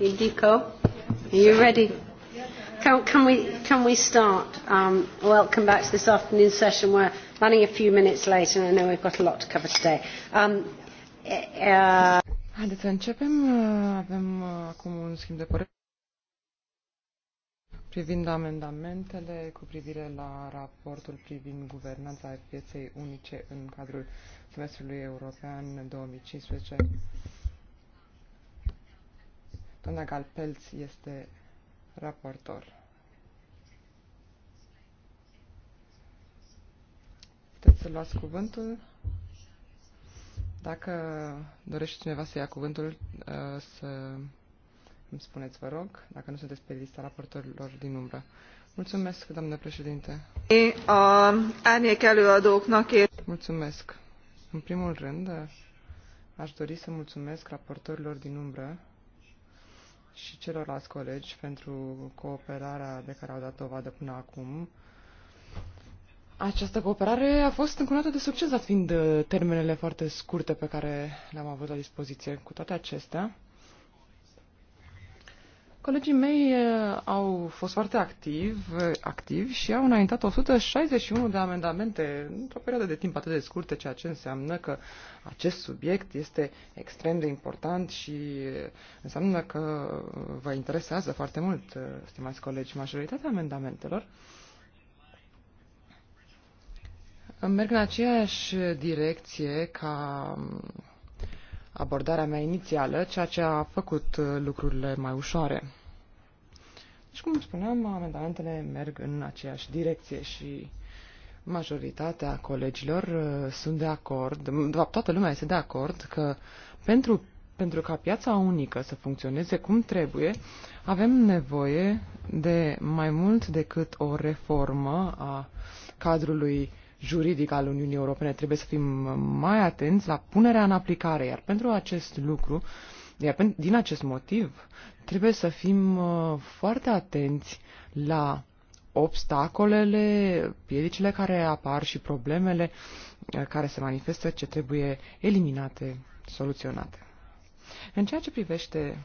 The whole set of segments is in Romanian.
Indico, are you ready? Can, can, we, can we start? Um, welcome back to this afternoon session. We're running a few minutes late and I know we've got a lot to cover today. Um, eh, uh... Haideți să începem. Avem uh, acum un schimb de părere privind amendamentele cu privire la raportul privind guvernanța pieței unice în cadrul semestrului european 2015 Doamna Galpelț este raportor. Puteți să luați cuvântul. Dacă dorește cineva să ia cuvântul, uh, să îmi spuneți, vă rog, dacă nu sunteți pe lista raportorilor din umbră. Mulțumesc, doamnă președinte. Mulțumesc. În primul rând, uh, aș dori să mulțumesc raportorilor din umbră și celorlalți colegi pentru cooperarea de care au dat dovadă până acum. Această cooperare a fost încunată de succes, fiind uh, termenele foarte scurte pe care le-am avut la dispoziție. Cu toate acestea, Colegii mei eh, au fost foarte activ, eh, activi și au înaintat 161 de amendamente într-o perioadă de timp atât de scurtă, ceea ce înseamnă că acest subiect este extrem de important și eh, înseamnă că vă interesează foarte mult, stimați colegi, majoritatea amendamentelor. Merg în aceeași direcție ca mm, abordarea mea inițială, ceea ce a făcut uh, lucrurile mai ușoare. Deci, cum spuneam, amendamentele merg în aceeași direcție și majoritatea colegilor uh, sunt de acord, de fapt toată lumea este de acord că pentru, pentru ca piața unică să funcționeze cum trebuie, avem nevoie de mai mult decât o reformă a cadrului juridic al Uniunii Europene. Trebuie să fim mai atenți la punerea în aplicare, iar pentru acest lucru, iar din acest motiv, trebuie să fim uh, foarte atenți la obstacolele, piedicile care apar și problemele uh, care se manifestă, ce trebuie eliminate, soluționate. În ceea ce privește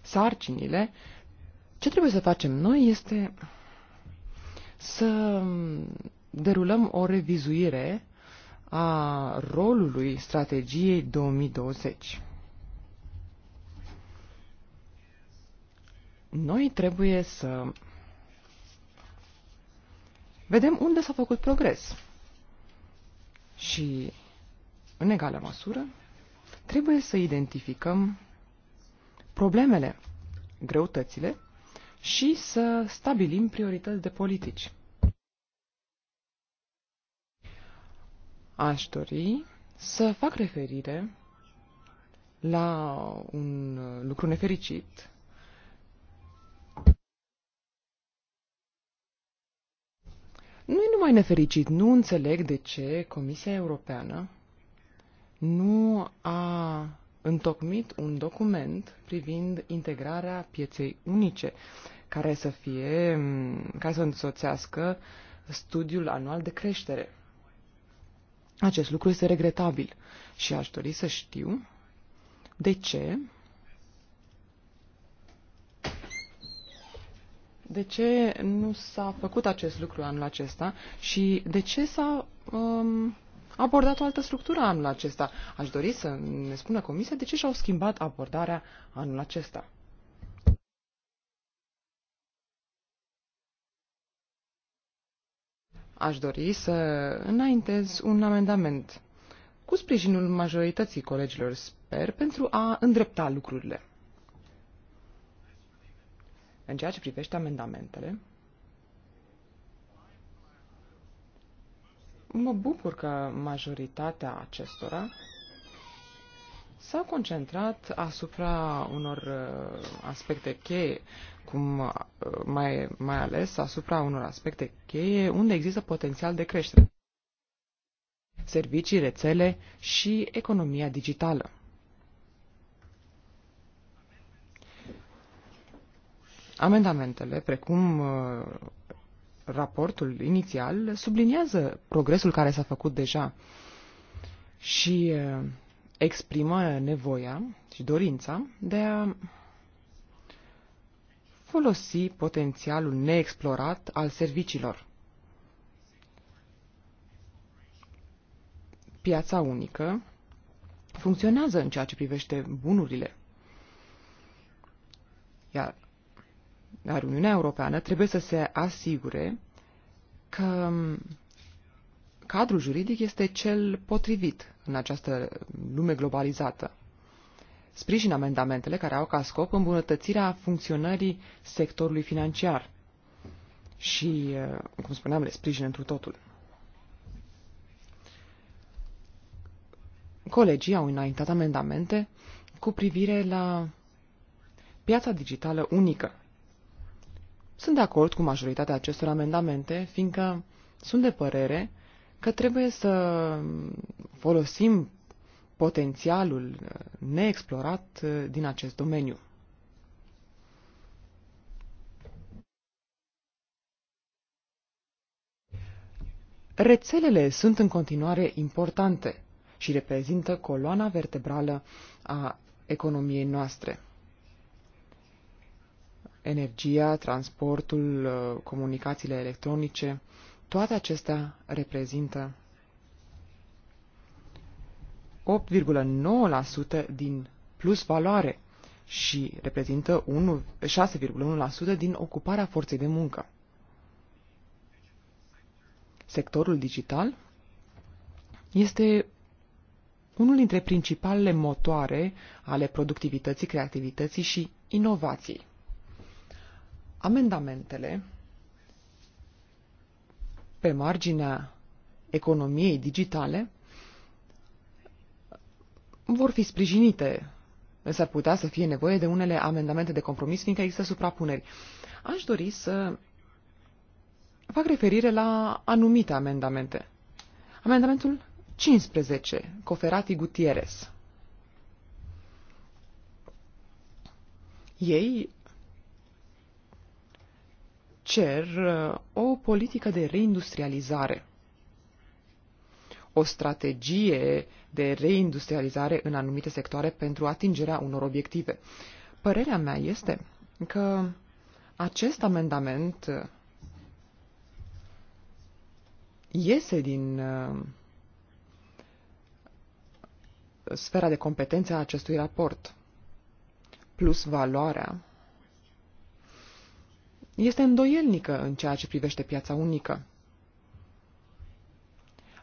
sarcinile, ce trebuie să facem noi este să derulăm o revizuire a rolului strategiei 2020. Noi trebuie să vedem unde s-a făcut progres și, în egală măsură, trebuie să identificăm problemele, greutățile și să stabilim priorități de politici. Aș dori să fac referire la un lucru nefericit Nu e numai nefericit, nu înțeleg de ce Comisia Europeană nu a întocmit un document privind integrarea pieței unice, care să fie, care să însoțească studiul anual de creștere. Acest lucru este regretabil și aș dori să știu de ce de ce nu s-a făcut acest lucru anul acesta și de ce s-a um, abordat o altă structură anul acesta. Aș dori să ne spună Comisia de ce și-au schimbat abordarea anul acesta. Aș dori să înaintez un amendament cu sprijinul majorității colegilor, sper, pentru a îndrepta lucrurile. În ceea ce privește amendamentele, Mă bucur că majoritatea acestora s-au concentrat asupra unor uh, aspecte cheie, cum uh, mai, mai ales asupra unor aspecte cheie unde există potențial de creștere. Servicii, rețele și economia digitală. Amendamentele, precum uh, raportul inițial subliniază progresul care s-a făcut deja și uh, exprimă nevoia și dorința de a folosi potențialul neexplorat al serviciilor. Piața unică funcționează în ceea ce privește bunurile. Iar dar Uniunea Europeană trebuie să se asigure că cadrul juridic este cel potrivit în această lume globalizată. Sprijin amendamentele care au ca scop îmbunătățirea funcționării sectorului financiar și, uh, cum spuneam, le sprijin întru totul. Colegii au înaintat amendamente cu privire la piața digitală unică. Sunt de acord cu majoritatea acestor amendamente, fiindcă sunt de părere că trebuie să folosim potențialul uh, neexplorat uh, din acest domeniu. Rețelele sunt în continuare importante și reprezintă coloana vertebrală a economiei noastre energia, transportul, uh, comunicațiile electronice, toate acestea reprezintă 8,9% din plus valoare și reprezintă 6,1% din ocuparea forței de muncă. Sectorul digital este unul dintre principalele motoare ale productivității, creativității și inovației. Amendamentele pe marginea economiei digitale vor fi sprijinite, însă ar putea să fie nevoie de unele amendamente de compromis, fiindcă există suprapuneri. Aș dori să fac referire la anumite amendamente. Amendamentul 15, Coferati Gutierrez. Ei cer uh, o politică de reindustrializare, o strategie de reindustrializare în anumite sectoare pentru atingerea unor obiective. Părerea mea este că acest amendament uh, iese din uh, sfera de competență a acestui raport, plus valoarea este îndoielnică în ceea ce privește piața unică.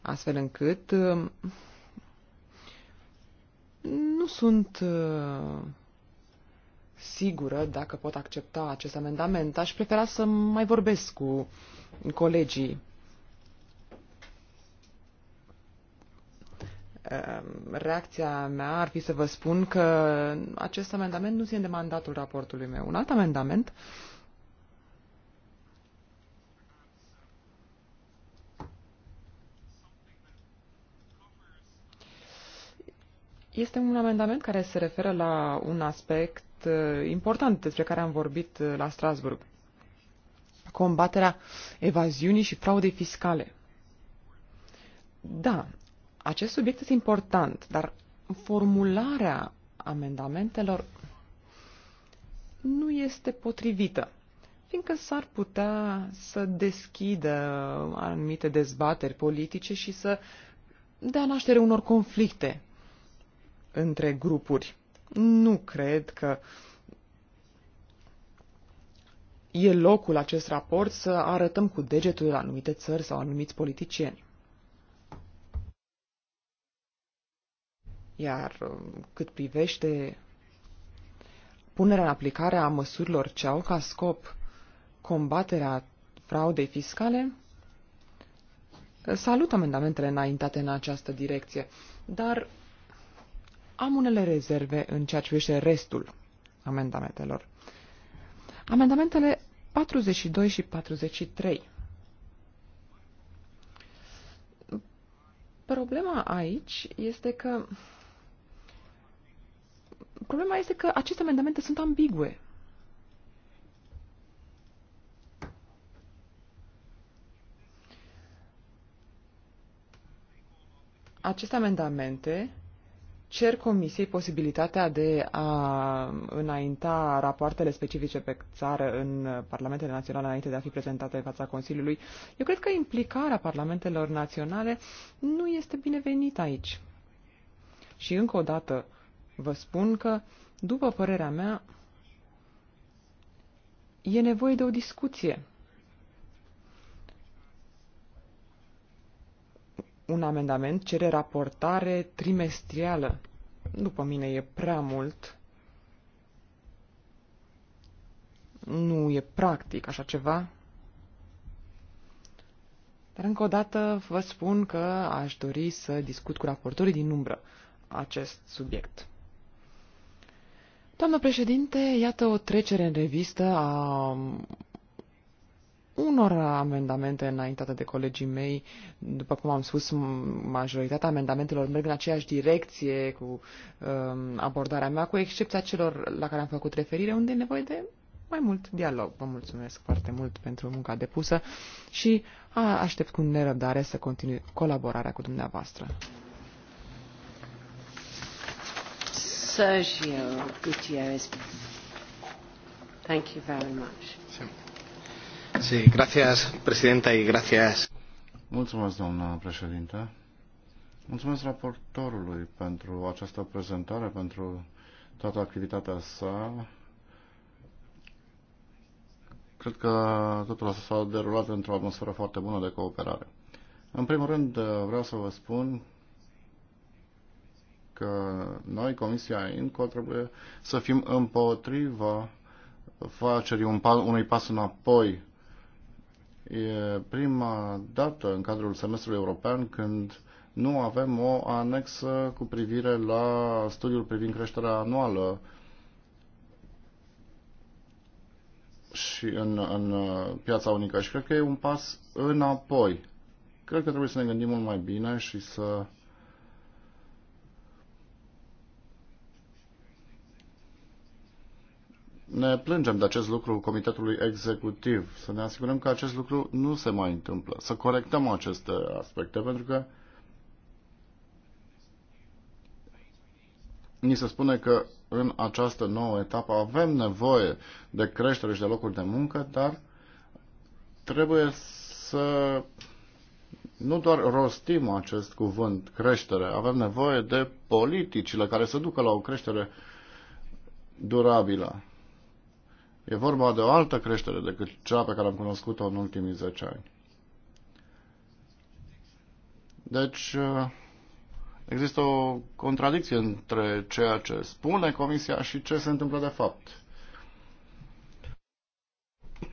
Astfel încât uh, nu sunt uh, sigură dacă pot accepta acest amendament. Aș prefera să mai vorbesc cu colegii. Uh, reacția mea ar fi să vă spun că acest amendament nu ține de mandatul raportului meu. Un alt amendament uh, Este un amendament care se referă la un aspect uh, important despre care am vorbit uh, la Strasburg. Combaterea evaziunii și fraudei fiscale. Da, acest subiect este important, dar formularea amendamentelor nu este potrivită, fiindcă s-ar putea să deschidă anumite dezbateri politice și să dea naștere unor conflicte între grupuri. Nu cred că e locul acest raport să arătăm cu degetul anumite țări sau anumiți politicieni. Iar cât privește punerea în aplicare a măsurilor ce au ca scop combaterea fraudei fiscale, salut amendamentele înaintate în această direcție, dar am unele rezerve în ceea ce privește restul amendamentelor. Amendamentele 42 și 43. Problema aici este că problema este că aceste amendamente sunt ambigue. Aceste amendamente cer Comisiei posibilitatea de a înainta rapoartele specifice pe țară în Parlamentele Naționale înainte de a fi prezentate în fața Consiliului. Eu cred că implicarea Parlamentelor Naționale nu este binevenită aici. Și încă o dată vă spun că, după părerea mea, e nevoie de o discuție un amendament cere raportare trimestrială. După mine e prea mult. Nu e practic așa ceva. Dar încă o dată vă spun că aș dori să discut cu raportorii din umbră acest subiect. Doamnă președinte, iată o trecere în revistă a unor amendamente înaintate de colegii mei. După cum am spus, majoritatea amendamentelor merg în aceeași direcție cu um, abordarea mea, cu excepția celor la care am făcut referire, unde e nevoie de mai mult dialog. Vă mulțumesc foarte mult pentru munca depusă și a, aștept cu nerăbdare să continui colaborarea cu dumneavoastră. Sergio Gutierrez, thank you very much. Sim. Sí, presidenta, y gracias. Mulțumesc, doamnă președinte. Mulțumesc raportorului pentru această prezentare, pentru toată activitatea sa. Cred că totul s-a derulat într-o atmosferă foarte bună de cooperare. În primul rând, vreau să vă spun că noi, Comisia INCO, trebuie să fim împotriva facerii un unui pas înapoi E prima dată în cadrul semestrului european când nu avem o anexă cu privire la studiul privind creșterea anuală și în, în uh, piața unică. Și cred că e un pas înapoi. Cred că trebuie să ne gândim mult mai bine și să ne plângem de acest lucru Comitetului Executiv, să ne asigurăm că acest lucru nu se mai întâmplă, să corectăm aceste aspecte, pentru că ni se spune că în această nouă etapă avem nevoie de creștere și de locuri de muncă, dar trebuie să nu doar rostim acest cuvânt creștere, avem nevoie de politicile care să ducă la o creștere durabilă. E vorba de o altă creștere decât cea pe care am cunoscut-o în ultimii 10 ani. Deci, uh, există o contradicție între ceea ce spune Comisia și ce se întâmplă de fapt.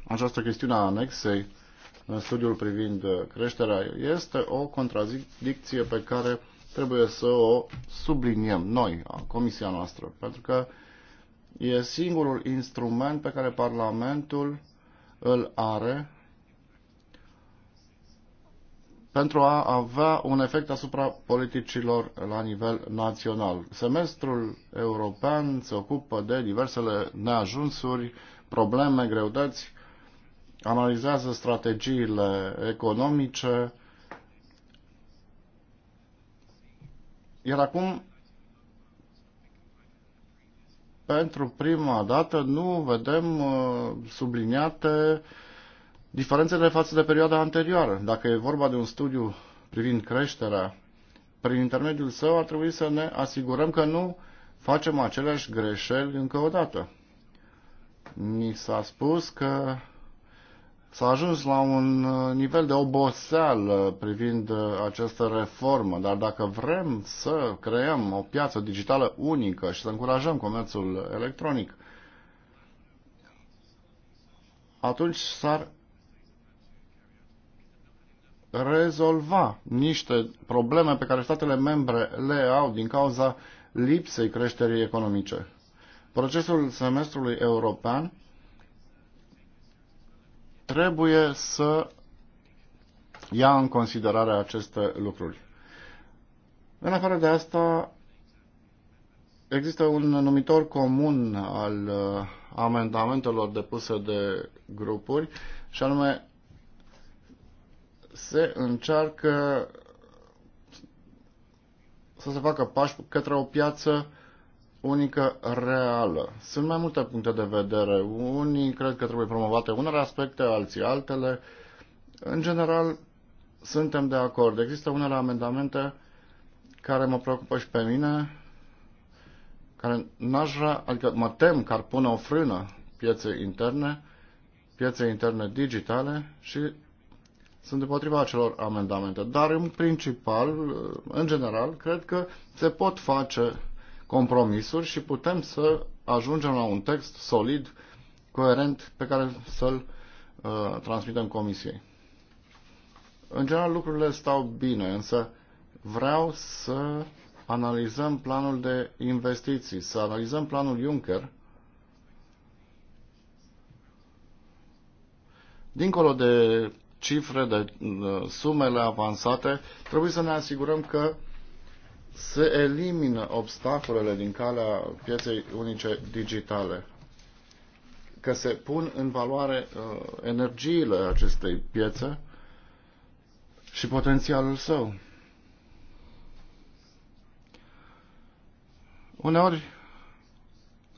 Această chestiune a anexei în studiul privind creșterea este o contradicție pe care trebuie să o subliniem noi, Comisia noastră, pentru că E singurul instrument pe care Parlamentul îl are pentru a avea un efect asupra politicilor la nivel național. Semestrul european se ocupă de diversele neajunsuri, probleme, greutăți, analizează strategiile economice, iar acum pentru prima dată nu vedem uh, subliniate diferențele față de perioada anterioară. Dacă e vorba de un studiu privind creșterea, prin intermediul său ar trebui să ne asigurăm că nu facem aceleași greșeli încă o dată. Mi s-a spus că s-a ajuns la un uh, nivel de oboseală privind uh, această reformă, dar dacă vrem să creăm o piață digitală unică și să încurajăm comerțul electronic, atunci s-ar rezolva niște probleme pe care statele membre le au din cauza lipsei creșterii economice. Procesul semestrului european trebuie să ia în considerare aceste lucruri. În afară de asta, există un numitor comun al uh, amendamentelor depuse de grupuri și anume se încearcă să se facă pași către o piață unică reală. Sunt mai multe puncte de vedere. Unii cred că trebuie promovate unele aspecte, alții altele. În general, suntem de acord. Există unele amendamente care mă preocupă și pe mine, care n-aș vrea, adică mă tem că ar pune o frână pieței interne, pieței interne digitale și sunt împotriva acelor amendamente. Dar în principal, în general, cred că se pot face compromisuri și putem să ajungem la un text solid, coerent, pe care să-l uh, transmitem Comisiei. În general, lucrurile stau bine, însă vreau să analizăm planul de investiții, să analizăm planul Juncker, dincolo de cifre, de uh, sumele avansate, trebuie să ne asigurăm că se elimină obstacolele din calea pieței unice digitale, că se pun în valoare uh, energiile acestei piețe și potențialul său. Uneori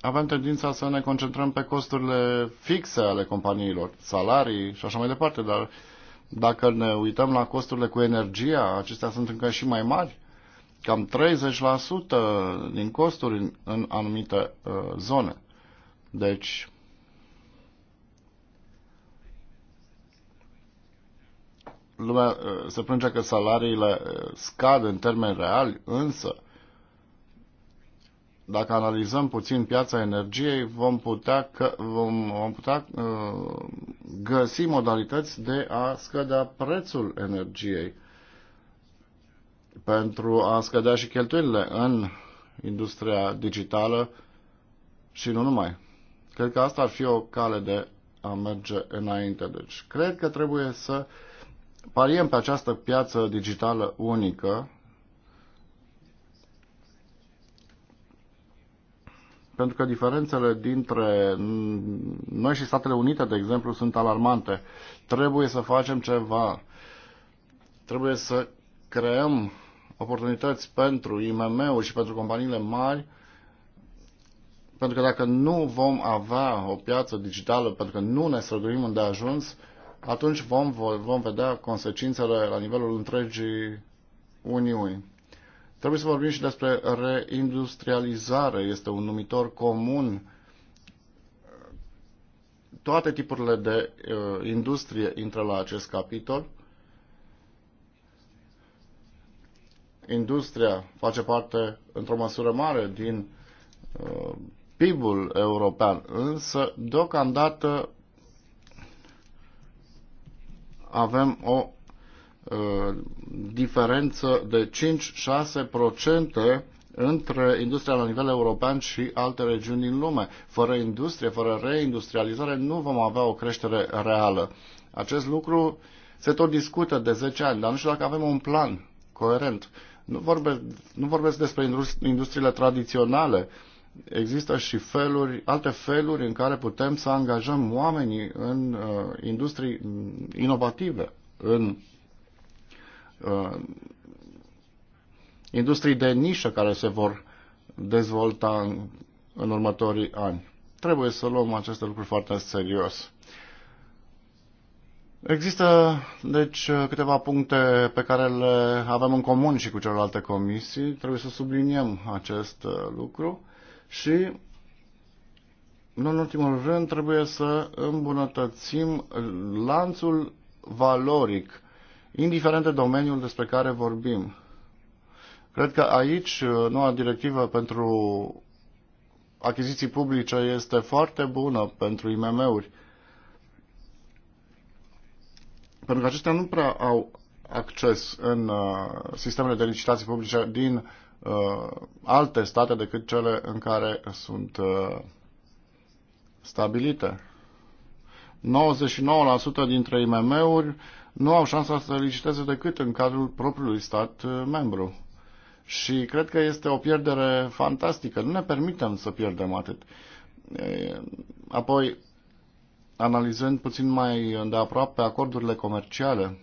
avem tendința să ne concentrăm pe costurile fixe ale companiilor, salarii și așa mai departe, dar dacă ne uităm la costurile cu energia, acestea sunt încă și mai mari cam 30% din costuri în, în anumite uh, zone. Deci, lumea uh, se plânge că salariile uh, scad în termeni reali, însă dacă analizăm puțin piața energiei, vom putea, că, vom, vom putea uh, găsi modalități de a scădea prețul energiei pentru a scădea și cheltuielile în industria digitală și nu numai. Cred că asta ar fi o cale de a merge înainte. Deci, cred că trebuie să pariem pe această piață digitală unică pentru că diferențele dintre noi și Statele Unite, de exemplu, sunt alarmante. Trebuie să facem ceva. Trebuie să creăm oportunități pentru IMM-uri și pentru companiile mari, pentru că dacă nu vom avea o piață digitală, pentru că nu ne străduim unde ajuns, atunci vom, vom vedea consecințele la nivelul întregii Uniuni. Trebuie să vorbim și despre reindustrializare. Este un numitor comun. Toate tipurile de uh, industrie intră la acest capitol. industria face parte într-o măsură mare din uh, PIB-ul european, însă deocamdată avem o uh, diferență de 5-6% între industria la nivel european și alte regiuni din lume. Fără industrie, fără reindustrializare, nu vom avea o creștere reală. Acest lucru se tot discută de 10 ani, dar nu știu dacă avem un plan coerent. Nu vorbesc, nu vorbesc despre industriile tradiționale. Există și feluri, alte feluri în care putem să angajăm oamenii în uh, industrii inovative, în uh, industrii de nișă care se vor dezvolta în, în următorii ani. Trebuie să luăm aceste lucruri foarte serios. Există, deci, câteva puncte pe care le avem în comun și cu celelalte comisii. Trebuie să subliniem acest uh, lucru și, în ultimul rând, trebuie să îmbunătățim lanțul valoric, indiferent de domeniul despre care vorbim. Cred că aici uh, noua directivă pentru achiziții publice este foarte bună pentru IMM-uri pentru că aceștia nu prea au acces în uh, sistemele de licitații publice din uh, alte state decât cele în care sunt uh, stabilite. 99% dintre IMM-uri nu au șansa să liciteze decât în cadrul propriului stat membru. Și cred că este o pierdere fantastică. Nu ne permitem să pierdem atât. Apoi, analizând puțin mai îndeaproape acordurile comerciale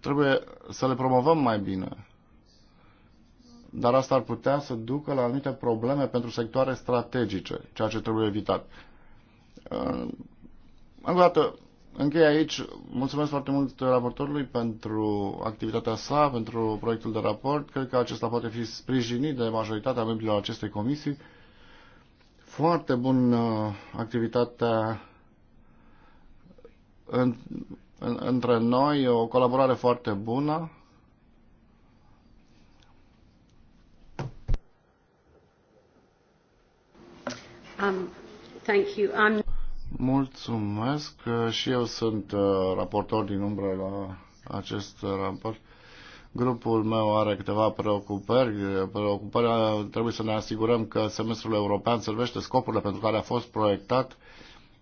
trebuie să le promovăm mai bine. Dar asta ar putea să ducă la anumite probleme pentru sectoare strategice, ceea ce trebuie evitat. Încă o dată, Închei aici. Mulțumesc foarte mult raportorului pentru activitatea sa, pentru proiectul de raport. Cred că acesta poate fi sprijinit de majoritatea membrilor acestei comisii. Foarte bună activitatea în, în, între noi, o colaborare foarte bună. Um, thank you. I'm Mulțumesc. Și eu sunt uh, raportor din umbră la acest raport. Grupul meu are câteva preocupări. Preocuparea trebuie să ne asigurăm că semestrul european servește scopurile pentru care a fost proiectat,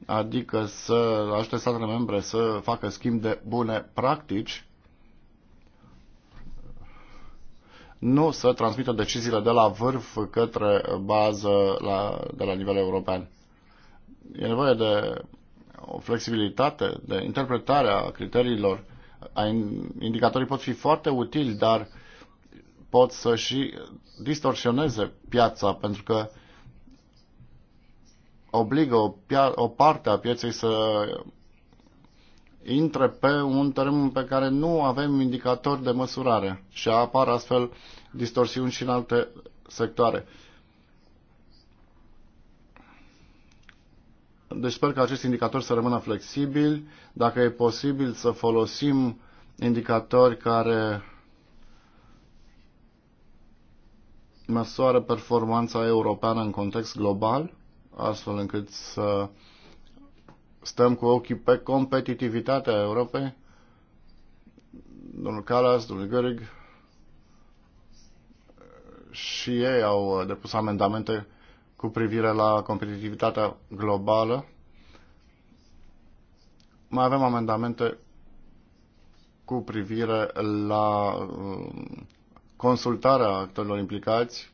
adică să ajute statele membre să facă schimb de bune practici, nu să transmită deciziile de la vârf către bază la, de la nivel european e nevoie de o flexibilitate, de interpretarea criteriilor. Indicatorii pot fi foarte utili, dar pot să și distorsioneze piața, pentru că obligă o, o parte a pieței să intre pe un teren pe care nu avem indicatori de măsurare și apar astfel distorsiuni și în alte sectoare. Deci sper că acest indicator să rămână flexibil. Dacă e posibil să folosim indicatori care măsoară performanța europeană în context global, astfel încât să stăm cu ochii pe competitivitatea Europei. Domnul Calas, domnul Gărig și ei au depus amendamente cu privire la competitivitatea globală. Mai avem amendamente cu privire la uh, consultarea actorilor implicați.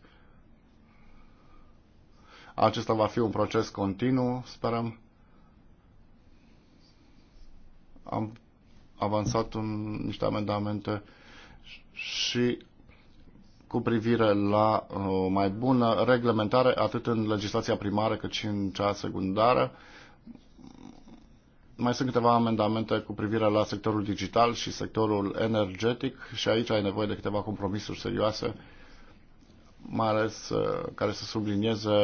Acesta va fi un proces continuu, sperăm. Am avansat un, niște amendamente și cu privire la o uh, mai bună reglementare atât în legislația primară cât și în cea secundară. Mai sunt câteva amendamente cu privire la sectorul digital și sectorul energetic și aici ai nevoie de câteva compromisuri serioase, mai ales uh, care să sublinieze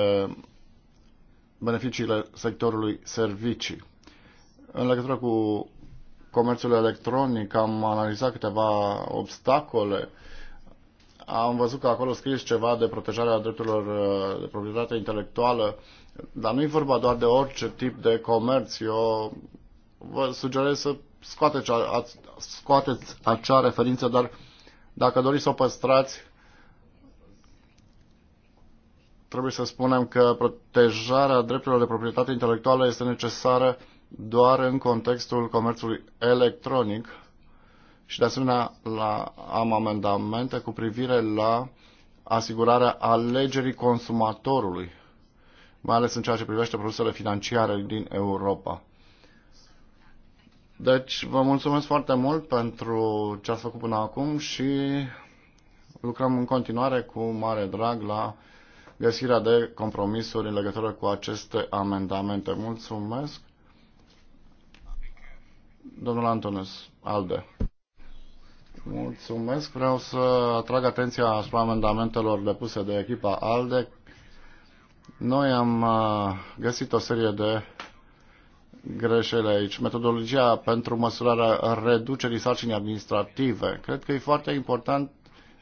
beneficiile sectorului servicii. În legătură cu comerțul electronic am analizat câteva obstacole am văzut că acolo scris ceva de protejarea drepturilor uh, de proprietate intelectuală, dar nu e vorba doar de orice tip de comerț. Eu vă sugerez să scoateți, scoateți acea referință, dar dacă doriți să o păstrați, trebuie să spunem că protejarea drepturilor de proprietate intelectuală este necesară doar în contextul comerțului electronic și de asemenea la, am amendamente cu privire la asigurarea alegerii consumatorului, mai ales în ceea ce privește produsele financiare din Europa. Deci vă mulțumesc foarte mult pentru ce ați făcut până acum și lucrăm în continuare cu mare drag la găsirea de compromisuri în legătură cu aceste amendamente. Mulțumesc. Domnul Antones, ALDE. Mulțumesc. Vreau să atrag atenția asupra amendamentelor depuse de echipa ALDE. Noi am uh, găsit o serie de greșeli aici. Metodologia pentru măsurarea reducerii sarcinii administrative. Cred că e foarte important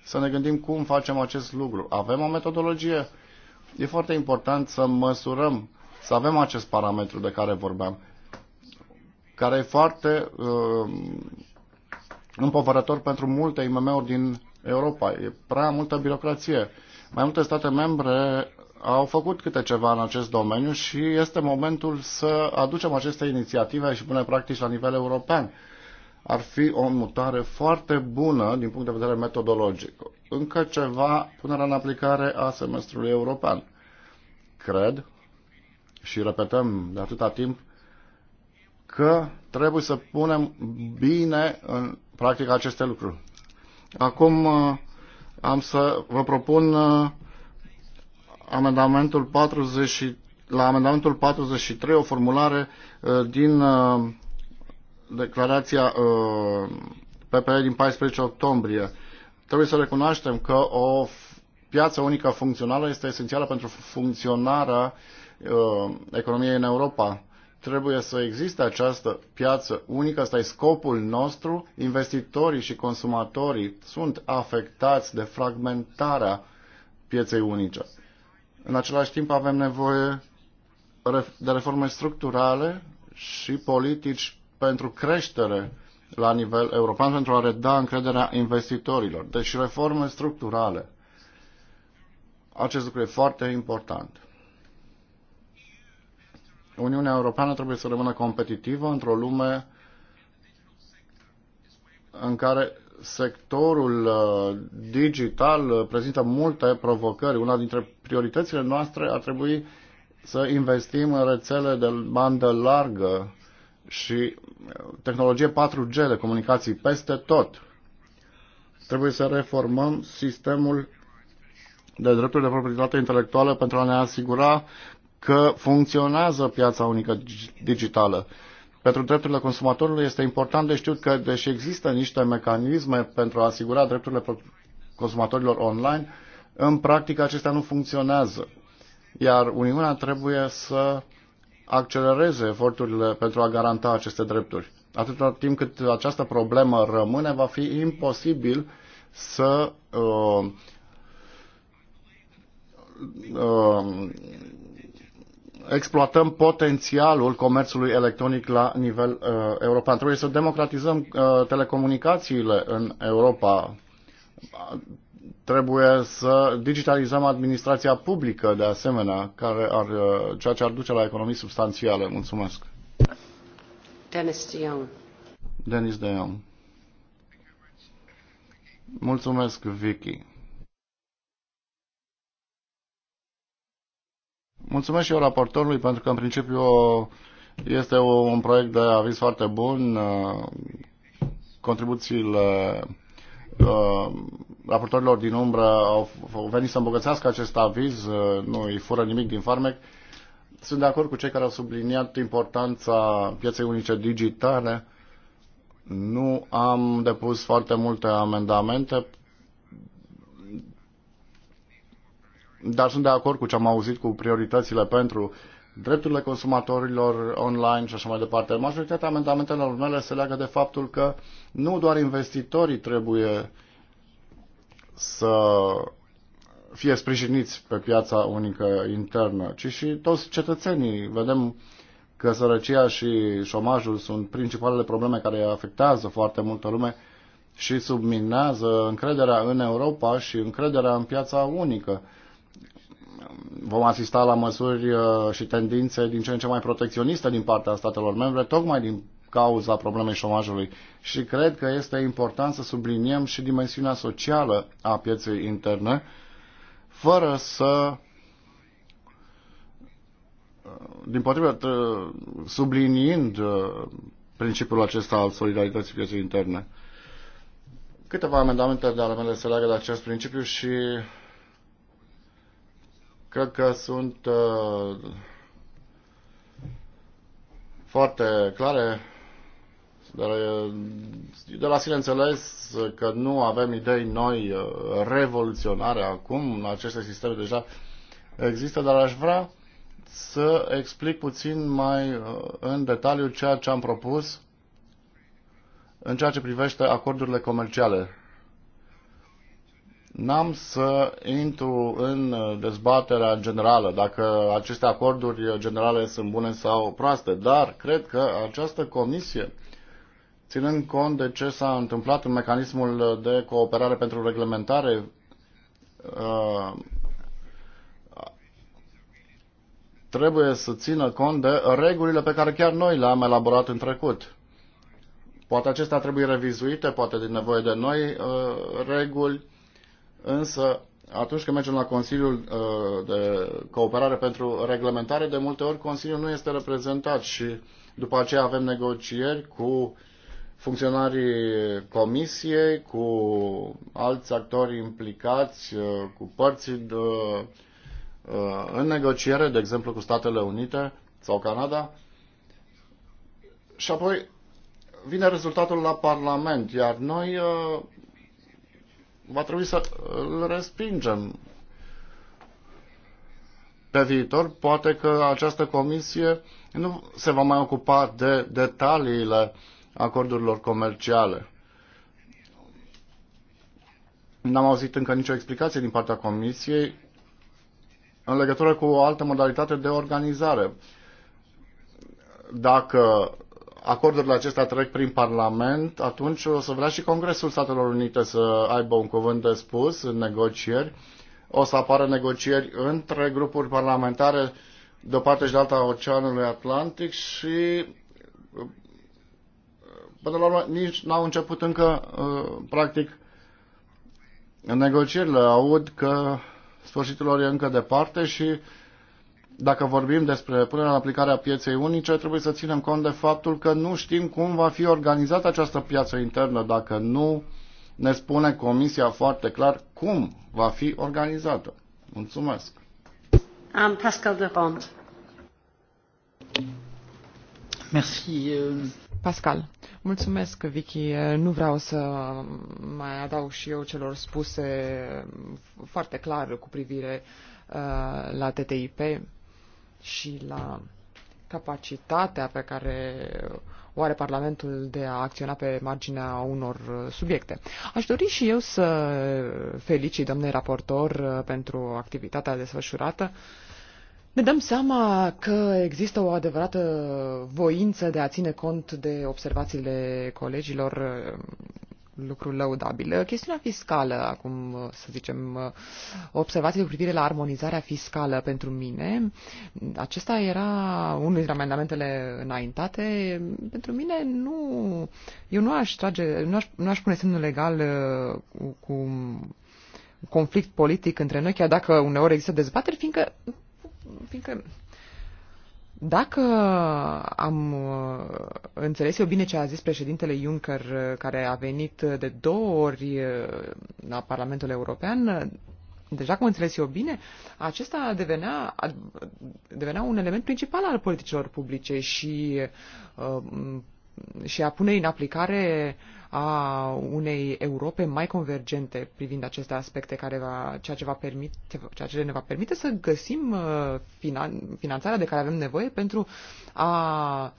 să ne gândim cum facem acest lucru. Avem o metodologie? E foarte important să măsurăm, să avem acest parametru de care vorbeam, care e foarte uh, împovărător pentru multe IMM-uri din Europa. E prea multă birocrație. Mai multe state membre au făcut câte ceva în acest domeniu și este momentul să aducem aceste inițiative și bune practici la nivel european. Ar fi o mutare foarte bună din punct de vedere metodologic. Încă ceva, punerea în aplicare a semestrului european. Cred și repetăm de atâta timp că trebuie să punem bine în practic aceste lucruri. Acum uh, am să vă propun uh, amendamentul 40, la amendamentul 43 o formulare uh, din declarația PPE din 14 octombrie. Trebuie să recunoaștem că o piață unică funcțională este esențială pentru funcționarea economiei în Europa Trebuie să existe această piață unică, asta e scopul nostru. Investitorii și consumatorii sunt afectați de fragmentarea pieței unice. În același timp avem nevoie de reforme structurale și politici pentru creștere la nivel european pentru a reda încrederea investitorilor. Deci reforme structurale. Acest lucru e foarte important. Uniunea Europeană trebuie să rămână competitivă într-o lume în care sectorul uh, digital uh, prezintă multe provocări. Una dintre prioritățile noastre ar trebui să investim în rețele de bandă largă și uh, tehnologie 4G de comunicații peste tot. Trebuie să reformăm sistemul de drepturi de proprietate intelectuală pentru a ne asigura că funcționează piața unică digitală. Pentru drepturile consumatorului este important de știut că, deși există niște mecanisme pentru a asigura drepturile consumatorilor online, în practică acestea nu funcționează. Iar Uniunea trebuie să accelereze eforturile pentru a garanta aceste drepturi. Atâta timp cât această problemă rămâne, va fi imposibil să uh, uh exploatăm potențialul comerțului electronic la nivel uh, european. Trebuie să democratizăm uh, telecomunicațiile în Europa. Trebuie să digitalizăm administrația publică, de asemenea, care ar, uh, ceea ce ar duce la economii substanțiale. Mulțumesc. Dennis de Jong. Dennis de Jong. Mulțumesc, Vicky. Mulțumesc și eu raportorului pentru că în principiu este un proiect de aviz foarte bun. Uh, contribuțiile uh, raportorilor din umbră au venit să îmbogățească acest aviz, uh, nu îi fură nimic din farmec. Sunt de acord cu cei care au subliniat importanța pieței unice digitale. Nu am depus foarte multe amendamente Dar sunt de acord cu ce am auzit cu prioritățile pentru drepturile consumatorilor online și așa mai departe. Majoritatea amendamentelor mele se leagă de faptul că nu doar investitorii trebuie să fie sprijiniți pe piața unică internă, ci și toți cetățenii. Vedem că sărăcia și șomajul sunt principalele probleme care afectează foarte multă lume și subminează încrederea în Europa și încrederea în piața unică vom asista la măsuri uh, și tendințe din ce în ce mai protecționiste din partea statelor membre, tocmai din cauza problemei șomajului. Și cred că este important să subliniem și dimensiunea socială a pieței interne, fără să uh, din potrivă, subliniind uh, principiul acesta al solidarității pieței interne. Câteva amendamente de ale mele se leagă de acest principiu și Cred că sunt uh, foarte clare uh, de la sine înțeles că nu avem idei noi uh, revoluționare acum, aceste sisteme deja există, dar aș vrea să explic puțin mai în detaliu ceea ce am propus în ceea ce privește acordurile comerciale N-am să intru în uh, dezbaterea generală dacă aceste acorduri uh, generale sunt bune sau proaste, dar cred că această comisie, ținând cont de ce s-a întâmplat în mecanismul de cooperare pentru reglementare, uh, trebuie să țină cont de regulile pe care chiar noi le-am elaborat în trecut. Poate acestea trebuie revizuite, poate din nevoie de noi reguli, însă atunci când mergem la Consiliul uh, de Cooperare pentru Reglementare, de multe ori Consiliul nu este reprezentat și după aceea avem negocieri cu funcționarii Comisiei, cu alți actori implicați, uh, cu părții de, uh, în negociere, de exemplu cu Statele Unite sau Canada. Și apoi vine rezultatul la Parlament, iar noi va trebui să îl respingem. Pe viitor, poate că această comisie nu se va mai ocupa de detaliile acordurilor comerciale. N-am auzit încă nicio explicație din partea comisiei în legătură cu o altă modalitate de organizare. Dacă acordurile acestea trec prin Parlament, atunci o să vrea și Congresul Statelor Unite să aibă un cuvânt de spus în negocieri. O să apară negocieri între grupuri parlamentare de o parte și de alta a Oceanului Atlantic și până la urmă nici n-au început încă uh, practic negocierile. Aud că sfârșitul lor e încă departe și dacă vorbim despre punerea în aplicare a pieței unice, trebuie să ținem cont de faptul că nu știm cum va fi organizată această piață internă dacă nu ne spune Comisia foarte clar cum va fi organizată. Mulțumesc. Am Pascal de Rond. Merci. Euh. Pascal, mulțumesc, Vicky. Nu vreau să mai adaug și eu celor spuse foarte clar cu privire uh, la TTIP și la capacitatea pe care o are Parlamentul de a acționa pe marginea unor subiecte. Aș dori și eu să felicit domnului raportor uh, pentru activitatea desfășurată. Ne dăm seama că există o adevărată voință de a ține cont de observațiile colegilor uh, lucru lăudabil. Chestiunea fiscală, acum să zicem, observații cu privire la armonizarea fiscală pentru mine, acesta era unul dintre amendamentele înaintate. Pentru mine nu, eu nu aș trage, nu aș, nu aș pune semnul legal uh, cu, cu conflict politic între noi, chiar dacă uneori există dezbateri, fiindcă, fiindcă dacă am uh, înțeles eu bine ce a zis președintele Juncker, uh, care a venit uh, de două ori la Parlamentul European, deja cum înțeles eu bine, acesta devenea, devenea un element principal al politicilor publice și, și a pune în aplicare uh, a unei Europe mai convergente privind aceste aspecte, care va, ceea, ce va permite, ceea ce ne va permite să găsim uh, finanțarea de care avem nevoie pentru a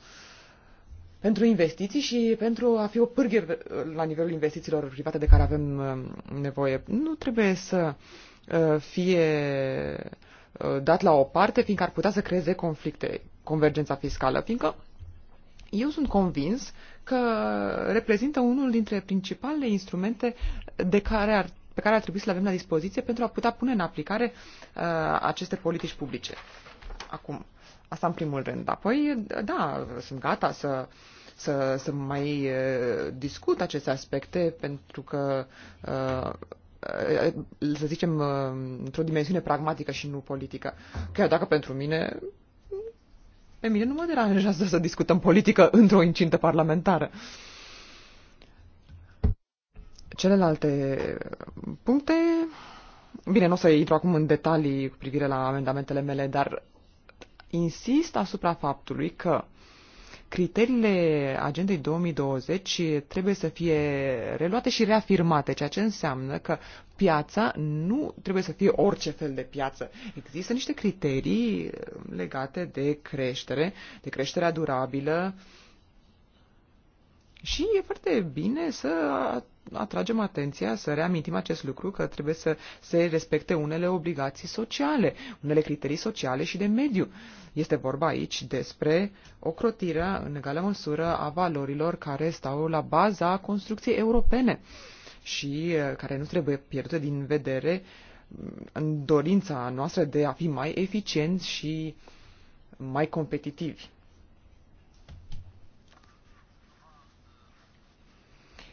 pentru investiții și pentru a fi o pârghie la nivelul investițiilor private de care avem uh, nevoie. Nu trebuie să uh, fie dat la o parte, fiindcă ar putea să creeze conflicte, convergența fiscală, fiindcă eu sunt convins că reprezintă unul dintre principalele instrumente de care ar, pe care ar trebui să le avem la dispoziție pentru a putea pune în aplicare uh, aceste politici publice. Acum, asta în primul rând. Apoi, da, sunt gata să, să, să mai uh, discut aceste aspecte pentru că uh, uh să zicem, uh, într-o dimensiune pragmatică și nu politică. Chiar dacă pentru mine pe mine nu mă deranjează să discutăm politică într-o incintă parlamentară. Celelalte puncte, bine, nu o să intru acum în detalii cu privire la amendamentele mele, dar insist asupra faptului că uh, criteriile agendei 2020 trebuie să fie reluate și reafirmate, ceea ce înseamnă că piața nu trebuie să fie orice fel de piață. Există niște criterii legate de creștere, de creșterea durabilă, uh, și e foarte bine să atragem atenția, să reamintim acest lucru, că trebuie să se respecte unele obligații sociale, unele criterii sociale și de mediu. Este vorba aici despre ocrotirea, în egală măsură, a valorilor care stau la baza construcției europene și eh, care nu trebuie pierdute din vedere mm, în dorința noastră de a fi mai eficienți și mai competitivi.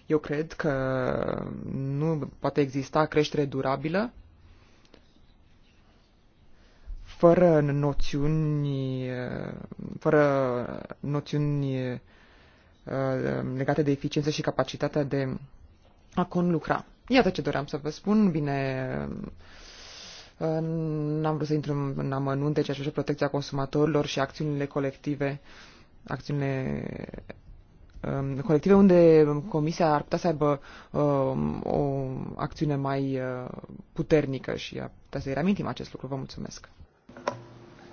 Eu cred că nu poate exista creștere durabilă fără noțiuni, fără noțiuni uh, legate de eficiență și capacitatea de a conlucra. Iată ce doream să vă spun. Bine, uh, n-am vrut să intru în amănunte ceea ce protecția consumatorilor și acțiunile colective, acțiunile Um, colective unde comisia ar putea să aibă uh, o acțiune mai uh, puternică și ar putea să-i reamintim acest lucru. Vă mulțumesc.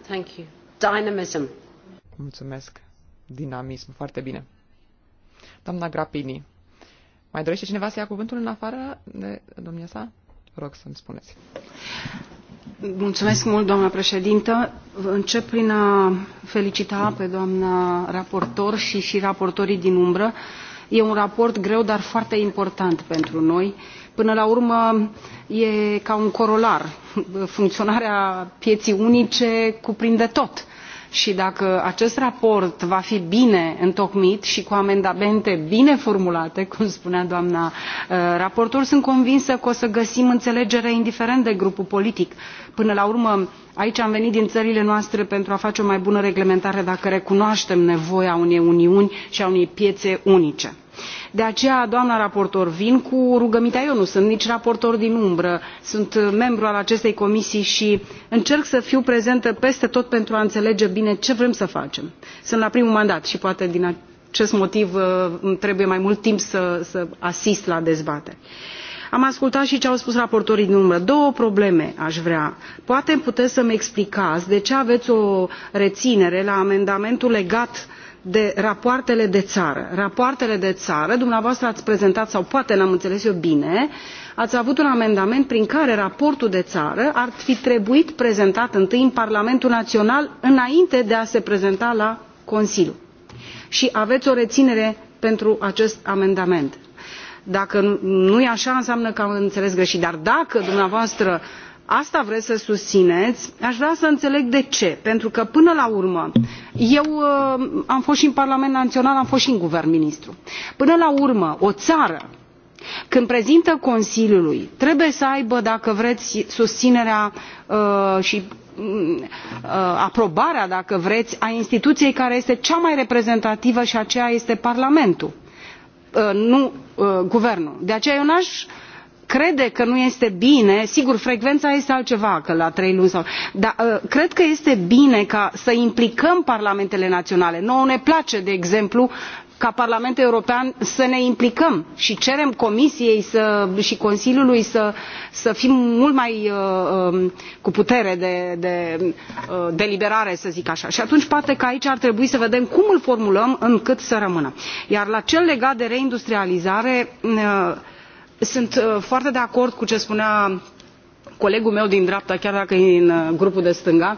Thank you. Dynamism. Mulțumesc. Dinamism. Foarte bine. Doamna Grapini, mai dorește cineva să ia cuvântul în afară de domnia sa? Vă rog să-mi spuneți. Mulțumesc mult, doamnă președintă. Încep prin a felicita pe doamna raportor și și raportorii din umbră. E un raport greu, dar foarte important pentru noi. Până la urmă, e ca un corolar. Funcționarea pieții unice cuprinde tot și dacă acest raport va fi bine întocmit și cu amendamente bine formulate cum spunea doamna uh, raportor sunt convinsă că o să găsim înțelegere indiferent de grupul politic. până la urmă aici am venit din țările noastre pentru a face o mai bună reglementare dacă recunoaștem nevoia unei uniuni și a unei piețe unice de aceea doamnă raportor vin cu rugămintea eu nu sunt nici raportor din umbră sunt membru al acestei comisii și încerc să fiu prezentă peste tot pentru a înțelege bine ce vrem să facem. sunt la primul mandat și poate din acest motiv uh, îmi trebuie mai mult timp să, să asist la dezbateri am ascultat și ce au spus raportorii din umbră două probleme aș vrea poate puteți să mi explicați de ce aveți o reținere la amendamentul legat de rapoartele de țară. rapoartele de țară dumneavoastră ați prezentat sau poate n am înțeles eu bine ați avut un amendament prin care raportul de țară ar fi trebuit prezentat întâi în parlamentul național înainte de a se prezenta la consiliu și aveți o reținere pentru acest amendament. dacă nu e așa înseamnă că am înțeles greșit dar dacă dumneavoastră asta vreți să susțineți aș vrea să înțeleg de ce pentru că până la urmă eu uh, am fost și în parlament național am fost și în guvern ministru până la urmă o țară când prezintă consiliului trebuie să aibă dacă vreți susținerea uh, și uh, aprobarea dacă vreți a instituției care este cea mai reprezentativă și aceea este parlamentul nu guvernul. de aceea eu n aș crede că nu este bine sigur frecvența este altceva că la trei luni sau dar uh, cred că este bine ca să implicăm parlamentele naționale nouă ne place de exemplu ca parlament european să ne implicăm și cerem comisiei și consiliului să, fim mult mai uh, um, cu putere de, uh, deliberare să zic așa și atunci poate că aici ar trebui să vedem cum îl formulăm încât să rămână. iar la cel legat de reindustrializare uh, sunt uh, foarte de acord cu ce spunea colegul meu din dreapta chiar dacă e în uh, grupul de stânga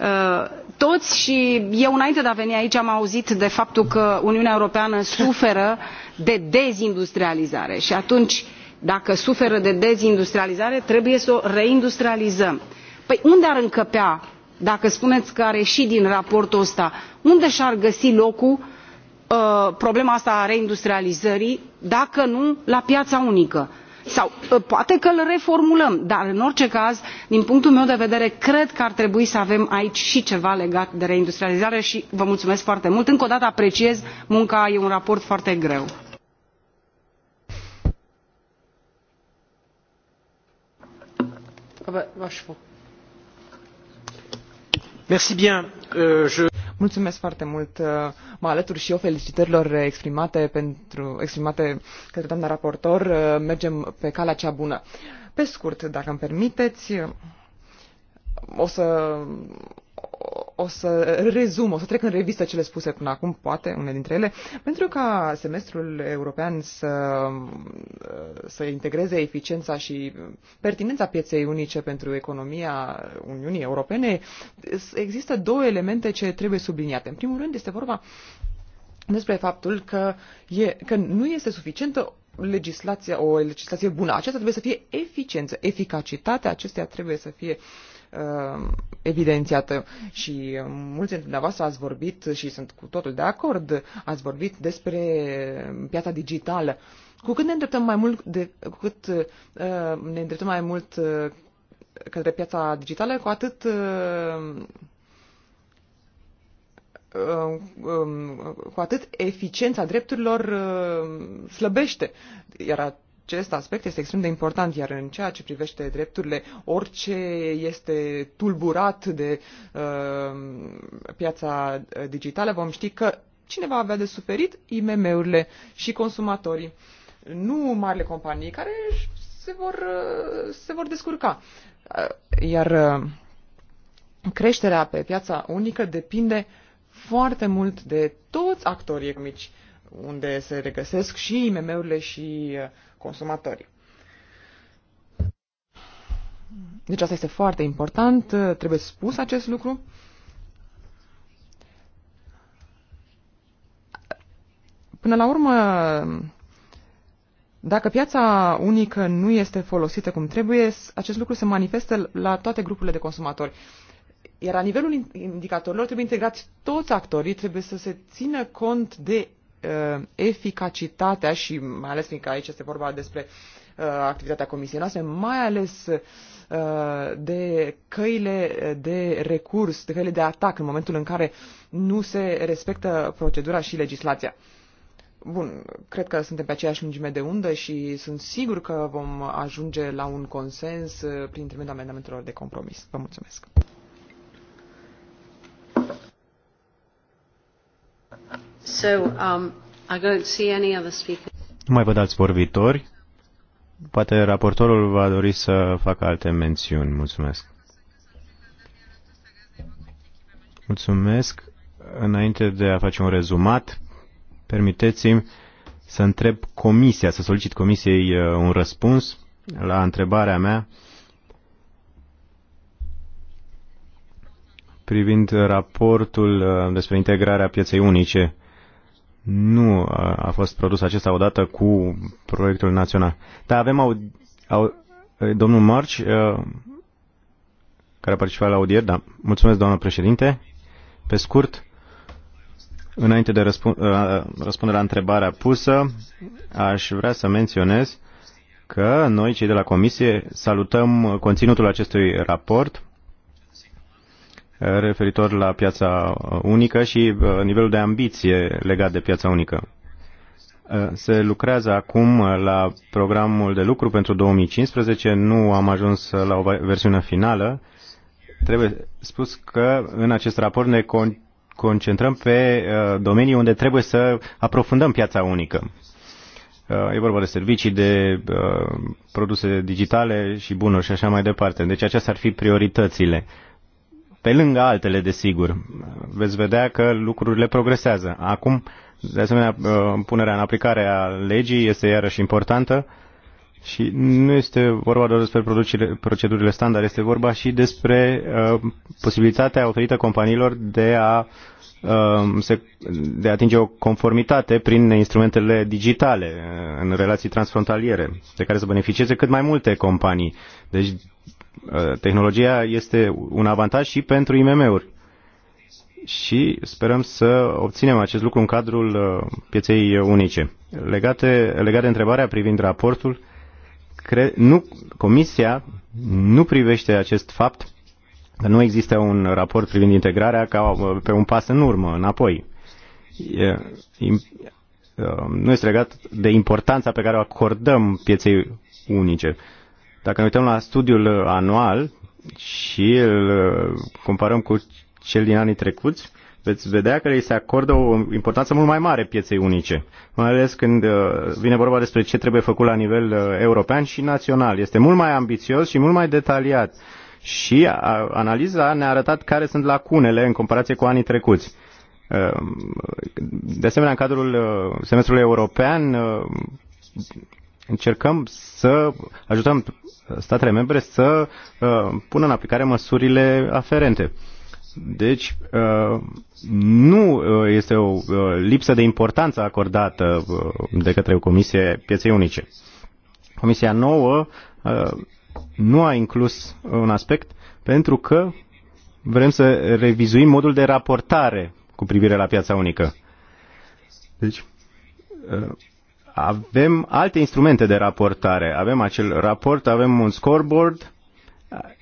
uh, toți și eu înainte de a veni aici am auzit de faptul că uniunea europeană suferă de dezindustrializare și atunci dacă suferă de dezindustrializare trebuie să o reindustrializăm. păi unde ar încăpea dacă spuneți că ar ieși din raportul ăsta unde și ar găsi locul Uh, problema asta a reindustrializării dacă nu la piața unică sau uh, poate că îl reformulăm dar în orice caz din punctul meu de vedere cred că ar trebui să avem aici și ceva legat de reindustrializare și vă mulțumesc foarte mult încă o dată apreciez munca e un raport foarte greu. Mulțumesc foarte mult. Uh, mă alătur și eu felicitărilor exprimate, pentru, exprimate către doamna raportor. Uh, mergem pe calea cea bună. Pe scurt, dacă îmi permiteți, uh, o să o să rezum, o să trec în revistă cele spuse până acum, poate, unele dintre ele, pentru ca semestrul european să, să integreze eficiența și pertinența pieței unice pentru economia Uniunii Europene, există două elemente ce trebuie subliniate. În primul rând este vorba despre faptul că, e, că nu este suficientă legislația, o legislație bună. Aceasta trebuie să fie eficiență. Eficacitatea acesteia trebuie să fie uh, uh, evidențiată și uh, mulți dintre dumneavoastră ați vorbit și sunt cu totul de acord, ați vorbit despre piața digitală. Cu cât ne îndreptăm mai mult, de, cu cât uh, ne îndreptăm mai mult uh, către piața digitală, cu atât uh, uh um, cu atât eficiența drepturilor uh, slăbește. Iar acest aspect este extrem de important, iar în ceea ce privește drepturile, orice este tulburat de uh, piața digitală, vom ști că cine va avea de suferit? IMM-urile și consumatorii, nu marile companii care se vor, uh, se vor descurca. Uh, iar uh, creșterea pe piața unică depinde foarte mult de toți actorii economici, unde se regăsesc și IMM-urile și uh, consumatorii. Deci asta este foarte important, trebuie spus acest lucru. Până la urmă, dacă piața unică nu este folosită cum trebuie, acest lucru se manifestă la toate grupurile de consumatori. Iar la nivelul indicatorilor trebuie integrați toți actorii, trebuie să se țină cont de uh, eficacitatea și mai ales fiindcă aici este vorba despre uh, activitatea comisiei noastre, mai ales uh, de căile de recurs, de căile de atac în momentul în care nu se respectă procedura și legislația. Bun, cred că suntem pe aceeași lungime de undă și sunt sigur că vom ajunge la un consens uh, prin intermediul amendamentelor de compromis. Vă mulțumesc. So, um, I don't see any other speakers. Nu mai văd alți vorbitori. Poate raportorul va dori să facă alte mențiuni. Mulțumesc. Mulțumesc. Înainte de a face un rezumat, permiteți-mi să întreb comisia, să solicit comisiei uh, un răspuns la întrebarea mea privind raportul uh, despre integrarea pieței unice nu a fost produs acesta odată cu proiectul național. Dar avem au, au, eh, domnul Marci, eh, care a participat la audier, da. Mulțumesc, doamnă președinte. Pe scurt, înainte de răspund, eh, răspunde la întrebarea pusă, aș vrea să menționez că noi, cei de la Comisie, salutăm conținutul acestui raport referitor la piața unică și uh, nivelul de ambiție legat de piața unică. Uh, se lucrează acum uh, la programul de lucru pentru 2015, nu am ajuns la o versiune finală. Trebuie spus că în acest raport ne concentrăm pe domenii unde trebuie să aprofundăm piața unică. E vorba de servicii, de produse digitale și bunuri și așa mai departe. Deci acestea ar fi prioritățile pe lângă altele, desigur. Veți vedea că lucrurile progresează. Acum, de asemenea, uh, punerea în aplicare a legii este iarăși importantă și nu este vorba doar despre procedurile standard, este vorba și despre uh, posibilitatea oferită companiilor de a, uh, se, de a atinge o conformitate prin instrumentele digitale în relații transfrontaliere, de care să beneficieze cât mai multe companii. Deci Uh, tehnologia este un avantaj și pentru IMM-uri. Și sperăm să obținem acest lucru în cadrul uh, pieței unice. Legate, legat de întrebarea privind raportul, cre, nu, Comisia nu privește acest fapt că nu există un raport privind integrarea ca uh, pe un pas în urmă, înapoi. E, nu este legat de importanța pe care o acordăm pieței unice. Dacă ne uităm la studiul uh, anual și îl uh, comparăm cu cel din anii trecuți, veți vedea că îi se acordă o importanță mult mai mare pieței unice, mai ales când uh, vine vorba despre ce trebuie făcut la nivel european și național. Este mult mai ambițios și mult mai detaliat și analiza ne-a arătat care sunt lacunele în comparație cu anii trecuți. De asemenea, în cadrul semestrului european încercăm să ajutăm statele membre să uh, pună în aplicare măsurile aferente. Deci, uh, nu uh, este o lipsă de importanță acordată de către o comisie pieței unice. Comisia nouă nu a inclus un aspect pentru că vrem să revizuim modul de raportare cu privire la piața unică. Deci, avem alte instrumente de raportare. Avem acel raport, avem un scoreboard,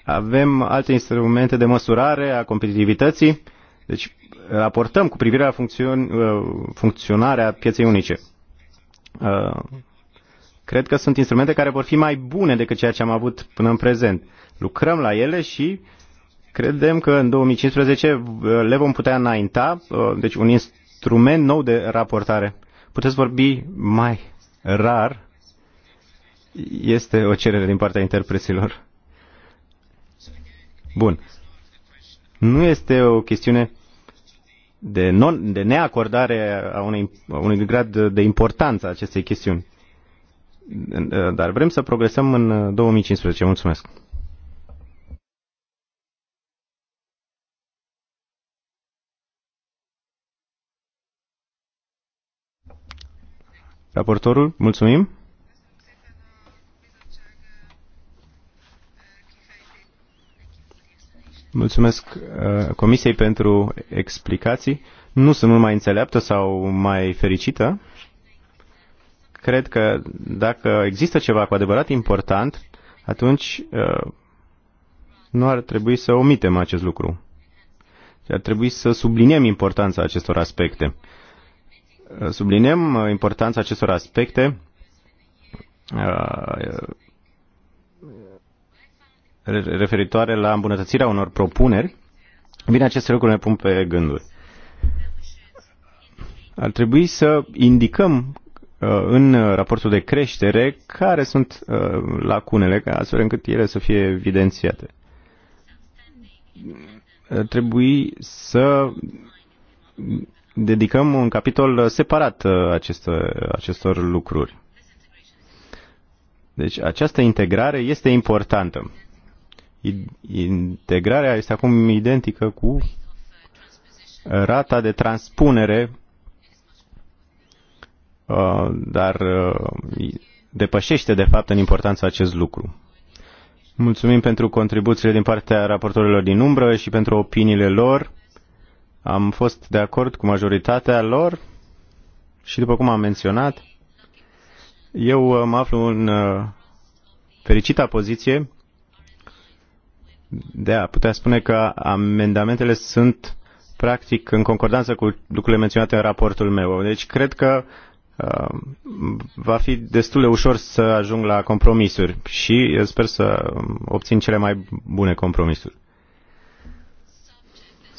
avem alte instrumente de măsurare a competitivității. Deci raportăm cu privire la uh, funcționarea pieței unice. Uh, cred că sunt instrumente care vor fi mai bune decât ceea ce am avut până în prezent. Lucrăm la ele și credem că în 2015 uh, le vom putea înainta, deci un instrument nou de raportare puteți vorbi mai rar, este o cerere din partea interpreților. Bun. Nu este o chestiune de, non, de neacordare a unui, a unui grad de importanță a acestei chestiuni. Dar vrem să progresăm în 2015. Mulțumesc. Raportorul, mulțumim. Mulțumesc uh, Comisiei pentru explicații. Nu sunt mult mai înțeleaptă sau mai fericită. Cred că dacă există ceva cu adevărat important, atunci uh, nu ar trebui să omitem acest lucru. Ar trebui să subliniem importanța acestor aspecte subliniem importanța acestor aspecte uh, referitoare la îmbunătățirea unor propuneri, bine, aceste lucruri ne pun pe gânduri. Ar trebui să indicăm uh, în raportul de creștere care sunt uh, lacunele, astfel încât ele să fie evidențiate. Ar trebui să dedicăm un capitol separat uh, acestor, uh, acestor lucruri. Deci această integrare este importantă. Integrarea este acum identică cu rata de transpunere, uh, dar depășește de fapt în importanță acest lucru. Mulțumim pentru contribuțiile din partea raportorilor din umbră și pentru opiniile lor. Am fost de acord cu majoritatea lor și, după cum am menționat, eu uh, mă aflu în uh, fericita poziție de a putea spune că amendamentele sunt practic în concordanță cu lucrurile menționate în raportul meu. Deci cred că uh, va fi destul de ușor să ajung la compromisuri și uh, sper să um, obțin cele mai bune compromisuri.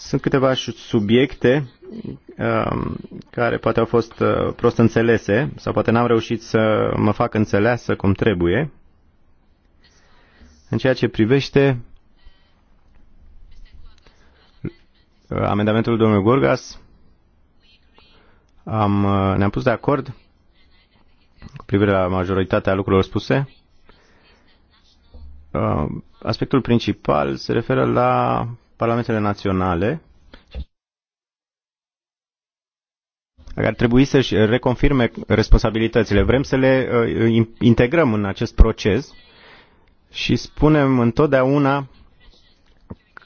Sunt câteva subiecte um, care poate au fost uh, prost înțelese sau poate n-am reușit să mă fac înțeleasă cum trebuie. În ceea ce privește uh, amendamentul domnului Gorgas, am, uh, ne-am pus de acord cu privire la majoritatea lucrurilor spuse. Aspectul principal se referă la parlamentele naționale ar trebui să-și reconfirme responsabilitățile. Vrem să le uh, integrăm în acest proces și spunem întotdeauna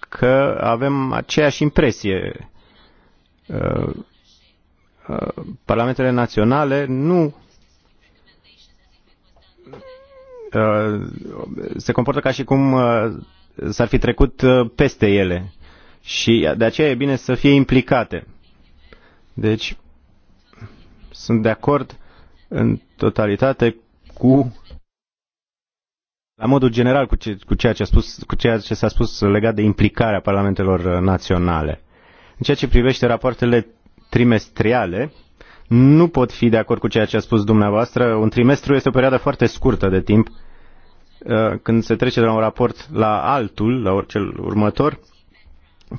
că avem aceeași impresie. Uh, uh, parlamentele naționale nu se comportă ca și cum s-ar fi trecut uh, peste ele. Și de aceea e bine să fie implicate. Deci, sunt de acord în totalitate cu la modul general cu, ce, cu, ceea, ce a spus, cu ceea ce s-a spus legat de implicarea parlamentelor uh, naționale. În ceea ce privește rapoartele trimestriale, nu pot fi de acord cu ceea ce a spus dumneavoastră. Un trimestru este o perioadă foarte scurtă de timp Uh, când se trece de la un raport la altul, la cel următor,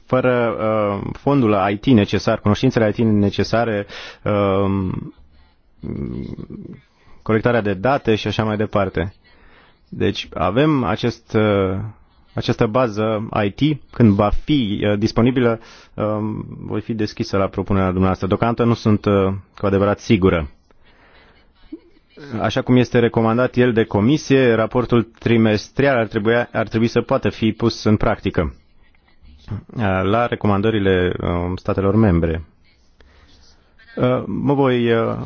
fără uh, fondul IT necesar, cunoștințele IT necesare, uh, colectarea de date și așa mai departe. Deci avem acest, uh, această bază IT, când va fi uh, disponibilă, uh, voi fi deschisă la propunerea dumneavoastră. Deocamdată nu sunt uh, cu adevărat sigură așa cum este recomandat el de comisie, raportul trimestrial ar, trebui, ar trebui să poată fi pus în practică uh, la recomandările um, statelor membre. Uh, mă voi uh,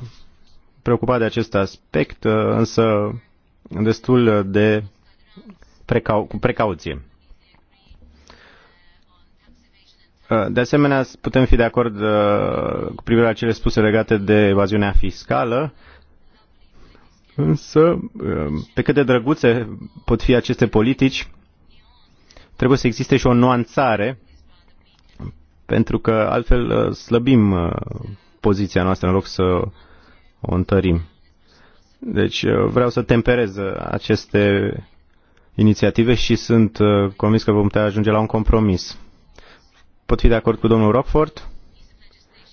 preocupa de acest aspect, însă destul de precau- cu precauție. De asemenea, putem fi de acord cu privire la cele spuse legate de evaziunea fiscală. Uh, Însă, um, pe cât de drăguțe pot fi aceste politici, trebuie să existe și o nuanțare, pentru că altfel uh, slăbim uh, poziția noastră în loc să o întărim. Deci uh, vreau să temperez aceste inițiative și sunt convins că vom putea ajunge la un compromis. Pot fi de acord cu domnul Rockford,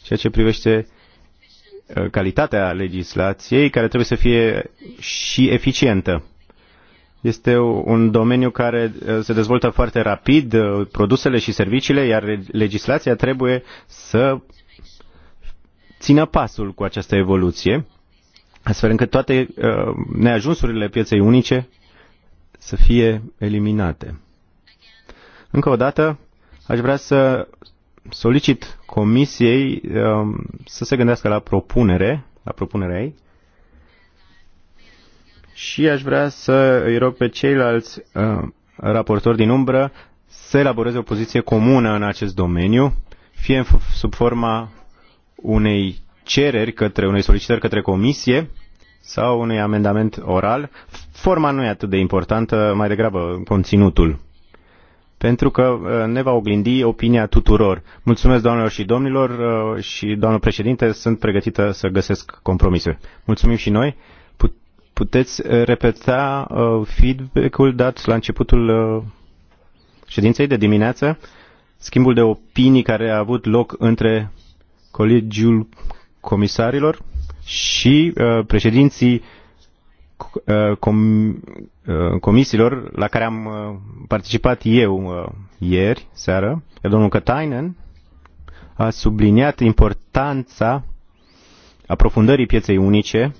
ceea ce privește Uh, calitatea legislației, care trebuie să fie și eficientă. Este un domeniu care uh, se dezvoltă foarte rapid, uh, produsele și serviciile, iar legislația trebuie să țină pasul cu această evoluție, astfel încât toate neajunsurile pieței unice să fie eliminate. Încă o dată, aș vrea să solicit comisiei um, să se gândească la propunere, la propunerea ei, și aș vrea să îi rog pe ceilalți uh, raportori din umbră să elaboreze o poziție comună în acest domeniu, fie în sub forma unei cereri către, unei solicitări către comisie sau unui amendament oral. Forma nu e atât de importantă, mai degrabă conținutul pentru că uh, ne va oglindi opinia tuturor. Mulțumesc doamnelor și domnilor uh, și doamnă președinte, sunt pregătită să găsesc compromisuri. Mulțumim și noi. Puteți uh, repeta feedback-ul dat la începutul ședinței de dimineață, schimbul de opinii care a avut loc între colegiul comisarilor și președinții Uh, com uh, comisiilor la care am uh, participat eu ieri seară, domnul Katainen a subliniat importanța aprofundării pieței unice,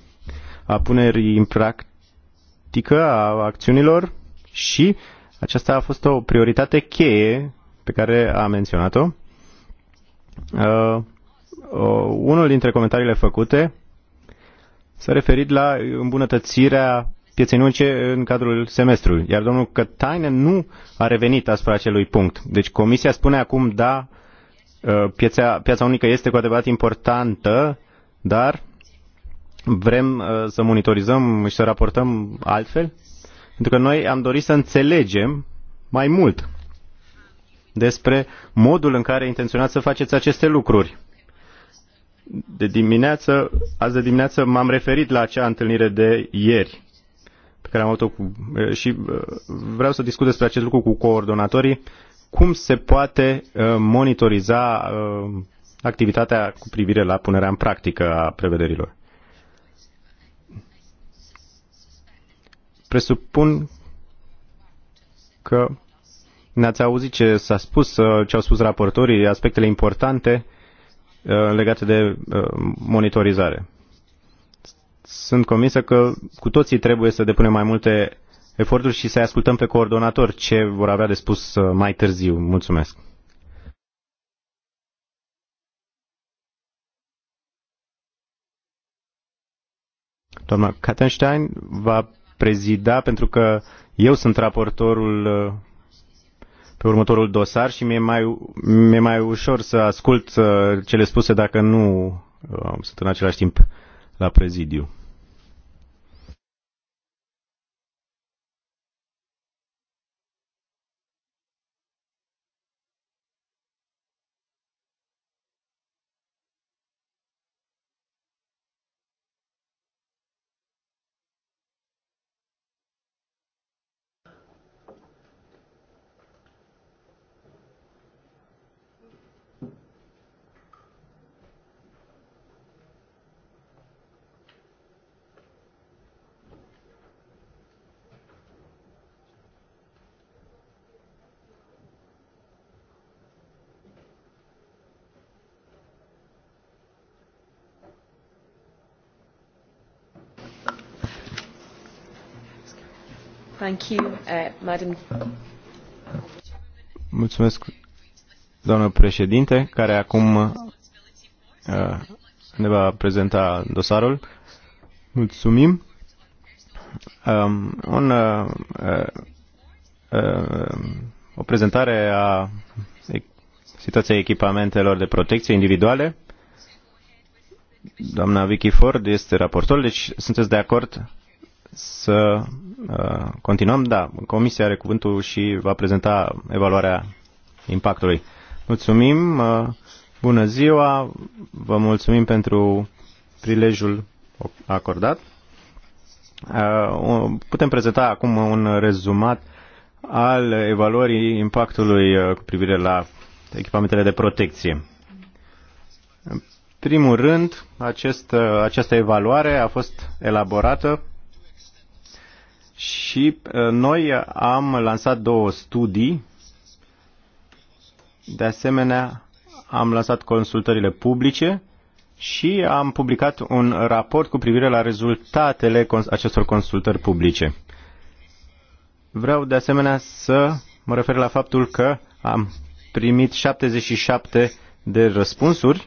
a punerii în practică a acțiunilor și aceasta a fost o prioritate cheie pe care a menționat-o. Uh, uh, unul dintre comentariile făcute s-a referit la îmbunătățirea pieței unice în cadrul semestrului, iar domnul Cătainen nu a revenit asupra acelui punct. Deci Comisia spune acum, da, uh, piața, piața unică este cu adevărat importantă, dar vrem uh, să monitorizăm și să raportăm altfel? Pentru că noi am dorit să înțelegem mai mult despre modul în care intenționați să faceți aceste lucruri de dimineață, azi de dimineață m-am referit la acea întâlnire de ieri pe care am avut-o cu, eh, și eh, vreau să discut despre acest lucru cu coordonatorii, cum se poate eh, monitoriza activitatea cu privire la punerea în practică a prevederilor. Presupun că ne-ați auzit ce s-a spus, ce au spus raportorii, aspectele importante Uh, legate de uh, monitorizare. Sunt convinsă că cu toții trebuie să depunem mai multe eforturi și să-i ascultăm pe coordonator ce vor avea de spus uh, mai târziu. Mulțumesc! Doamna Katenstein va prezida pentru că eu sunt raportorul pe următorul dosar și mi-e mai, mi mai ușor să ascult uh, cele spuse dacă nu uh, sunt în același timp la prezidiu. Uh, Mulțumesc, doamnă președinte, care acum uh, ne va prezenta dosarul. Mulțumim. Um, un, uh, uh, uh o prezentare a situației echipamentelor de protecție individuale. Doamna Vicky Ford este raportor, deci sunteți de acord să Uh, continuăm? Da, Comisia are cuvântul și va prezenta evaluarea impactului. Mulțumim, uh, bună ziua, vă mulțumim pentru prilejul acordat. Uh, putem prezenta acum un rezumat al evaluării impactului cu privire la echipamentele de protecție. În primul rând, acest, această evaluare a fost elaborată și uh, noi am lansat două studii. De asemenea, am lansat consultările publice și am publicat un raport cu privire la rezultatele acestor consultări publice. Vreau de asemenea să mă refer la faptul că am primit 77 de răspunsuri,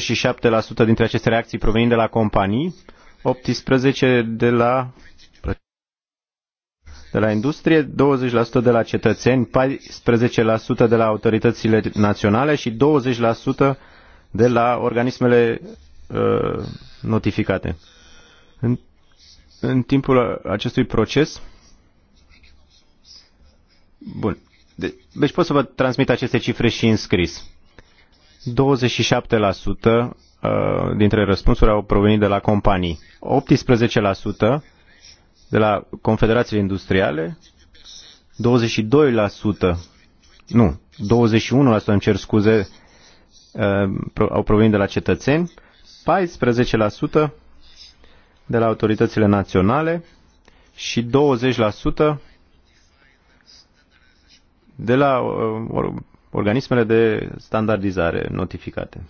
27% dintre aceste reacții provenind de la companii, 18 de la de la industrie, 20% de la cetățeni, 14% de la autoritățile naționale și 20% de la organismele uh, notificate. În, în timpul acestui proces. Bun. De, deci pot să vă transmit aceste cifre și în scris. 27% Uh, dintre răspunsuri au provenit de la companii. 18% de la confederațiile industriale, 22%, nu, 21% îmi cer scuze, uh, au provenit de la cetățeni, 14% de la autoritățile naționale și 20% de la uh, organismele de standardizare notificate.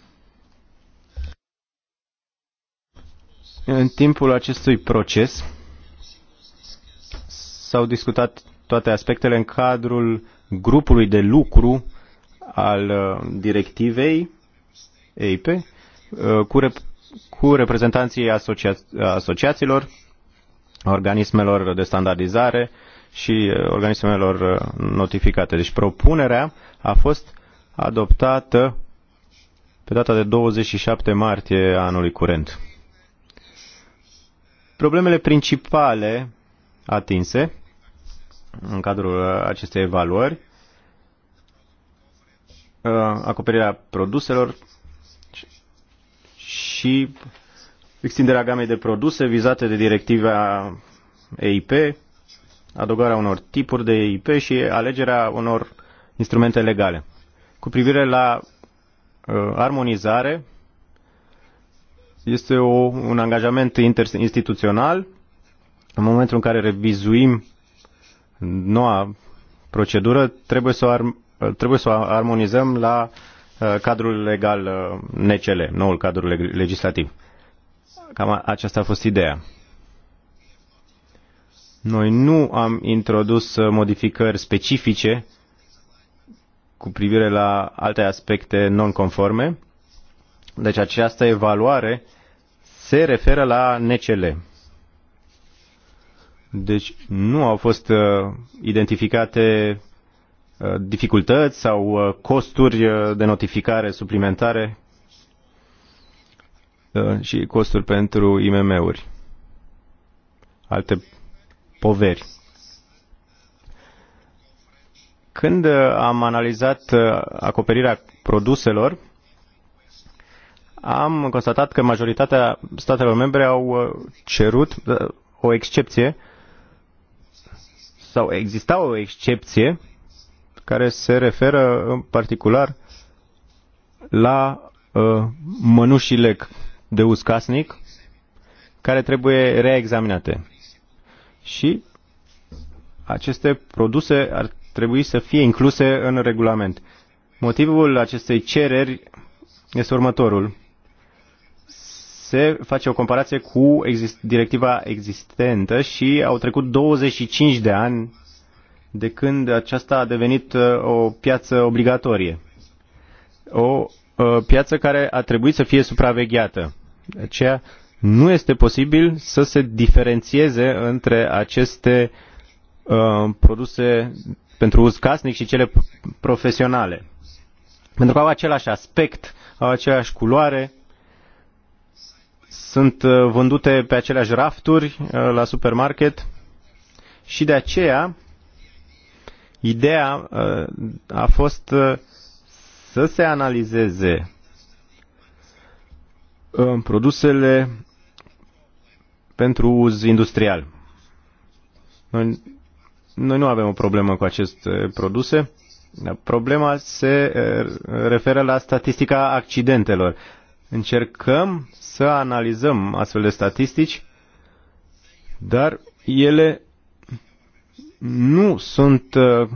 În timpul acestui proces s-au discutat toate aspectele în cadrul grupului de lucru al uh, directivei EIP uh, cu, rep- cu reprezentanții asocia- asociațiilor, organismelor de standardizare și uh, organismelor notificate. Deci propunerea a fost adoptată pe data de 27 martie anului curent. Problemele principale atinse în cadrul acestei evaluări, uh, acoperirea produselor și extinderea gamei de produse vizate de directiva EIP, adăugarea unor tipuri de EIP și alegerea unor instrumente legale. Cu privire la uh, armonizare, este o, un angajament interinstituțional. În momentul în care revizuim noua procedură, trebuie să o, ar, trebuie să o armonizăm la uh, cadrul legal uh, NCL, noul cadru legislativ. Cam aceasta a fost ideea. Noi nu am introdus uh, modificări specifice cu privire la alte aspecte non-conforme, deci această evaluare se referă la NCL. Deci nu au fost uh, identificate uh, dificultăți sau uh, costuri uh, de notificare suplimentare uh, și costuri pentru IMM-uri. Alte poveri. Când am analizat uh, acoperirea produselor, am constatat că majoritatea statelor membre au uh, cerut uh, o excepție sau exista o excepție care se referă în particular la uh, mănușile de uscasnic care trebuie reexaminate. Și aceste produse ar trebui să fie incluse în regulament. Motivul acestei cereri este următorul se face o comparație cu exist directiva existentă și au trecut 25 de ani de când aceasta a devenit uh, o piață obligatorie. O uh, piață care a trebuit să fie supravegheată. De aceea nu este posibil să se diferențieze între aceste uh, produse pentru uz casnic și cele profesionale. Pentru că au același aspect, au aceeași culoare, sunt uh, vândute pe aceleași rafturi uh, la supermarket și de aceea ideea uh, a fost să se analizeze produsele pentru uz industrial. Noi, noi nu avem o problemă cu aceste produse. Problema se referă la statistica accidentelor. Încercăm să analizăm astfel de statistici, dar ele nu sunt uh,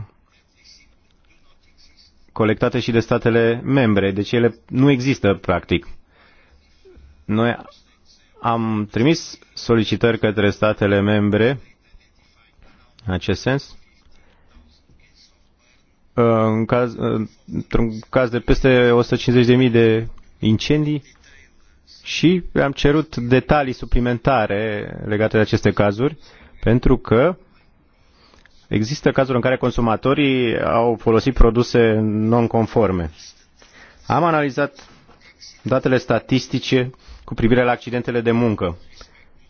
colectate și de statele membre, deci ele nu există practic. Noi am trimis solicitări către statele membre în acest sens. Uh, în caz, uh, într-un caz de peste 150.000 de incendii, și am cerut detalii suplimentare legate de aceste cazuri, pentru că există cazuri în care consumatorii au folosit produse non-conforme. Am analizat datele statistice cu privire la accidentele de muncă.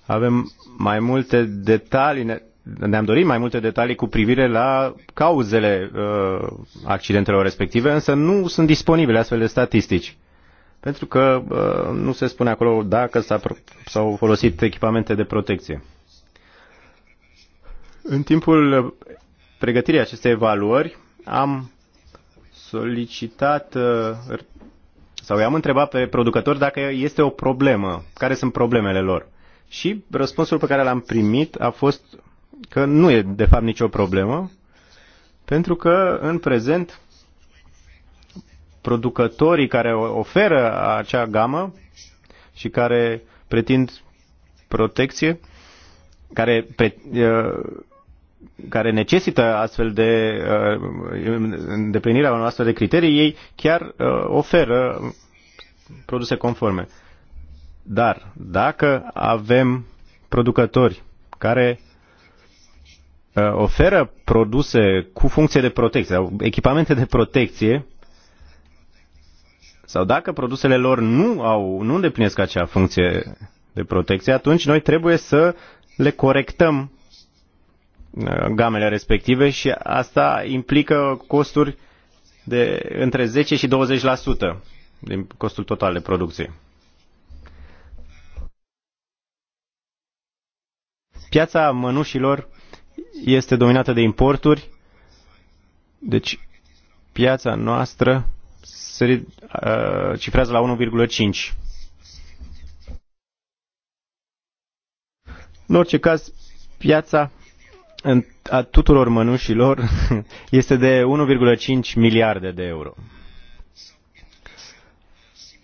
Avem mai multe detalii, ne-am dorit mai multe detalii cu privire la cauzele uh, accidentelor respective, însă nu sunt disponibile astfel de statistici pentru că nu se spune acolo dacă s-au folosit echipamente de protecție. În timpul pregătirii acestei evaluări am solicitat ă, sau i-am întrebat pe producători dacă este o problemă, care sunt problemele lor. Și răspunsul pe care l-am primit a fost că nu e de fapt nicio problemă, pentru că în prezent producătorii care oferă acea gamă și care pretind protecție, care, pre, uh, care necesită astfel de uh, îndeplinirea unor astfel de criterii, ei chiar uh, oferă produse conforme. Dar dacă avem producători care oferă produse cu funcție de protecție, sau echipamente de protecție, sau dacă produsele lor nu, au, nu îndeplinesc acea funcție de protecție, atunci noi trebuie să le corectăm uh, gamele respective și asta implică costuri de între 10 și 20% din costul total de producție. Piața mănușilor este dominată de importuri, deci piața noastră se uh, cifrează la 1,5. În orice caz, piața a tuturor mănușilor este de 1,5 miliarde de euro.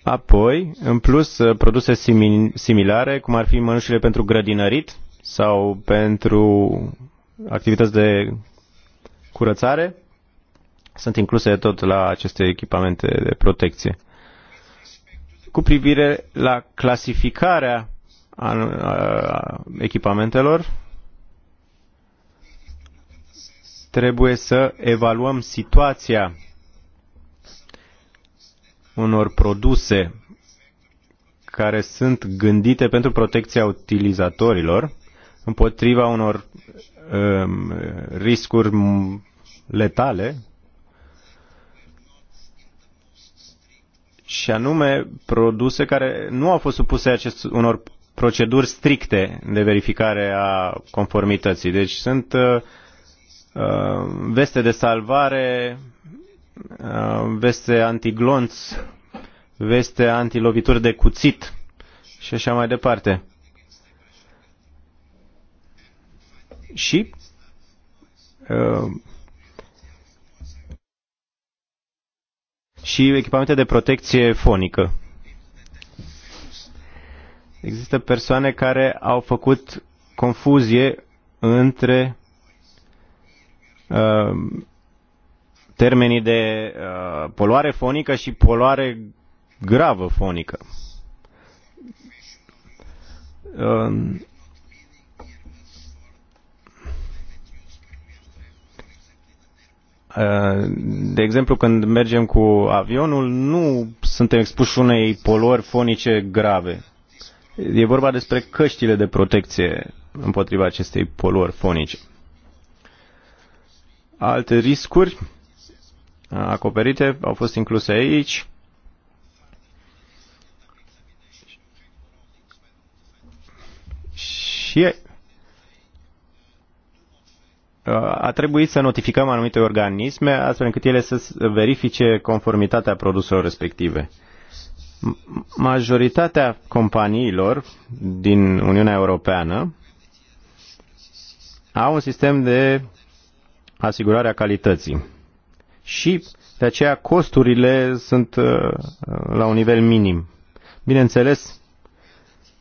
Apoi, în plus, uh, produse similare, cum ar fi mănușile pentru grădinărit sau pentru activități de curățare, sunt incluse tot la aceste echipamente de protecție. Cu privire la clasificarea echipamentelor, trebuie să evaluăm situația unor produse care sunt gândite pentru protecția utilizatorilor împotriva unor um, riscuri letale și anume produse care nu au fost supuse acest, unor proceduri stricte de verificare a conformității. Deci sunt uh, uh veste de salvare, uh, veste antiglonț, veste antilovituri de cuțit și așa mai departe. Și uh, și echipamente de protecție fonică. Există persoane care au făcut confuzie între uh, termenii de uh, poluare fonică și poluare gravă fonică. Uh, de exemplu, când mergem cu avionul, nu suntem expuși unei poluări fonice grave. E vorba despre căștile de protecție împotriva acestei poluări fonice. Alte riscuri acoperite au fost incluse aici. Și a trebuit să notificăm anumite organisme astfel încât ele să verifice conformitatea produselor respective. Majoritatea companiilor din Uniunea Europeană au un sistem de asigurare a calității și de aceea costurile sunt uh, la un nivel minim. Bineînțeles,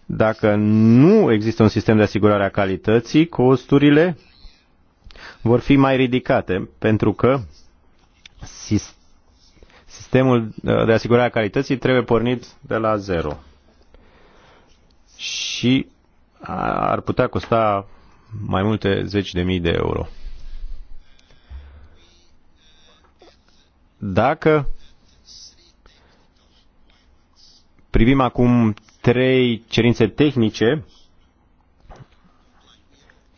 dacă nu există un sistem de asigurare a calității, costurile vor fi mai ridicate, pentru că sistemul uh, de asigurare a calității trebuie pornit de la zero. Și ar putea costa mai multe zeci de mii de euro. Dacă privim acum trei cerințe tehnice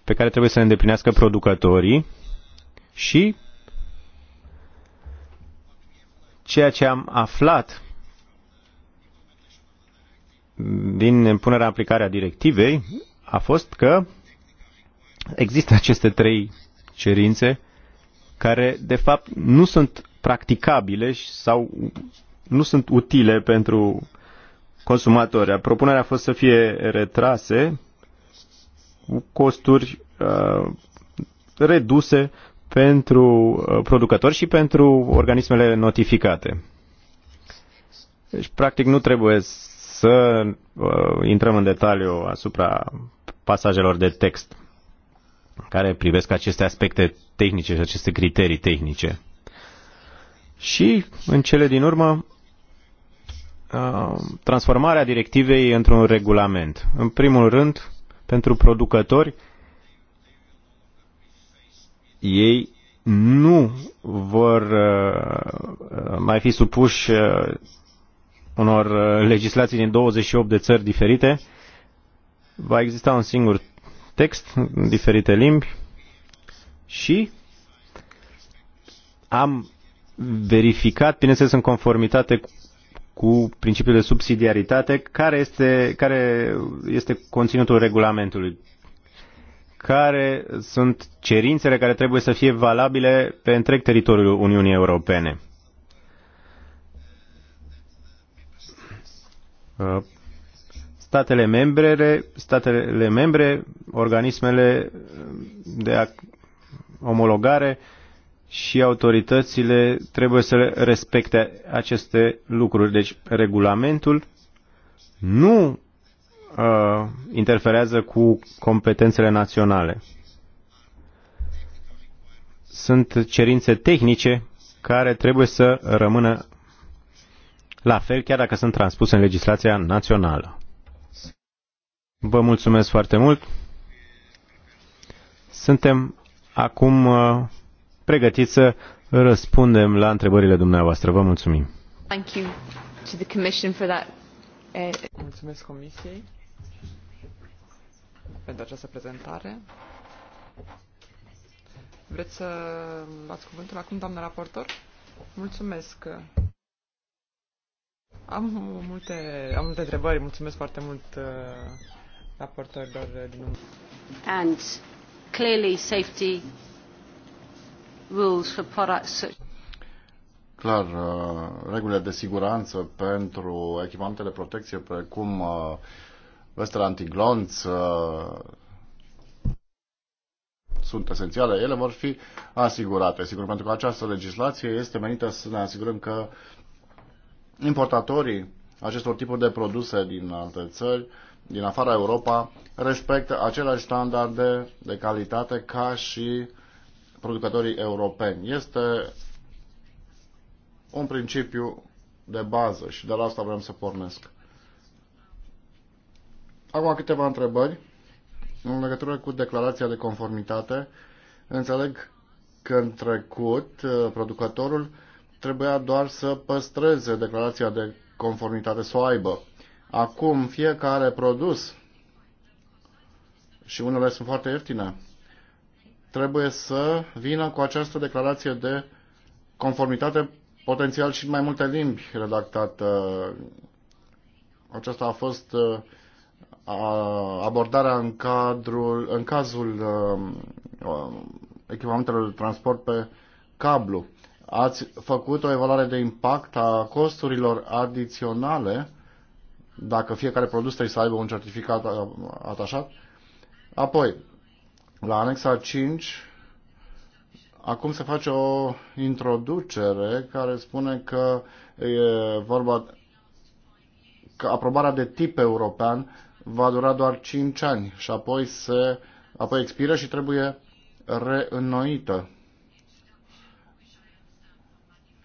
pe care trebuie să le îndeplinească producătorii și ceea ce am aflat din punerea aplicarea directivei a fost că există aceste trei cerințe care, de fapt, nu sunt practicabile sau nu sunt utile pentru consumatori. Propunerea a fost să fie retrase costuri uh, reduse pentru uh, producători și pentru organismele notificate. Deci, practic, nu trebuie să uh, intrăm în detaliu asupra pasajelor de text care privesc aceste aspecte tehnice și aceste criterii tehnice. Și, în cele din urmă, uh, transformarea directivei într-un regulament. În primul rând, pentru producători, ei nu vor uh, uh, mai fi supuși uh, unor legislații din 28 de țări diferite. Va exista un singur text în diferite limbi și am verificat, bineînțeles în conformitate cu principiul de subsidiaritate, care este, care este conținutul regulamentului? Care sunt cerințele care trebuie să fie valabile pe întreg teritoriul Uniunii Europene? Statele membre, statele membre, organismele de omologare uh, și autoritățile trebuie să respecte aceste lucruri. Deci regulamentul nu uh, interferează cu competențele naționale. Sunt cerințe tehnice care trebuie să rămână la fel, chiar dacă sunt transpuse în legislația națională. Vă mulțumesc foarte mult. Suntem acum uh, pregătiți să răspundem la întrebările dumneavoastră. Vă mulțumim. Thank you to the Commission for that. Uh, Mulțumesc Comisiei pentru această prezentare. Vreți să luați cuvântul acum, doamnă raportor? Mulțumesc. Am multe, am multe întrebări. Mulțumesc foarte mult uh, raportorilor din And clearly safety rules for products such clar uh, regulile de siguranță pentru echipamentele de protecție precum uh, vestele antiglonț uh, sunt esențiale, ele vor fi asigurate, sigur, pentru că această legislație este menită să ne asigurăm că importatorii acestor tipuri de produse din alte țări, din afara Europa, respectă aceleași standarde de calitate ca și uh, producătorii europeni. Este un principiu de bază și de la asta vrem să pornesc. Acum câteva întrebări în legătură cu declarația de conformitate. Înțeleg că în trecut uh, producătorul trebuia doar să păstreze declarația de conformitate, să o aibă. Acum fiecare produs și unele sunt foarte ieftine trebuie să vină cu această declarație de conformitate potențial și în mai multe limbi redactată. Aceasta a fost uh, abordarea în, cadrul, în cazul uh, uh, echipamentelor de transport pe cablu. Ați făcut o evaluare de impact a costurilor adiționale dacă fiecare produs trebuie să aibă un certificat atașat. Apoi, la anexa 5, acum se face o introducere care spune că e vorba că aprobarea de tip european va dura doar 5 ani și apoi se apoi expiră și trebuie reînnoită.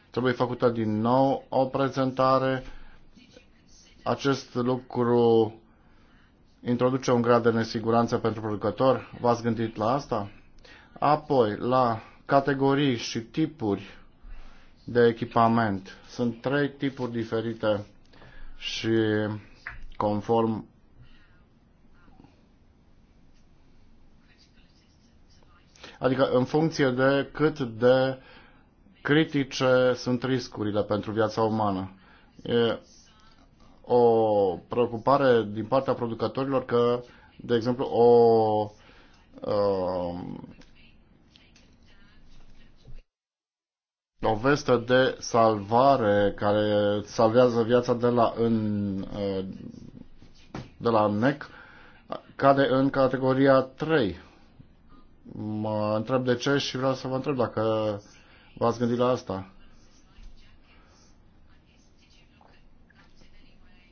Trebuie făcută din nou o prezentare. Acest lucru introduce un grad de nesiguranță pentru producător? V-ați gândit la asta? Apoi, la categorii și tipuri de echipament. Sunt trei tipuri diferite și conform adică în funcție de cât de critice sunt riscurile pentru viața umană. E o preocupare din partea producătorilor că, de exemplu, o uh, o vestă de salvare care salvează viața de la, în, uh, de la NEC cade în categoria 3. Mă întreb de ce și vreau să vă întreb dacă v-ați gândit la asta.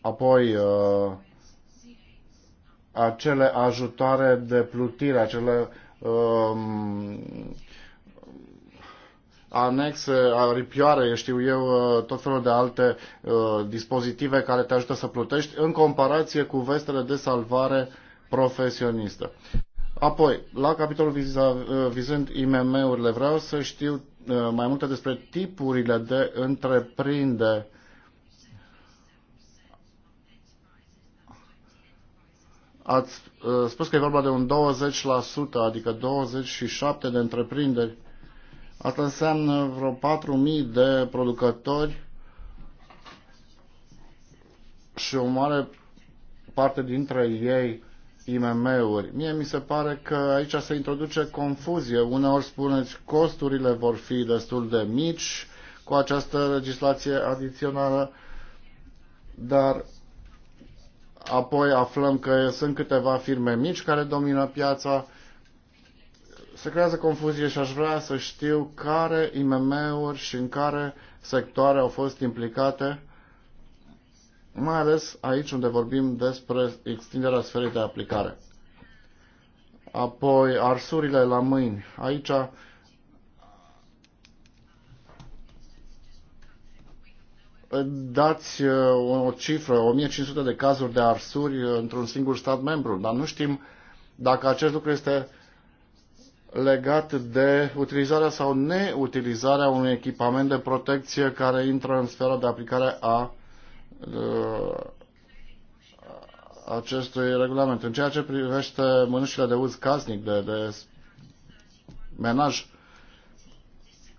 Apoi, uh, acele ajutoare de plutire, acele uh, anexe, aripioare, știu eu, uh, tot felul de alte uh, dispozitive care te ajută să plutești, în comparație cu vestele de salvare profesionistă. Apoi, la capitolul uh, vizând IMM-urile, vreau să știu mai multe despre tipurile de întreprindere Ați uh, spus că e vorba de un 20%, adică 27 de întreprinderi. Asta înseamnă vreo 4.000 de producători și o mare parte dintre ei IMM-uri. Mie mi se pare că aici se introduce confuzie. Uneori spuneți costurile vor fi destul de mici cu această legislație adițională, dar Apoi aflăm că sunt câteva firme mici care domină piața. Se creează confuzie și aș vrea să știu care IMM-uri și în care sectoare au fost implicate, mai ales aici unde vorbim despre extinderea sferei de aplicare. Apoi arsurile la mâini. Aici dați uh, o cifră, 1500 de cazuri de arsuri uh, într-un singur stat membru, dar nu știm dacă acest lucru este legat de utilizarea sau neutilizarea unui echipament de protecție care intră în sfera de aplicare a uh, acestui regulament. În ceea ce privește mânușile de uz casnic, de, de menaj,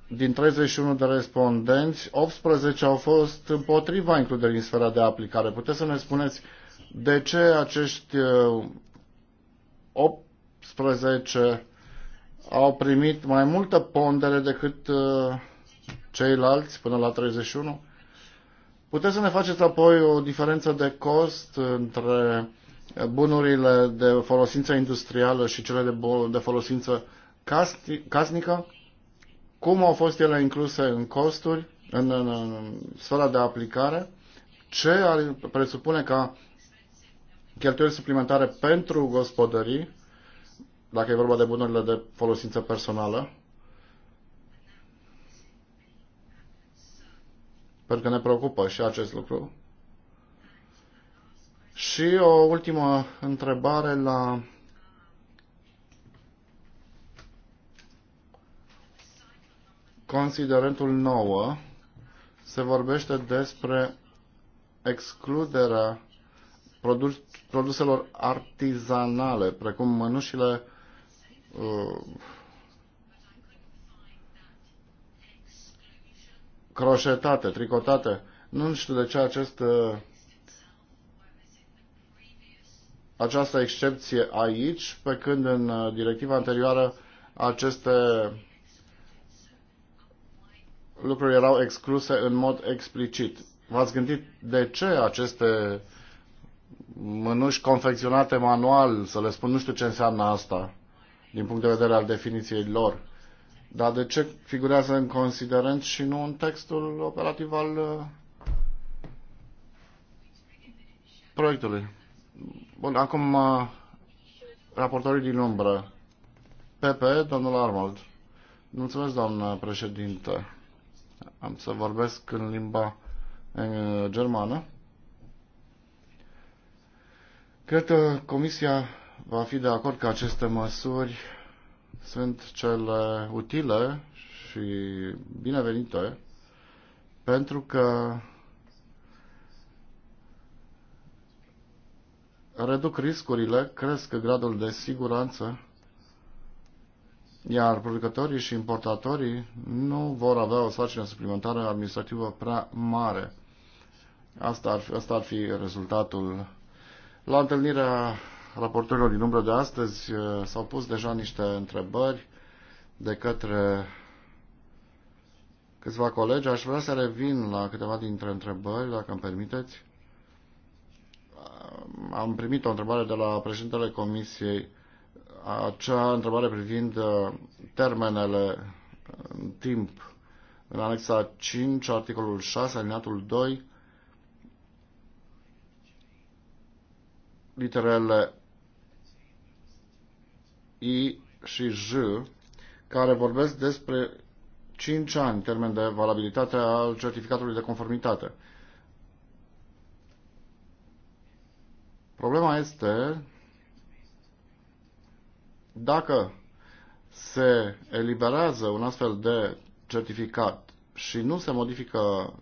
din 31 de respondenți, 18 au fost împotriva includerii în sfera de aplicare. Puteți să ne spuneți de ce acești 18 uh, au primit mai multă pondere decât uh, ceilalți până la 31? Puteți să ne faceți apoi o diferență de cost între bunurile de folosință industrială și cele de, de folosință casnică? cum au fost ele incluse în costuri, în, în, în sfera de aplicare, ce ar presupune ca cheltuieli suplimentare pentru gospodării, dacă e vorba de bunurile de folosință personală, pentru că ne preocupă și acest lucru. Și o ultimă întrebare la considerentul 9 se vorbește despre excluderea produs, produselor artizanale, precum mănușile uh, croșetate, tricotate. Nu știu de ce acest, uh, această excepție aici, pe când în uh, directiva anterioară aceste lucruri erau excluse în mod explicit. V-ați gândit de ce aceste mânuși confecționate manual, să le spun, nu știu ce înseamnă asta, din punct de vedere al definiției lor, dar de ce figurează în considerent și nu în textul operativ al uh, proiectului? Bun, acum uh, raportorii din umbră. PP, domnul Arnold. Mulțumesc, doamnă președinte. Am să vorbesc în limba în uh, germană. Cred că Comisia va fi de acord că aceste măsuri sunt cele utile și binevenite pentru că reduc riscurile, cresc gradul de siguranță iar producătorii și importatorii nu vor avea o sarcină suplimentară administrativă prea mare. Asta ar, fi, asta ar fi rezultatul. La întâlnirea raportorilor din umbră de astăzi eh, s-au pus deja niște întrebări de către câțiva colegi. Aș vrea să revin la câteva dintre întrebări, dacă îmi permiteți. Am primit o întrebare de la președintele Comisiei acea întrebare privind uh, termenele în uh, timp în anexa 5, articolul 6, alineatul 2, literele I și J, care vorbesc despre 5 ani, termen de valabilitate al certificatului de conformitate. Problema este dacă se eliberează un astfel de certificat și nu se modifică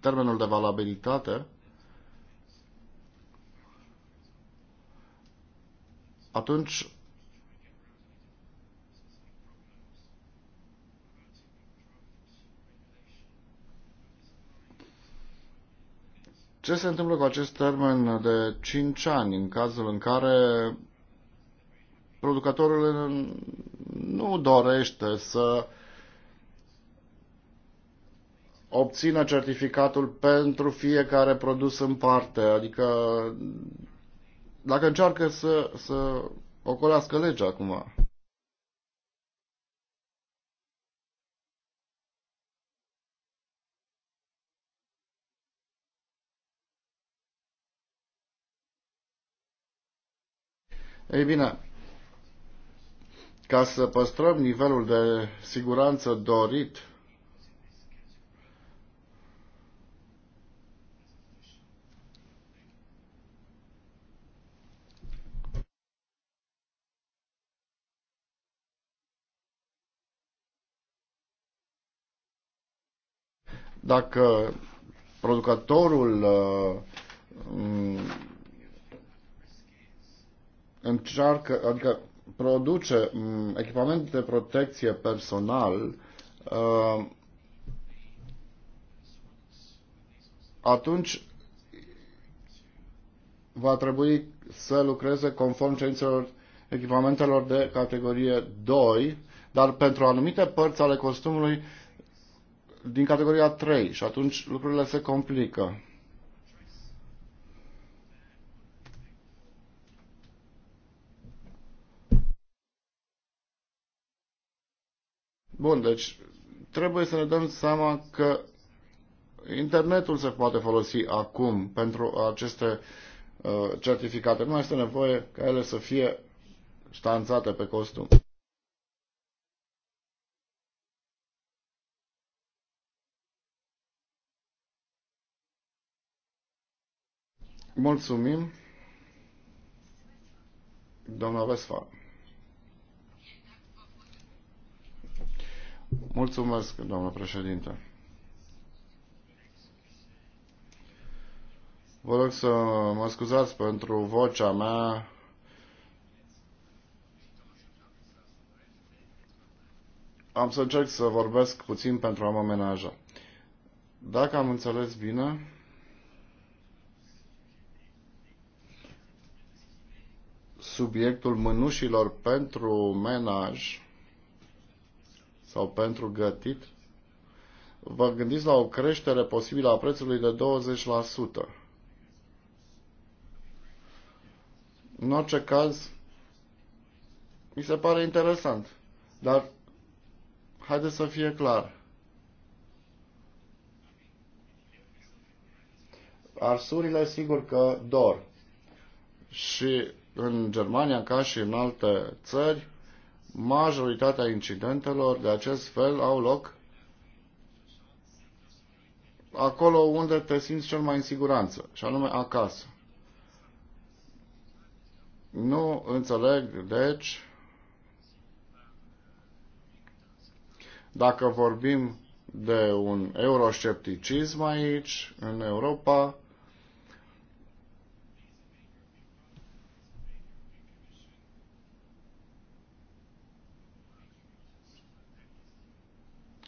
termenul de valabilitate, atunci ce se întâmplă cu acest termen de 5 ani în cazul în care producătorul nu dorește să obțină certificatul pentru fiecare produs în parte. Adică dacă încearcă să, să ocolească legea acum. Ei bine, ca să păstrăm nivelul de siguranță dorit, dacă producătorul uh, mm, încearcă, adică produce mm, echipament de protecție personal uh, atunci va trebui să lucreze conform cerințelor echipamentelor de categorie 2, dar pentru anumite părți ale costumului din categoria 3 și atunci lucrurile se complică. Bun, deci trebuie să ne dăm seama că internetul se poate folosi acum pentru aceste uh, certificate. Nu este nevoie ca ele să fie ștanțate pe costum. Mulțumim, doamna Vesfar. Mulțumesc, doamnă președinte. Vă rog să mă scuzați pentru vocea mea. Am să încerc să vorbesc puțin pentru a mă menaja. Dacă am înțeles bine, subiectul mânușilor pentru menaj sau pentru gătit, vă gândiți la o creștere posibilă a prețului de 20%. În orice caz, mi se pare interesant, dar haideți să fie clar. Arsurile sigur că dor. Și în Germania, ca și în alte țări, majoritatea incidentelor de acest fel au loc acolo unde te simți cel mai în siguranță, și anume acasă. Nu înțeleg, deci, dacă vorbim de un euroscepticism aici, în Europa,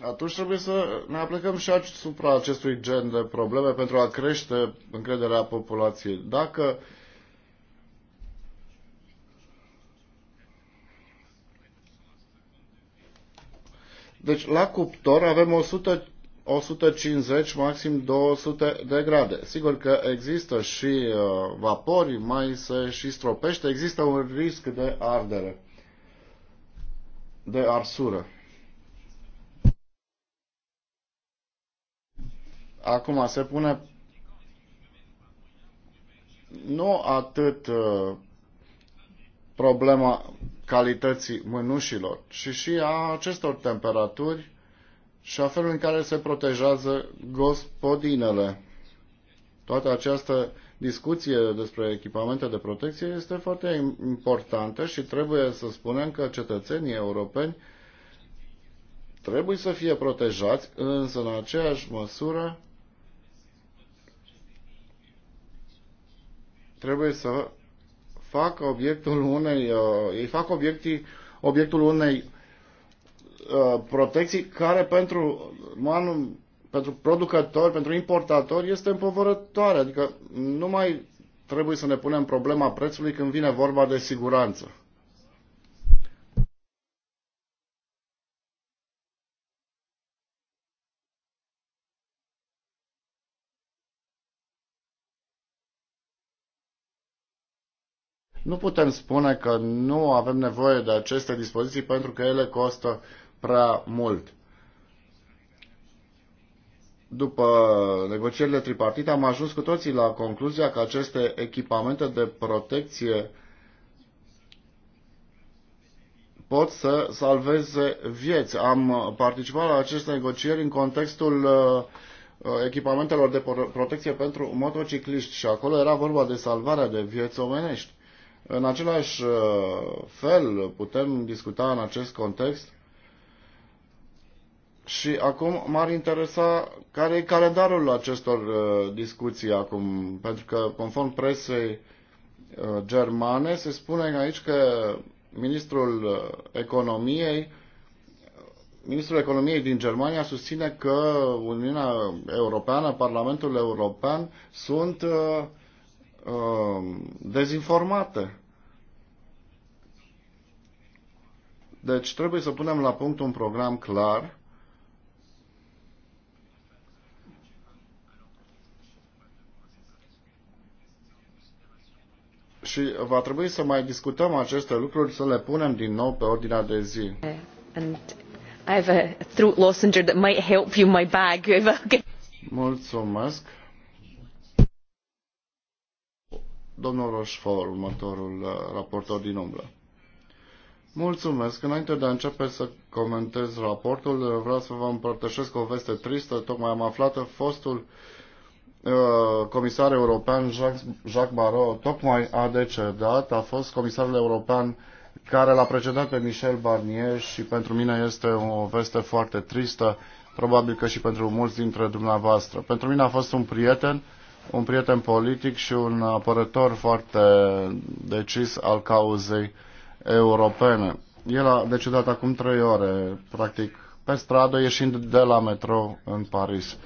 atunci trebuie să ne aplicăm și asupra acestui gen de probleme pentru a crește încrederea populației. Dacă Deci la cuptor avem 100, 150, maxim 200 de grade. Sigur că există și uh, vapori, mai se și stropește, există un risc de ardere, de arsură. Acum se pune nu atât uh, problema calității mânușilor, ci și a acestor temperaturi și a felului în care se protejează gospodinele. Toată această discuție despre echipamente de protecție este foarte importantă și trebuie să spunem că cetățenii europeni trebuie să fie protejați, însă în aceeași măsură trebuie să facă obiectul unei, uh, ei fac obiectii, obiectul unei uh, protecții care pentru, manu, pentru producători, pentru importatori este împovărătoare. Adică nu mai trebuie să ne punem problema prețului când vine vorba de siguranță. Nu putem spune că nu avem nevoie de aceste dispoziții pentru că ele costă prea mult. După negocierile tripartite am ajuns cu toții la concluzia că aceste echipamente de protecție pot să salveze vieți. Am participat la aceste negocieri în contextul uh, uh, echipamentelor de protecție pentru motocicliști și acolo era vorba de salvarea de vieți omenești. În același uh, fel putem discuta în acest context și acum m-ar interesa care e calendarul acestor uh, discuții acum, pentru că conform presei uh, germane se spune aici că ministrul economiei Ministrul Economiei din Germania susține că Uniunea Europeană, Parlamentul European sunt uh, uh, dezinformate. Deci trebuie să punem la punct un program clar și va trebui să mai discutăm aceste lucruri, să le punem din nou pe ordinea de zi. Mulțumesc. Domnul Roșfor, următorul uh, raportor din umbră. Mulțumesc. Înainte de a începe să comentez raportul, vreau să vă împărtășesc o veste tristă. Tocmai am aflat fostul uh, comisar european Jacques, Jacques Barrot tocmai a decedat, a fost comisarul european care l-a precedat pe Michel Barnier și pentru mine este o veste foarte tristă, probabil că și pentru mulți dintre dumneavoastră. Pentru mine a fost un prieten, un prieten politic și un apărător foarte decis al cauzei europene. El a decedat acum trei ore, practic, pe stradă, ieșind de la metrou în Paris.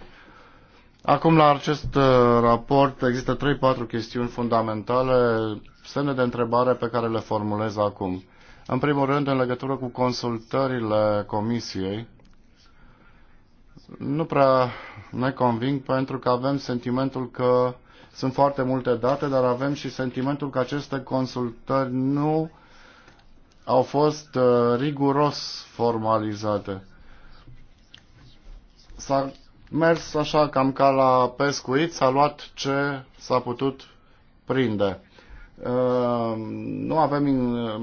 Acum, la acest uh, raport, există 3-4 chestiuni fundamentale, semne de întrebare pe care le formulez acum. În primul rând, în legătură cu consultările Comisiei, nu prea ne conving pentru că avem sentimentul că sunt foarte multe date, dar avem și sentimentul că aceste consultări nu uh, au fost uh, riguros formalizate. S-a mers așa cam ca la pescuit, s-a luat ce s-a putut prinde. Uh, nu avem uh,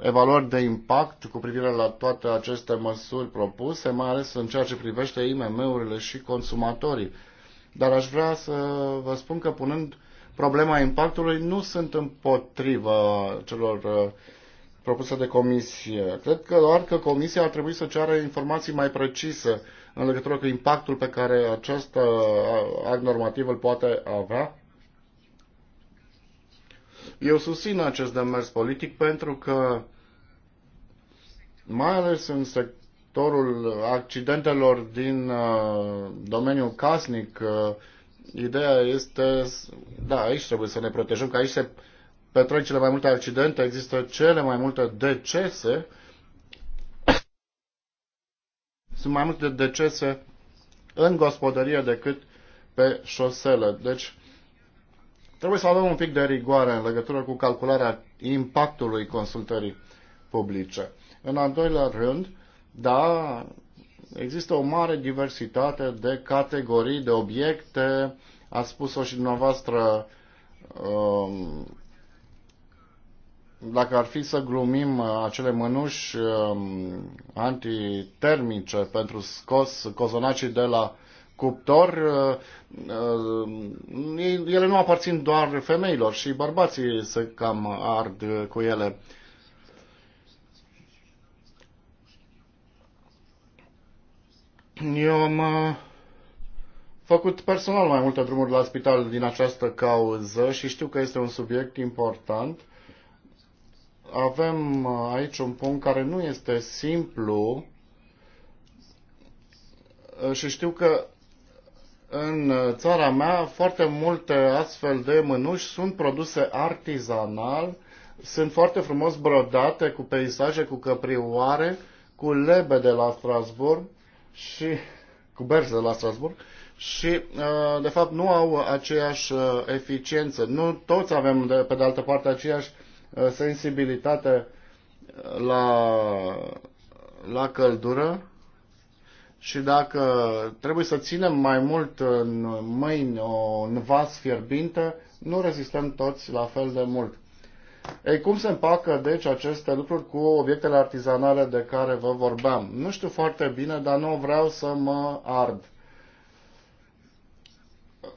evaluări de impact cu privire la toate aceste măsuri propuse, mai ales în ceea ce privește IMM-urile și consumatorii. Dar aș vrea să vă spun că punând problema impactului, nu sunt împotriva celor uh, propusă de comisie. Cred că doar că comisia ar trebui să ceară informații mai precise în legătură cu impactul pe care acest act normativ îl poate avea. Eu susțin acest demers politic pentru că, mai ales în sectorul accidentelor din domeniul casnic, ideea este, da, aici trebuie să ne protejăm, că aici se petrec cele mai multe accidente, există cele mai multe decese. Sunt mai multe decese în gospodărie decât pe șosele. Deci, trebuie să avem un pic de rigoare în legătură cu calcularea impactului consultării publice. În al doilea rând, da, există o mare diversitate de categorii, de obiecte, A spus-o și dumneavoastră, um, dacă ar fi să glumim uh, acele mânuși um, antitermice pentru scos cozonacii de la cuptor, uh, uh, ele nu aparțin doar femeilor și bărbații se cam ard cu ele. Eu am făcut personal mai multe drumuri la spital din această cauză și știu că este un subiect important avem uh, aici un punct care nu este simplu uh, și știu că în țara mea foarte multe astfel de mânuși sunt produse artizanal, sunt foarte frumos brodate cu peisaje, cu căprioare, cu lebe de la Strasburg și cu berze de la Strasburg și uh, de fapt nu au aceeași eficiență. Nu toți avem de, pe de altă parte aceeași Uh, sensibilitate uh, la, la căldură și dacă trebuie să ținem mai mult în mâini în vas fierbinte, nu rezistăm toți la fel de mult. Ei, cum se împacă, deci, aceste lucruri cu obiectele artizanale de care vă vorbeam? Nu știu foarte bine, dar nu vreau să mă ard.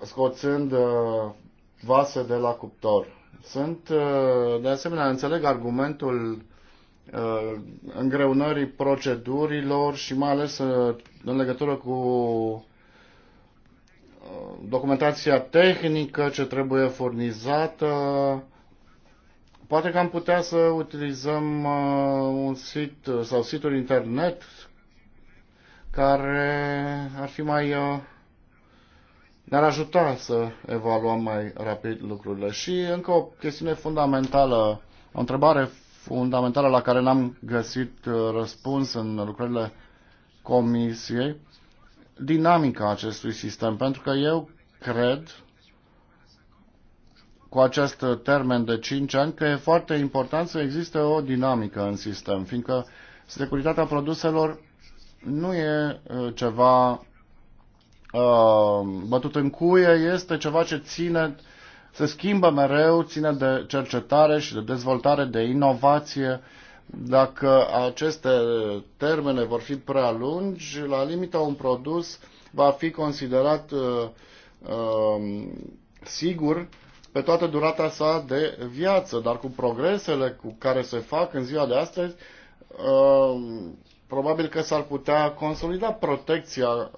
Scoțând uh, vase de la cuptor. Sunt, uh, de asemenea, înțeleg argumentul uh, îngreunării procedurilor și mai ales uh, în legătură cu documentația tehnică ce trebuie furnizată. Poate că am putea să utilizăm un sit sau situri internet care ar fi mai ne-ar ajuta să evaluăm mai rapid lucrurile. Și încă o chestiune fundamentală, o întrebare fundamentală la care n-am găsit uh, răspuns în lucrările Comisiei, dinamica acestui sistem, pentru că eu cred cu acest termen de 5 ani că e foarte important să existe o dinamică în sistem, fiindcă securitatea produselor nu e uh, ceva Uh, bătut în cuie este ceva ce ține, se schimbă mereu, ține de cercetare și de dezvoltare, de inovație. Dacă aceste termene vor fi prea lungi, la limita un produs va fi considerat uh, uh, sigur pe toată durata sa de viață, dar cu progresele cu care se fac în ziua de astăzi, uh, probabil că s-ar putea consolida protecția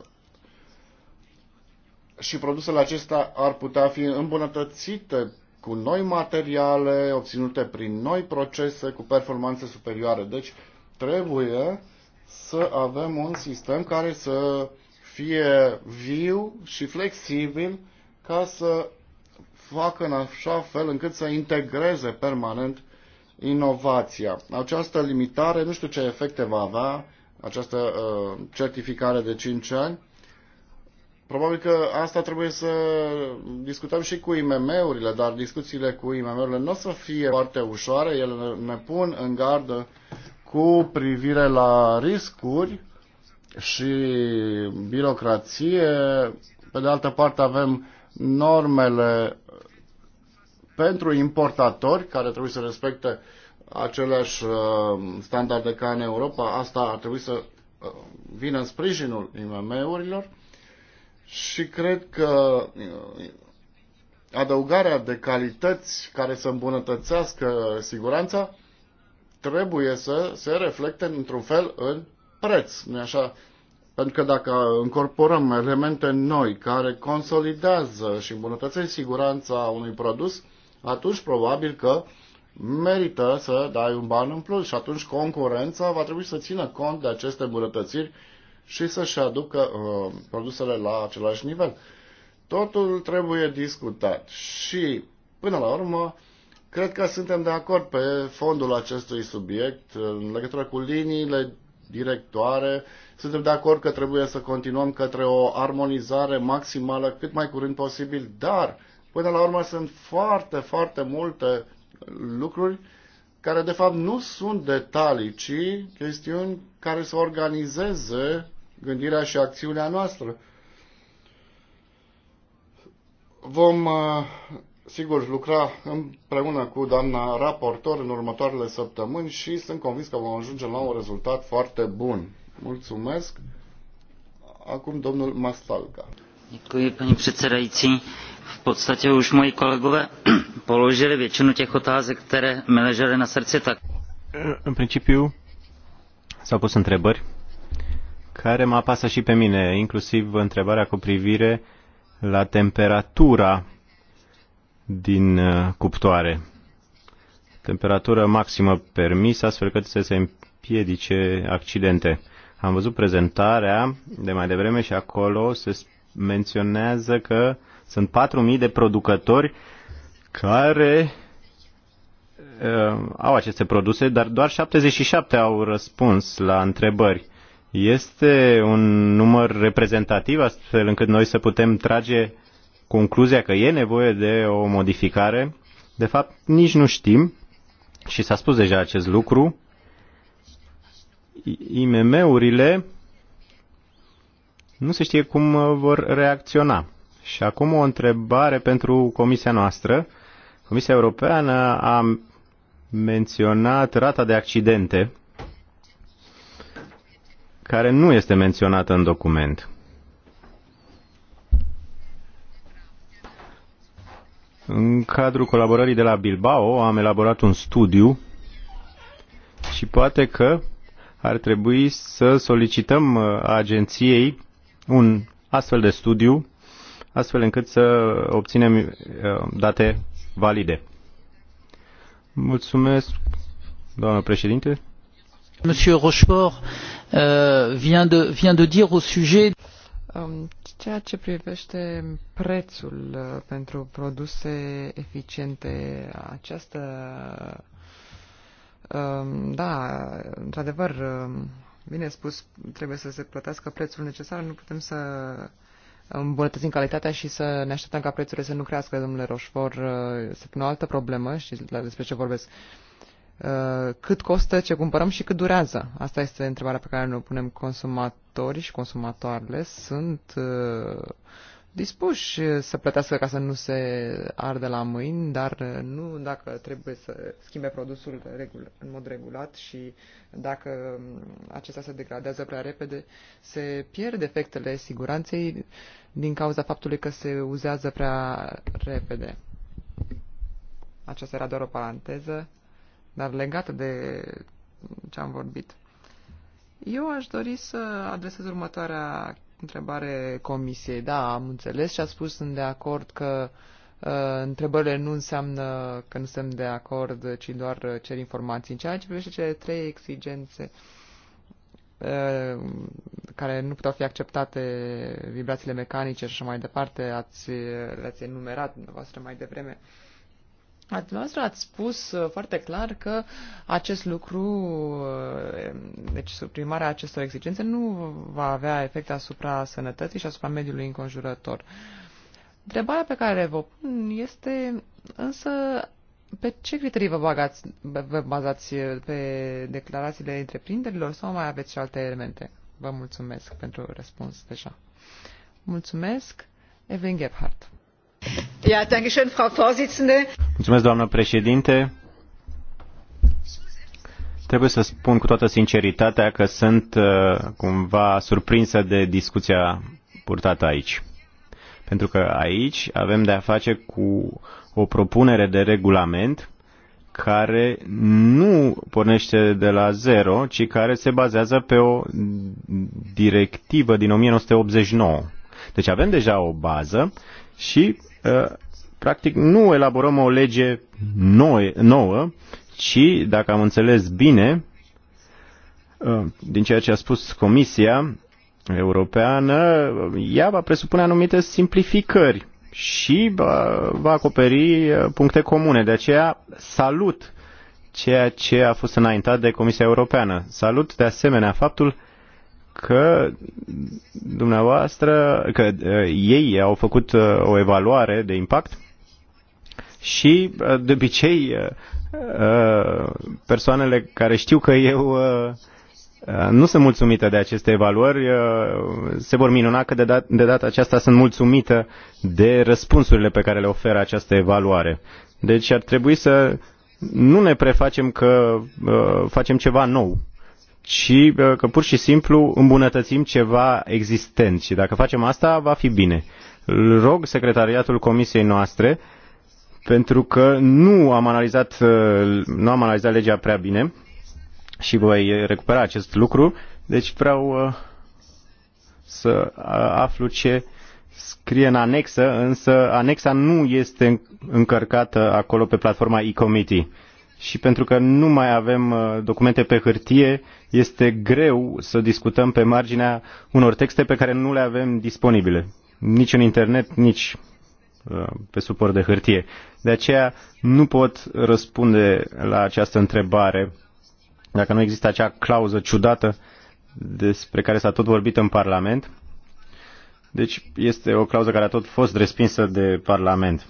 și produsele acestea ar putea fi îmbunătățite cu noi materiale, obținute prin noi procese, cu performanțe superioare. Deci trebuie să avem un sistem care să fie viu și flexibil ca să facă în așa fel încât să integreze permanent inovația. Această limitare, nu știu ce efecte va avea, această uh, certificare de 5 ani, Probabil că asta trebuie să discutăm și cu IMM-urile, dar discuțiile cu IMM-urile nu o să fie foarte ușoare, ele ne pun în gardă cu privire la riscuri și birocrație. Pe de altă parte avem normele pentru importatori care trebuie să respecte aceleași uh, standarde ca în Europa. Asta ar trebui să uh, vină în sprijinul IMM-urilor și cred că uh, adăugarea de calități care să îmbunătățească siguranța trebuie să se reflecte într-un fel în preț, nu așa? Pentru că dacă încorporăm elemente noi care consolidează și îmbunătățesc siguranța unui produs, atunci probabil că merită să dai un ban în plus și atunci concurența va trebui să țină cont de aceste îmbunătățiri și să-și aducă uh, produsele la același nivel. Totul trebuie discutat și, până la urmă, cred că suntem de acord pe fondul acestui subiect, în legătură cu liniile directoare, suntem de acord că trebuie să continuăm către o armonizare maximală cât mai curând posibil, dar, până la urmă, sunt foarte, foarte multe lucruri care de fapt nu sunt detalii, ci chestiuni care să organizeze gândirea și acțiunea noastră. Vom, uh, sigur, lucra împreună cu doamna raportor în următoarele săptămâni și sunt convins că vom ajunge la un rezultat foarte bun. Mulțumesc. Acum domnul Mastalga. Dziękuję panie předsedající v podstatě už moji kolegové položili většinu těch otázek, které mi ležely na srdci. Tak... În principiu s-au pus întrebări care mă apasă și pe mine, inclusiv întrebarea cu privire la temperatura din uh, cuptoare. Temperatură maximă permisă, astfel că să se împiedice accidente. Am văzut prezentarea de mai devreme și acolo se menționează că uh, sunt 4.000 de producători care uh, au aceste produse, dar doar 77 au răspuns la întrebări. Este un număr reprezentativ astfel încât noi să putem trage concluzia că e nevoie de o modificare. De fapt, nici nu știm și s-a spus deja acest lucru. IMM-urile nu se știe cum uh, vor reacționa. Și acum o întrebare pentru Comisia noastră. Comisia Europeană a menționat rata de accidente care nu este menționată în document. În cadrul colaborării de la Bilbao am elaborat un studiu și poate că ar trebui să solicităm uh, agenției un astfel de studiu astfel încât să obținem uh, date valide. Mulțumesc, doamnă președinte. Monsieur Rochefort uh, vient, de, vient de dire au sujet um, Ceea ce privește prețul uh, pentru produse eficiente, această. Um, da, într-adevăr, um, bine spus, trebuie să se plătească prețul necesar, nu putem să îmbunătățim calitatea și să ne așteptăm ca prețurile să nu crească, domnule Roșfor. Uh, se pune o altă problemă, și despre ce vorbesc. Uh, cât costă ce cumpărăm și cât durează? Asta este întrebarea pe care ne punem consumatorii și consumatoarele. Sunt uh, dispuși să plătească ca să nu se arde la mâini, dar nu dacă trebuie să schimbe produsul în mod regulat și dacă um, acesta se degradează prea repede, se pierd efectele siguranței din cauza faptului că se uzează prea repede. Aceasta era doar o paranteză, dar legată de ce am vorbit. Eu aș dori să adresez următoarea întrebare comisiei. Da, am înțeles și a spus, sunt de acord că uh, întrebările nu înseamnă că nu suntem de acord, ci doar cer informații. În ceea ce privește cele trei exigențe uh, Uh, care nu puteau fi acceptate, vibrațiile mecanice și așa mai departe, ați, le-ați enumerat dumneavoastră mai devreme. Dumneavoastră ați spus uh, foarte clar că acest lucru, uh, deci suprimarea acestor exigențe, nu va avea efect asupra sănătății și asupra mediului înconjurător. Întrebarea pe care vă pun este însă pe ce criterii vă, bagați, vă bazați eh, pe declarațiile întreprinderilor sau mai aveți și alte elemente? Vă mulțumesc pentru răspuns deja. Mulțumesc, Evelyn Gebhardt. Ja, danke schön, Frau Vorsitzende. Mulțumesc, doamnă președinte. Trebuie să spun cu toată sinceritatea că sunt eh, cumva surprinsă de discuția purtată aici. Pentru că aici avem de a face cu o propunere de regulament care nu pornește de la zero, ci care se bazează pe o directivă din 1989. Deci avem deja o bază și uh, practic nu elaborăm o lege nouă, ci, dacă am înțeles bine, uh, din ceea ce a spus Comisia Europeană, ea va presupune anumite simplificări și va acoperi uh, puncte comune. De aceea salut ceea ce a fost înaintat de Comisia Europeană. Salut de asemenea faptul că dumneavoastră, că uh, ei au făcut uh, o evaluare de impact și de obicei persoanele care știu că eu Uh, nu sunt mulțumită de aceste evaluări, uh, se vor minuna că de, dat, de data aceasta sunt mulțumită de răspunsurile pe care le oferă această evaluare. Deci ar trebui să nu ne prefacem că uh, facem ceva nou, ci uh, că pur și simplu îmbunătățim ceva existent și dacă facem asta va fi bine. Îl rog secretariatul comisiei noastre pentru că nu am analizat, uh, nu am analizat legea prea bine și voi recupera acest lucru. Deci vreau uh, să uh, aflu ce scrie în anexă, însă anexa nu este încărcată acolo pe platforma e-committee. Și pentru că nu mai avem uh, documente pe hârtie, este greu să discutăm pe marginea unor texte pe care nu le avem disponibile. Nici în internet, nici pe suport de hârtie. De aceea nu pot răspunde la această întrebare dacă nu există acea clauză ciudată despre care s-a tot vorbit în Parlament. Deci este o clauză care a tot fost respinsă de Parlament.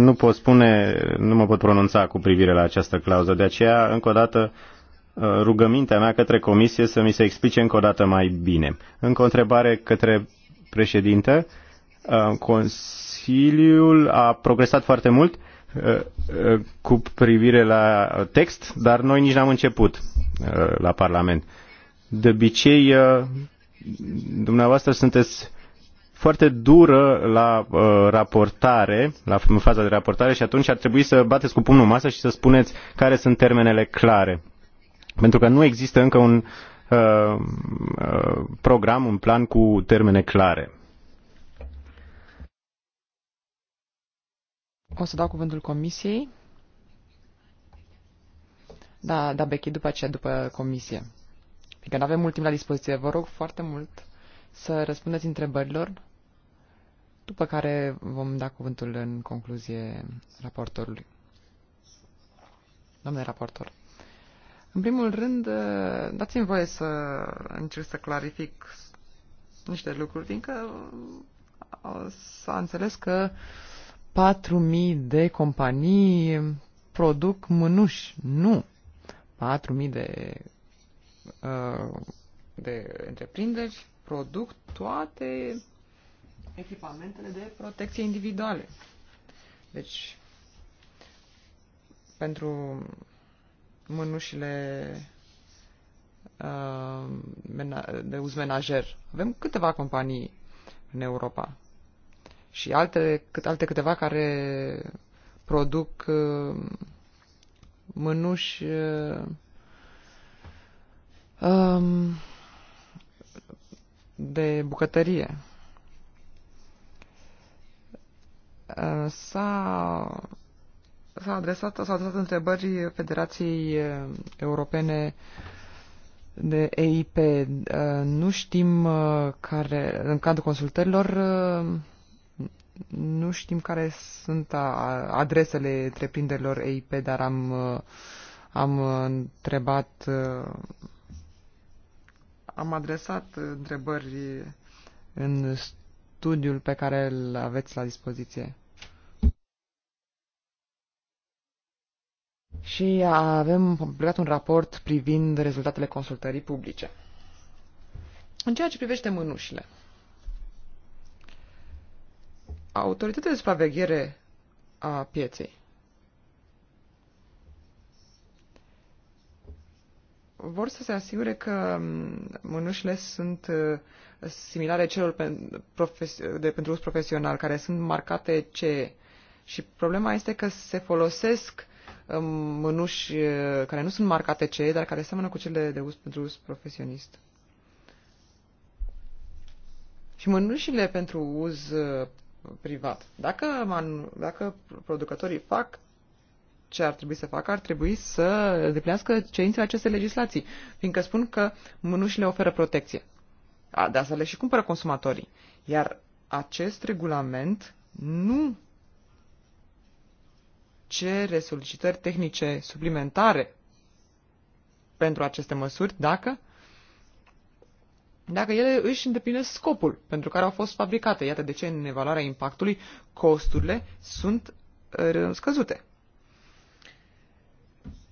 Nu pot spune, nu mă pot pronunța cu privire la această clauză. De aceea, încă o dată, uh, rugămintea mea către comisie să mi se explice încă o dată mai bine. Încă o întrebare către președinte. Uh, Consiliul a progresat foarte mult Uh, uh, cu privire la text, dar noi nici n-am început uh, la Parlament. De obicei, dumneavoastră sunteți foarte dură la raportare, la faza de raportare și atunci ar trebui să bateți cu pumnul masă și să spuneți care sunt termenele clare. Pentru că nu există încă un program, un plan cu termene clare. O să dau cuvântul comisiei. Da, da, Becky, după aceea, după comisie. Fiindcă nu avem mult timp la dispoziție. Vă rog foarte mult să răspundeți întrebărilor, după care vom da cuvântul în concluzie raportorului. domnule raportor. În primul rând, dați-mi voie să încerc să clarific niște lucruri, fiindcă s-a înțeles că uh, 4.000 de companii produc mânuși. Nu. 4.000 de, uh, de întreprinderi produc toate echipamentele de protecție individuale. Deci, pentru mânușile uh, de uz menajer. Avem câteva companii în Europa și alte, alte câteva care produc uh, mânuși uh, um, de bucătărie. Uh, s-a, s-a, adresat, s-a adresat întrebări Federației Europene de EIP. nu știm care, în cadrul consultărilor, nu știm care sunt adresele întreprinderilor EIP, dar am, uh, am uh, întrebat, uh, am adresat întrebări în studiul pe care îl aveți la dispoziție. Și avem publicat un raport privind rezultatele consultării publice. În ceea ce privește mânușile, autoritatea de supraveghere a pieței vor să se asigure că mm, mânușile sunt uh, similare celor de, pentru uz profesional, care sunt marcate CE. Și problema este că se folosesc um, mânuși uh, care nu sunt marcate CE, dar care seamănă cu cele de uz pentru uz profesionist. Și mânușile pentru uz uh, privat. Dacă, man, dacă producătorii fac ce ar trebui să facă, ar trebui să îndeplinească cerințele acestei legislații, fiindcă spun că mânușile oferă protecție. A, de asta le și cumpără consumatorii. Iar acest regulament nu cere solicitări tehnice suplimentare pentru aceste măsuri dacă dacă ele își îndeplinesc scopul pentru care au fost fabricate. Iată de ce în evaluarea impactului costurile sunt uh, scăzute.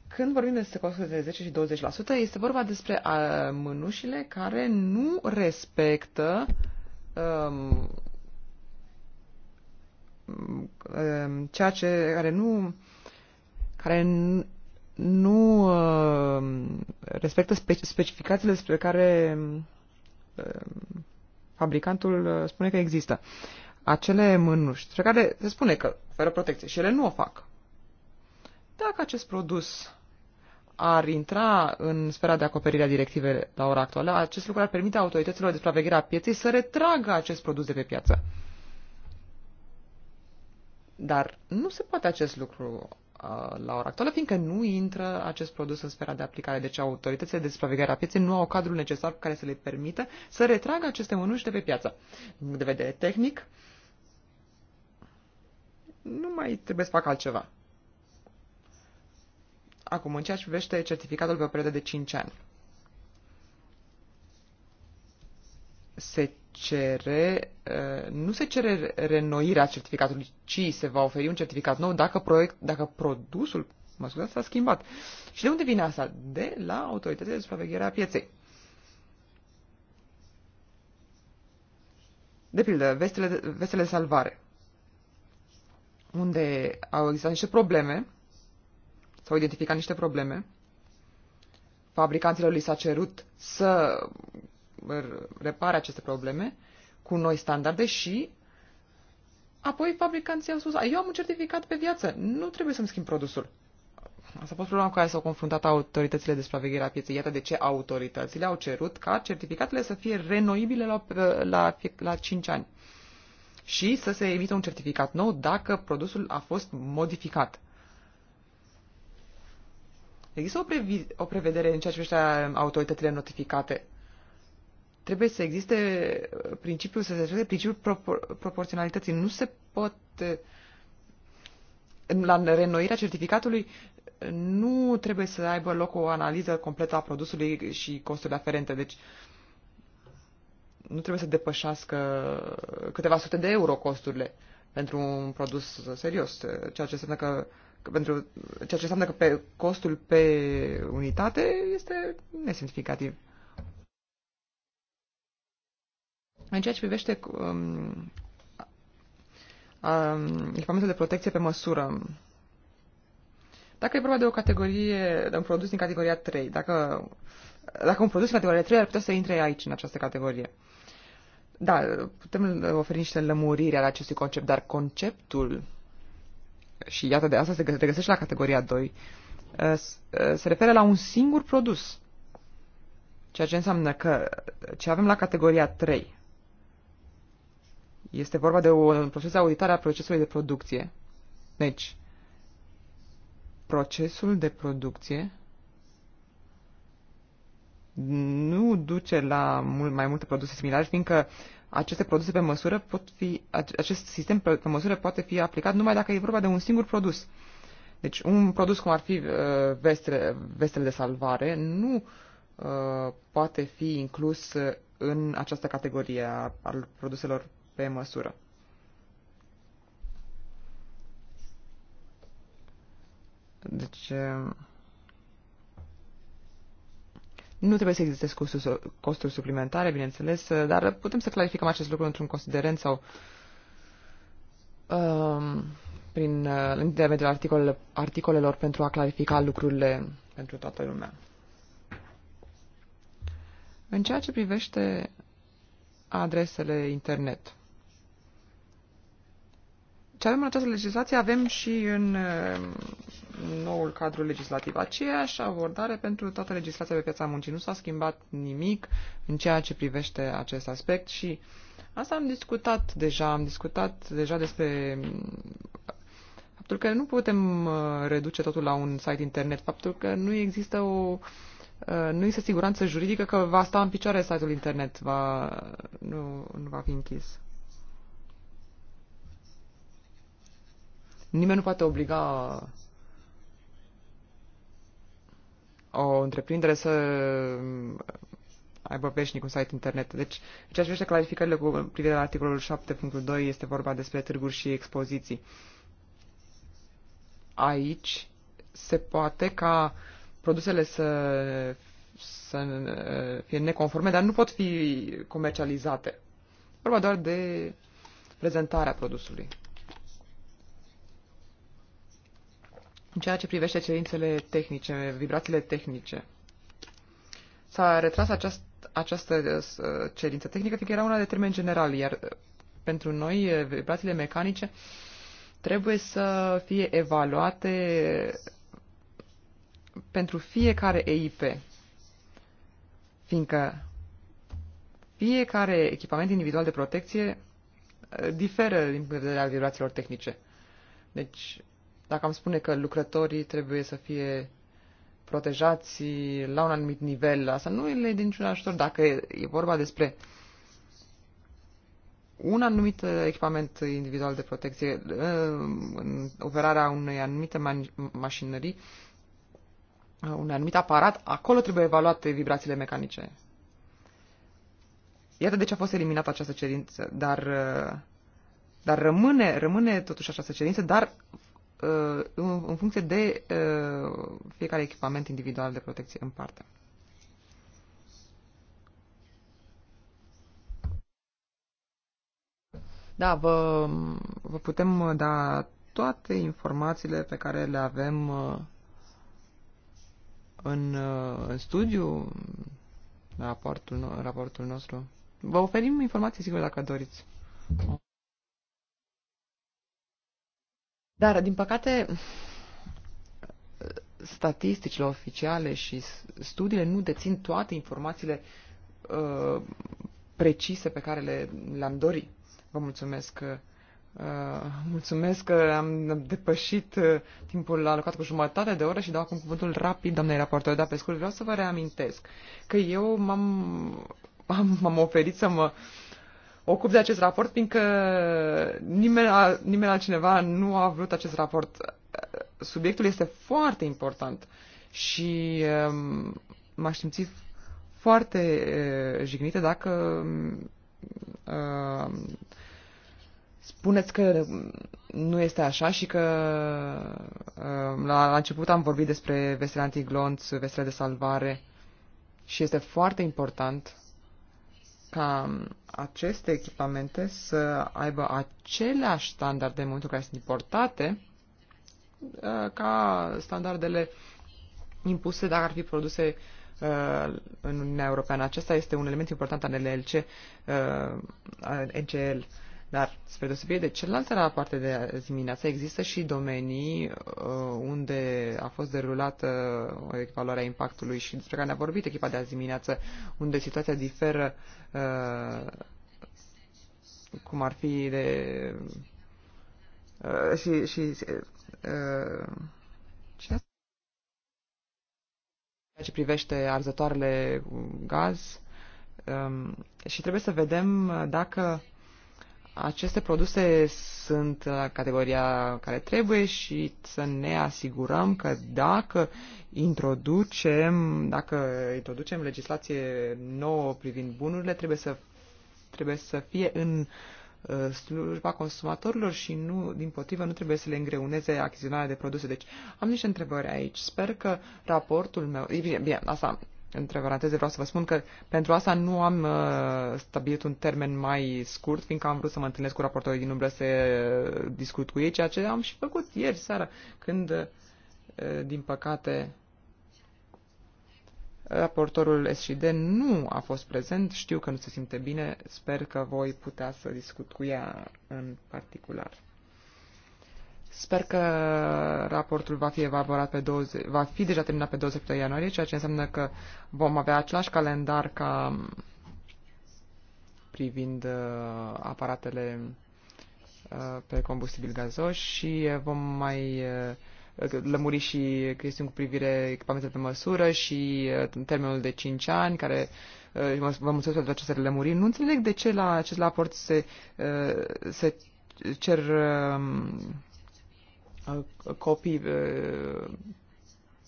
Când vorbim despre costuri de 10 și 20%, este vorba despre uh, mânușile care nu respectă um, um, ceea ce care nu care nu uh, respectă specificațiile despre care Ehm, fabricantul uh, spune că există acele mânuși pe care se spune că oferă protecție și ele nu o fac. Dacă acest produs ar intra în sfera de acoperire a directivei la ora actuală, acest lucru ar permite autorităților de supraveghere a pieței să retragă acest produs de pe piață. Dar nu se poate acest lucru. Uh, la ora actuală, fiindcă nu intră acest produs în sfera de aplicare. Deci autoritățile de supraveghere a pieței nu au cadrul necesar care să le permită să retragă aceste mânuși de pe piață. Din de vedere tehnic, nu mai trebuie să fac altceva. Acum, în ceea ce privește certificatul pe o perioadă de 5 ani. se cere, uh, nu se cere renoirea certificatului, ci se va oferi un certificat nou dacă, proiect, dacă produsul mă scuzați, s-a schimbat. Și de unde vine asta? De la autoritatea de supraveghere a pieței. De pildă, vestele, vestele de salvare, unde au existat niște probleme, s-au identificat niște probleme, fabricanților li s-a cerut să repare aceste probleme cu noi standarde și apoi fabricanții au spus, eu am un certificat pe viață, nu trebuie să-mi schimb produsul. Asta a fost problema cu care s-au confruntat autoritățile de supraveghere a pieței. Iată de ce autoritățile au cerut ca certificatele să fie renoibile la, la, la 5 ani și să se emită un certificat nou dacă produsul a fost modificat. Există o, previ- o prevedere în ceea ce privește autoritățile notificate Trebuie să existe uh, principiul, să se respecte principiul propor- proporționalității. Nu se pot uh, la renoirea certificatului nu trebuie să aibă loc o analiză completă a produsului și costurile aferente. Deci nu trebuie să depășească câteva sute de euro costurile pentru un produs serios, ceea ce înseamnă că pentru ceea ce înseamnă că pe costul pe unitate este nesemnificativ. În ceea ce privește um, um, echipamentul de protecție pe măsură, dacă e vorba de o categorie, de un produs din categoria 3, dacă, dacă un produs din categoria 3 ar putea să intre aici, în această categorie. Da, putem oferi niște lămuriri ale acestui concept, dar conceptul, și iată de asta se găsește la categoria 2, uh, uh, se referă la un singur produs. Ceea ce înseamnă că ce avem la categoria 3 este vorba de un proces de auditare a procesului de producție. Deci, procesul de producție nu duce la mult mai multe produse similare, fiindcă aceste produse pe măsură pot fi, acest sistem pe, măsură poate fi aplicat numai dacă e vorba de un singur produs. Deci un produs cum ar fi uh, vestele, vestele de salvare nu uh, poate fi inclus în această categorie a, produselor pe măsură. Deci, uh, nu trebuie să existe costuri, suplimentare, bineînțeles, uh, dar putem să clarificăm acest lucru într-un considerent sau um, prin uh, intermediul articole, articolelor pentru a clarifica lucrurile pentru toată lumea. În ceea ce privește adresele internet, ce avem în această legislație avem și în uh, noul cadru legislativ. Aceeași abordare pentru toată legislația pe piața muncii. Nu s-a schimbat nimic în ceea ce privește acest aspect și asta am discutat deja. Am discutat deja despre mm, faptul că nu putem uh, reduce totul la un site internet, faptul că nu există o uh, nu există siguranță juridică că va sta în picioare site-ul internet, va, nu, nu va fi închis. Nimeni nu poate obliga o întreprindere să aibă veșnic un site internet. Deci, în ceea ce privește clarificările cu privire la articolul 7.2, este vorba despre târguri și expoziții. Aici se poate ca produsele să, să uh, fie neconforme, dar nu pot fi comercializate. Vorba doar de prezentarea produsului. În ceea ce privește cerințele tehnice, vibrațiile tehnice, s-a retras aceast, această uh, cerință tehnică, fiindcă era una de termen general, iar uh, pentru noi uh, vibrațiile mecanice trebuie să fie evaluate pentru fiecare EIP, fiindcă fiecare echipament individual de protecție diferă din punct de vedere al vibrațiilor tehnice. Deci, dacă am spune că lucrătorii trebuie să fie protejați la un anumit nivel, asta nu le de niciun ajutor. Dacă e vorba despre un anumit echipament individual de protecție, în operarea unei anumite mașinării, un anumit aparat, acolo trebuie evaluate vibrațiile mecanice. Iată de ce a fost eliminată această cerință, dar, dar rămâne, rămâne totuși această cerință, dar Uh, în funcție de uh, fiecare echipament individual de protecție în parte. Da, vă, vă putem uh, da toate informațiile pe care le avem în, în studiu, raportul, raportul nostru. Vă oferim informații, sigur, dacă doriți. Dar, din păcate, statisticile oficiale și studiile nu dețin toate informațiile uh, precise pe care le, le-am dorit. Vă mulțumesc. Uh, mulțumesc că am depășit uh, timpul alocat cu jumătate de oră și dau acum cuvântul rapid, doamnei raportor, dar pe scurt vreau să vă reamintesc că eu m-am, am, m-am oferit să mă uh, ocup de acest raport, fiindcă nimeni, nimeni altcineva nu a vrut acest raport. Subiectul este foarte important și um, m-aș simți foarte uh, jignită dacă um, spuneți că nu este așa și că um, la început am vorbit despre vestele antiglonți, vestele de salvare și este foarte important uh, ca um, aceste echipamente să aibă aceleași standarde în momentul în care sunt importate uh, ca standardele impuse dacă ar fi produse uh, în Uniunea Europeană. Acesta este un element important al NLC, NCL. Uh, dar, spre deosebire de celălalt era parte de dimineață, există și domenii uh, unde a fost derulată uh, valoarea impactului și despre care ne-a vorbit echipa de azi dimineață, unde situația diferă, uh, cum ar fi de... Uh, și... și uh, ce ce privește arzătoarele gaz um, și trebuie să vedem uh, dacă uh, aceste produse sunt la categoria care trebuie și să ne asigurăm că dacă introducem, dacă introducem legislație nouă privind bunurile, trebuie să, trebuie să fie în uh, slujba consumatorilor și nu, din potrivă, nu trebuie să le îngreuneze achiziționarea de produse. Deci am niște întrebări aici. Sper că raportul meu... bine, bine, asta între paranteze vreau să vă spun că pentru asta nu am uh, stabilit un termen mai scurt, fiindcă am vrut să mă întâlnesc cu raportorii din umbră să uh, discut cu ei, ceea ce am și făcut ieri seara, când, uh, din păcate, raportorul SCD nu a fost prezent, știu că nu se simte bine, sper că voi putea să discut cu ea în particular. Sper că raportul va fi elaborat pe 20, va fi deja terminat pe 28 ianuarie, ceea ce înseamnă că vom avea același calendar ca privind uh, aparatele uh, pe combustibil gazos și uh, vom mai uh, lămuri și chestiuni cu privire echipamentele pe măsură și uh, termenul de 5 ani care uh, vă mulțumesc pentru aceste lămuri. Nu înțeleg de ce la acest raport se, uh, se cer uh, Ă, copii ă,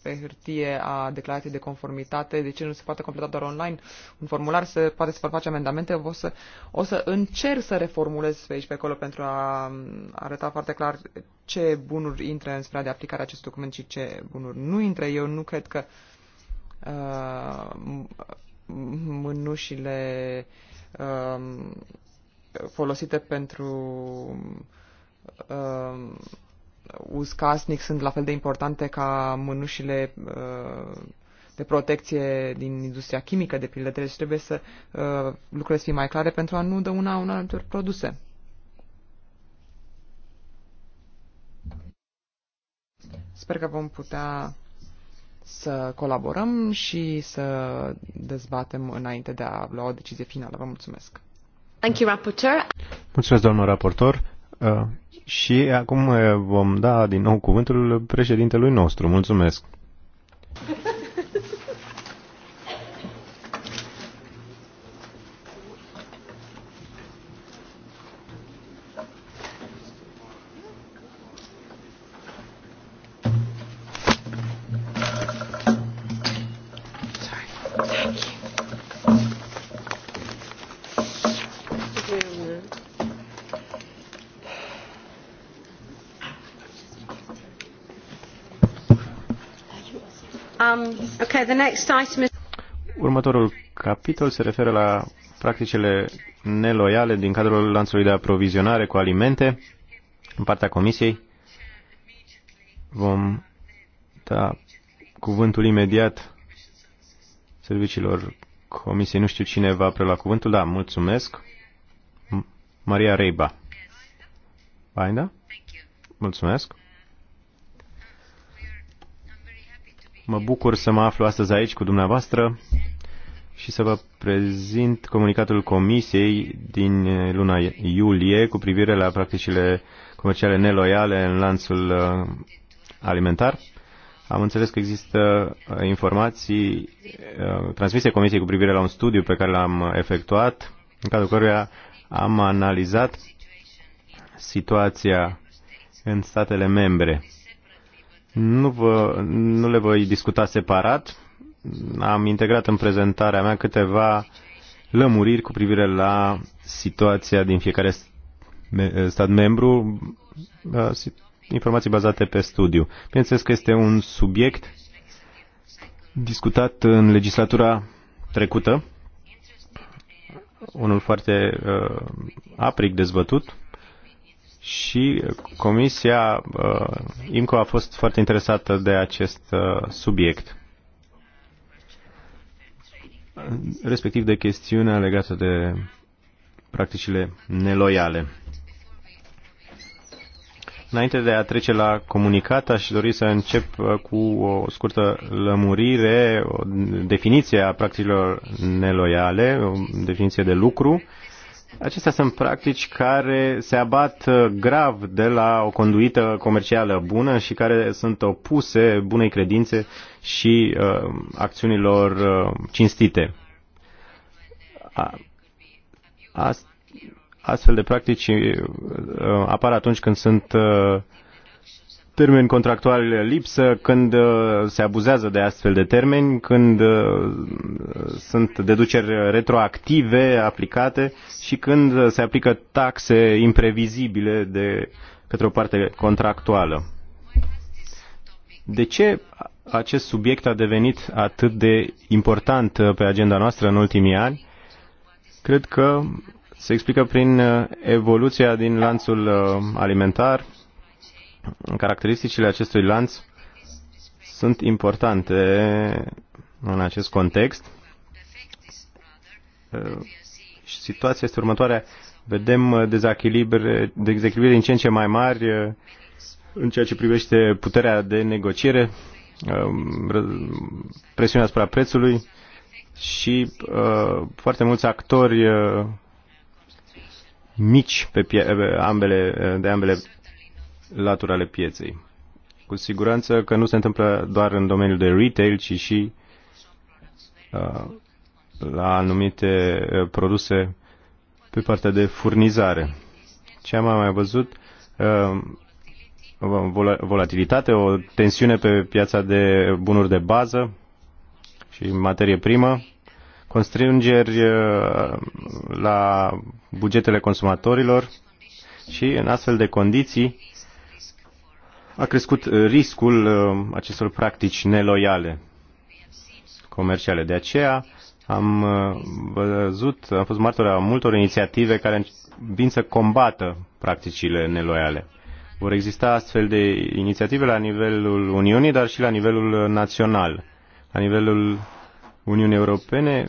pe hârtie a declarației de conformitate, de ce nu se poate completa doar online un formular, se poate să face amendamente, o să, o să încerc să reformulez pe aici pe acolo pentru a arăta foarte clar ce bunuri intră în sfera de aplicare a acest document și ce bunuri nu intră. Eu nu cred că uh, mânușile uh, folosite pentru uh, uz casnic sunt la fel de importante ca mânușile uh, de protecție din industria chimică, de pildă, deci trebuie să uh, lucrurile să fie mai clare pentru a nu dăuna unor altor produse. Sper că vom putea să colaborăm și să dezbatem înainte de a lua o decizie finală. Vă mulțumesc. Thank you, Mulțumesc, doamnă raportor. Uh, și acum eh, vom da din nou cuvântul președintelui nostru. Mulțumesc! Următorul capitol se referă la practicile neloiale din cadrul lanțului de aprovizionare cu alimente. În partea comisiei vom da cuvântul imediat serviciilor comisiei. Nu știu cine va prelua cuvântul. Da, mulțumesc. Maria Reiba. Bainda? Mulțumesc. Mă bucur să mă aflu astăzi aici cu dumneavoastră și să vă prezint comunicatul Comisiei din luna iulie cu privire la practicile comerciale neloiale în lanțul uh, alimentar. Am înțeles că există uh, informații uh, transmise Comisiei cu privire la un studiu pe care l-am efectuat, în cadrul căruia am analizat situația în statele membre nu, vă, nu le voi discuta separat. Am integrat în prezentarea mea câteva lămuriri cu privire la situația din fiecare stat membru, uh, informații bazate pe studiu. Bineînțeles că este un subiect discutat în legislatura trecută, unul foarte uh, aprig dezbătut și Comisia uh, IMCO a fost foarte interesată de acest uh, subiect, respectiv de chestiunea legată de practicile neloiale. Înainte de a trece la comunicat, aș dori să încep uh, cu o scurtă lămurire, o definiție a practicilor neloiale, o definiție de lucru Acestea sunt practici care se abat uh, grav de la o conduită comercială bună și care sunt opuse bunei credințe și uh, acțiunilor uh, cinstite. A, ast, astfel de practici uh, apar atunci când sunt uh, termeni contractuali lipsă, când uh, se abuzează de astfel de termeni, când uh, sunt deduceri retroactive aplicate și când uh, se aplică taxe imprevizibile de către o parte contractuală. De ce acest subiect a devenit atât de important pe agenda noastră în ultimii ani? Cred că se explică prin evoluția din lanțul alimentar, Caracteristicile acestui lanț sunt importante în acest context. Și situația este următoarea. Vedem dezechilibre, dezechilibre din ce în ce mai mari uh, în ceea ce privește puterea de negociere, um, presiunea asupra prețului și uh, foarte mulți actori uh, mici pe ambele, de ambele laturi ale pieței. Cu siguranță că nu se întâmplă doar în domeniul de retail, ci și uh, la anumite uh, produse pe partea de furnizare. Ce am mai văzut? Uh, volatilitate, o tensiune pe piața de bunuri de bază și materie primă, constrângeri uh, la bugetele consumatorilor și în astfel de condiții a crescut uh, riscul uh, acestor practici neloiale comerciale. De aceea am uh, văzut, am fost martor a multor inițiative care vin să combată practicile neloiale. Vor exista astfel de inițiative la nivelul Uniunii, dar și la nivelul național. La nivelul Uniunii Europene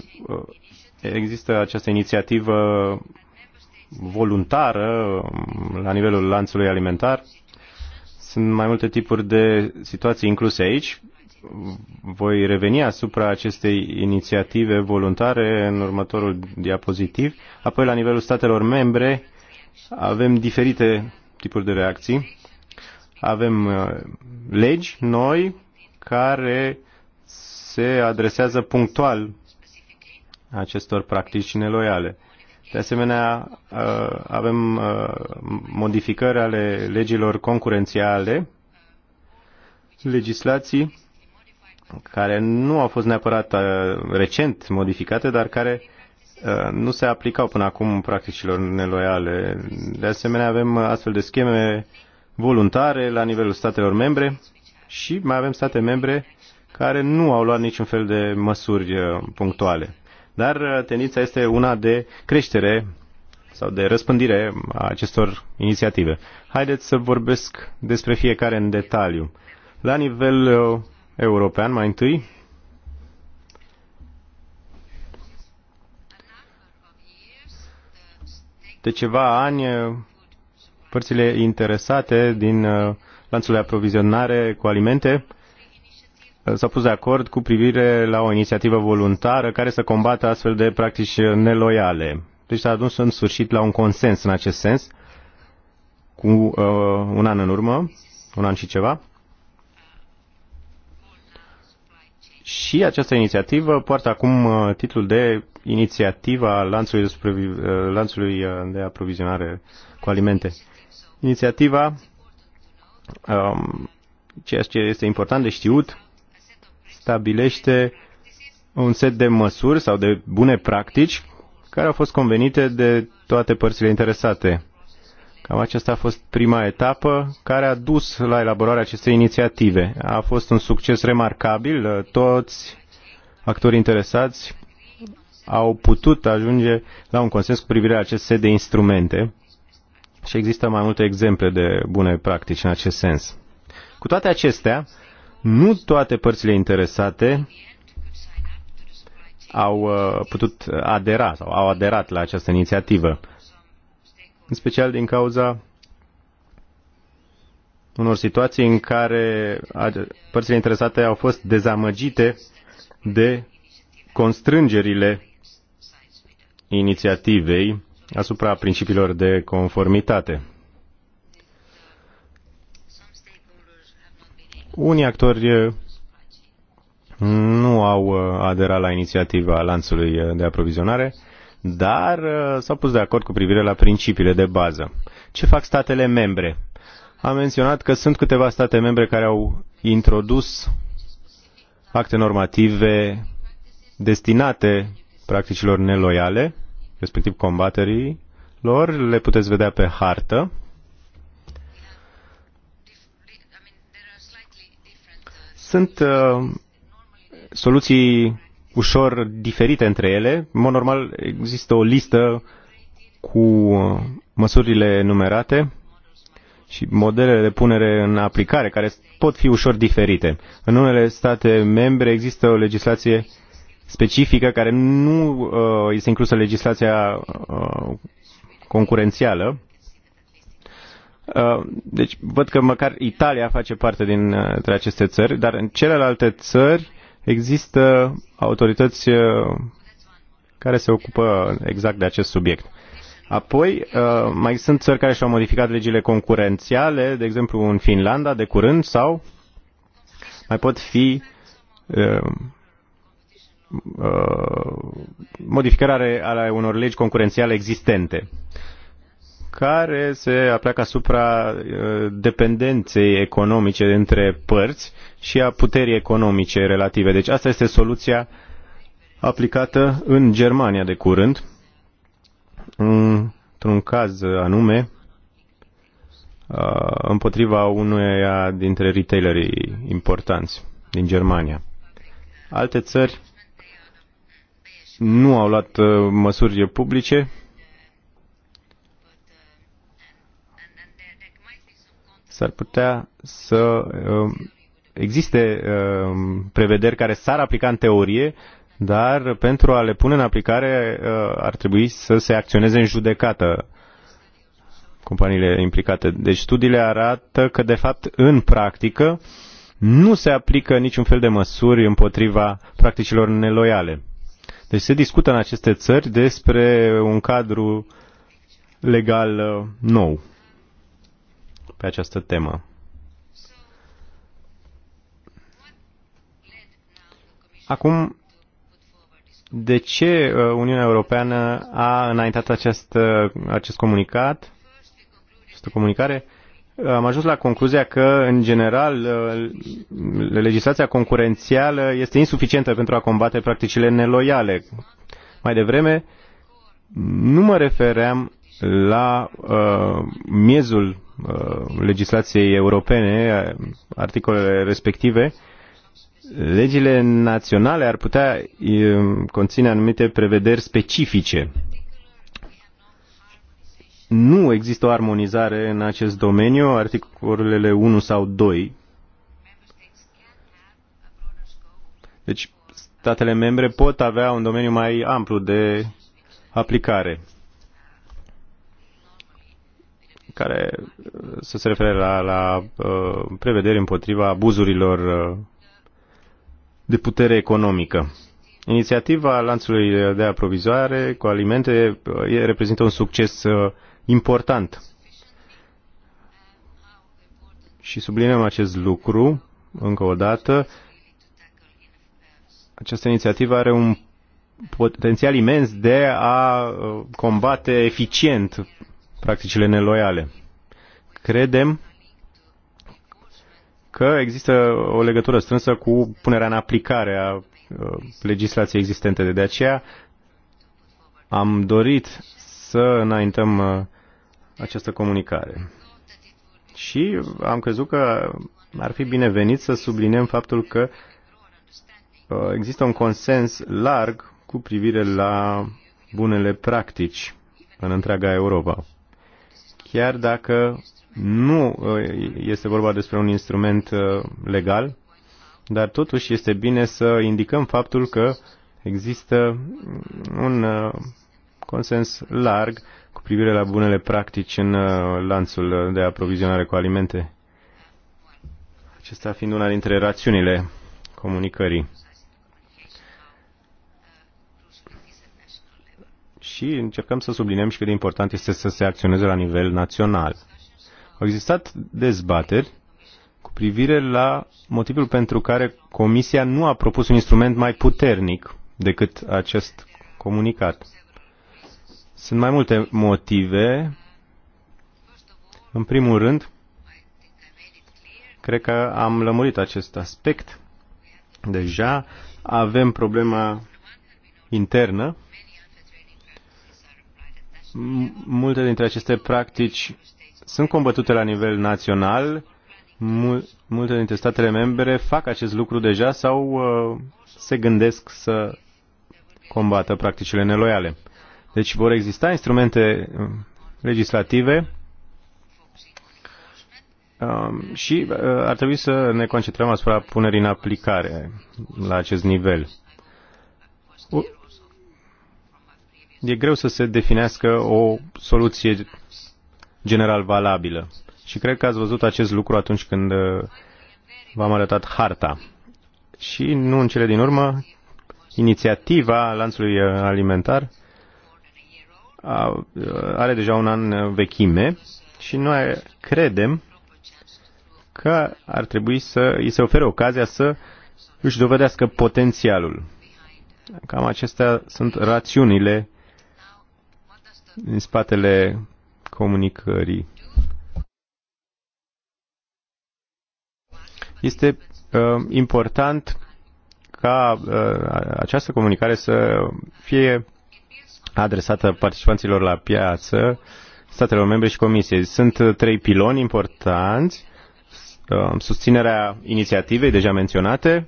există această inițiativă voluntară um, la nivelul lanțului alimentar sunt mai multe tipuri de situații incluse aici. Voi reveni asupra acestei inițiative voluntare în următorul diapozitiv. Apoi, la nivelul statelor membre, avem diferite tipuri de reacții. Avem uh, legi noi care se adresează punctual acestor practici neloiale. De asemenea, uh, avem uh, modificări ale legilor concurențiale, legislații care nu au fost neapărat uh, recent modificate, dar care nu se aplicau până acum practicilor neloiale. De asemenea, avem astfel de scheme voluntare la nivelul statelor membre și mai avem state membre care nu au luat niciun fel de măsuri punctuale dar uh, tendința este una de creștere sau de răspândire a acestor inițiative. Haideți să vorbesc despre fiecare în detaliu. La nivel uh, european, mai întâi, de ceva ani, uh, părțile interesate din lanțul de aprovizionare cu alimente s-a pus de acord cu privire la o inițiativă voluntară care să combată astfel de practici neloiale. Deci s-a adus în sfârșit la un consens în acest sens cu uh, un an în urmă, un an și ceva. Și această inițiativă poartă acum uh, titlul de Inițiativa lanțului de, uh, lanțului uh, de aprovizionare cu alimente. Inițiativa, um, ceea ce este important de știut, stabilește un set de măsuri sau de bune practici care au fost convenite de toate părțile interesate. Cam aceasta a fost prima etapă care a dus la elaborarea acestei inițiative. A fost un succes remarcabil, toți actorii interesați au putut ajunge la un consens cu privire la acest set de instrumente și există mai multe exemple de bune practici în acest sens. Cu toate acestea, nu toate părțile interesate au uh, putut adera sau au aderat la această inițiativă, în special din cauza unor situații în care părțile interesate au fost dezamăgite de constrângerile inițiativei asupra principiilor de conformitate. Unii actori eh, nu au eh, aderat la inițiativa lanțului eh, de aprovizionare, dar s-au pus de acord cu privire la principiile de bază. Ce fac statele membre? Am menționat că sunt câteva state membre care au introdus acte normative destinate practicilor neloiale, respectiv combaterii lor. Le puteți vedea pe hartă. Sunt uh, soluții ușor diferite între ele. În mod normal există o listă cu uh, măsurile numerate și modelele de punere în aplicare care pot fi ușor diferite. În unele state membre există o legislație specifică care nu uh, este inclusă legislația uh, concurențială Uh, deci văd că măcar Italia face parte uh, dintre aceste țări, dar în celelalte țări există autorități uh, care se ocupă exact de acest subiect. Apoi, mai sunt țări care și-au modificat legile concurențiale, de exemplu în Finlanda de curând, sau mai pot fi modificări ale unor legi concurențiale existente care se apleacă asupra uh, dependenței economice între părți și a puterii economice relative. Deci asta este soluția aplicată în Germania de curând, într-un caz anume, uh, împotriva unuia dintre retailerii importanți din Germania. Alte țări nu au luat uh, măsuri publice s-ar putea să um, existe um, prevederi care s-ar aplica în teorie, dar pentru a le pune în aplicare uh, ar trebui să se acționeze în judecată companiile implicate. Deci studiile arată că, de fapt, în practică nu se aplică niciun fel de măsuri împotriva practicilor neloiale. Deci se discută în aceste țări despre un cadru legal uh, nou pe această temă. Acum, de ce uh, Uniunea Europeană a înaintat acest, uh, acest comunicat, această comunicare? Uh, am ajuns la concluzia că, în general, legislația concurențială este insuficientă pentru a combate practicile neloiale. Mai devreme, nu mă refeream la uh, miezul uh, legislației europene, articolele respective, legile naționale ar putea uh, conține anumite prevederi specifice. Nu există o armonizare în acest domeniu, articolele 1 sau 2. Deci, statele membre pot avea un domeniu mai amplu de aplicare care uh, să se refere la, la uh, prevederi împotriva abuzurilor uh, de putere economică. Inițiativa lanțului de aprovizoare cu alimente reprezintă un succes important. Și subliniem acest lucru încă o dată. Această inițiativă are un potențial imens de a combate eficient practicile neloiale. Credem că există o legătură strânsă cu punerea în aplicare a uh, legislației existente. De aceea am dorit să înaintăm uh, această comunicare. Și am crezut că ar fi binevenit să subliniem faptul că uh, există un consens larg cu privire la bunele practici în întreaga Europa chiar dacă nu uh, este vorba despre un instrument uh, legal, dar totuși este bine să indicăm faptul că există un uh, consens larg cu privire la bunele practici în lanțul de aprovizionare cu alimente. Acesta fiind una dintre rațiunile comunicării. și încercăm să subliniem și cât de important este să se acționeze la nivel național. Au existat dezbateri cu privire la motivul pentru care Comisia nu a propus un instrument mai puternic decât acest comunicat. Sunt mai multe motive. În primul rând, cred că am lămurit acest aspect. Deja avem problema internă multe dintre aceste practici sunt combătute la nivel național, mul, multe dintre statele membre fac acest lucru deja sau uh, se gândesc să combată practicile neloiale. Deci vor exista instrumente uh, legislative uh, și uh, ar trebui să ne concentrăm asupra punerii în aplicare la acest nivel e greu să se definească o soluție general valabilă. Și cred că ați văzut acest lucru atunci când uh, v-am arătat harta. Și nu în cele din urmă, inițiativa lanțului uh, alimentar uh, are deja un an vechime și noi credem că ar trebui să îi se ofere ocazia să își dovedească potențialul. Cam acestea sunt rațiunile în spatele comunicării. Este uh, important ca uh, această comunicare să fie adresată participanților la piață, statelor membre și comisiei. Sunt trei piloni importanți, uh, susținerea inițiativei deja menționate,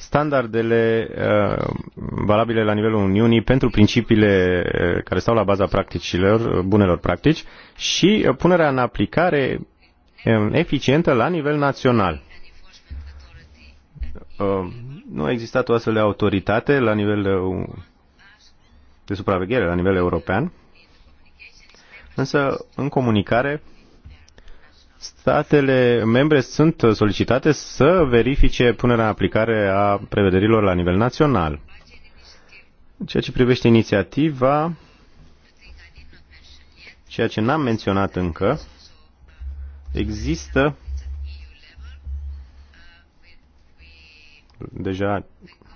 standardele uh, valabile la nivelul Uniunii pentru principiile uh, care stau la baza practicilor, uh, bunelor practici și punerea în aplicare um, eficientă la nivel național. Nu a existat o astfel de autoritate la nivel de supraveghere la nivel european, însă în comunicare statele membre sunt solicitate să verifice punerea în aplicare a prevederilor la nivel național. În ceea ce privește inițiativa, ceea ce n-am menționat încă, există deja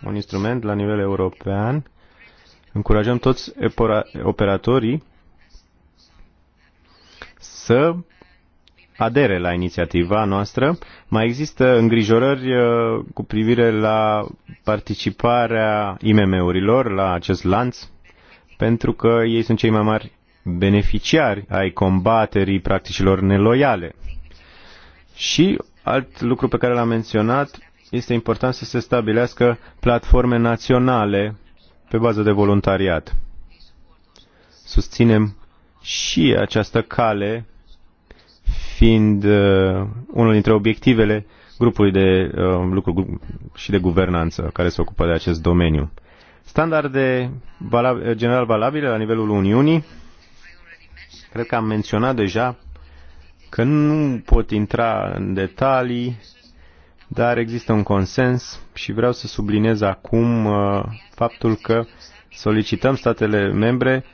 un instrument la nivel european. Încurajăm toți operatorii să adere la inițiativa noastră. Mai există îngrijorări uh, cu privire la participarea IMM-urilor la acest lanț, pentru că ei sunt cei mai mari beneficiari ai combaterii practicilor neloiale. Și alt lucru pe care l-am menționat, este important să se stabilească platforme naționale pe bază de voluntariat. Susținem și această cale fiind uh, unul dintre obiectivele grupului de uh, lucru și de guvernanță care se ocupă de acest domeniu. Standarde general valabile la nivelul Uniunii, cred că am menționat deja că nu pot intra în detalii, dar există un consens și vreau să subliniez acum uh, faptul că solicităm statele membre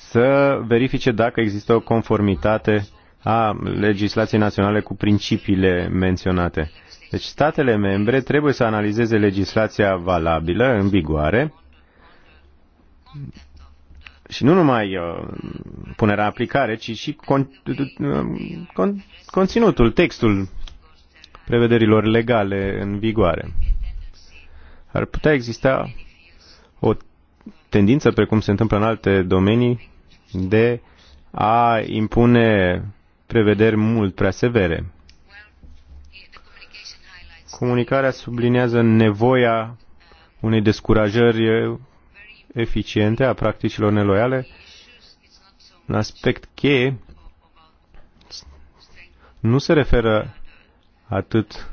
să verifice dacă există o conformitate a legislației naționale cu principiile menționate. Deci statele membre trebuie să analizeze legislația valabilă, în vigoare, și nu numai uh, punerea aplicare, ci și con, con, conținutul, textul prevederilor legale în vigoare. Ar putea exista o tendință, precum se întâmplă în alte domenii, de a impune prevederi mult prea severe. Comunicarea sublinează nevoia unei descurajări eficiente a practicilor neloiale. Un aspect cheie nu se referă atât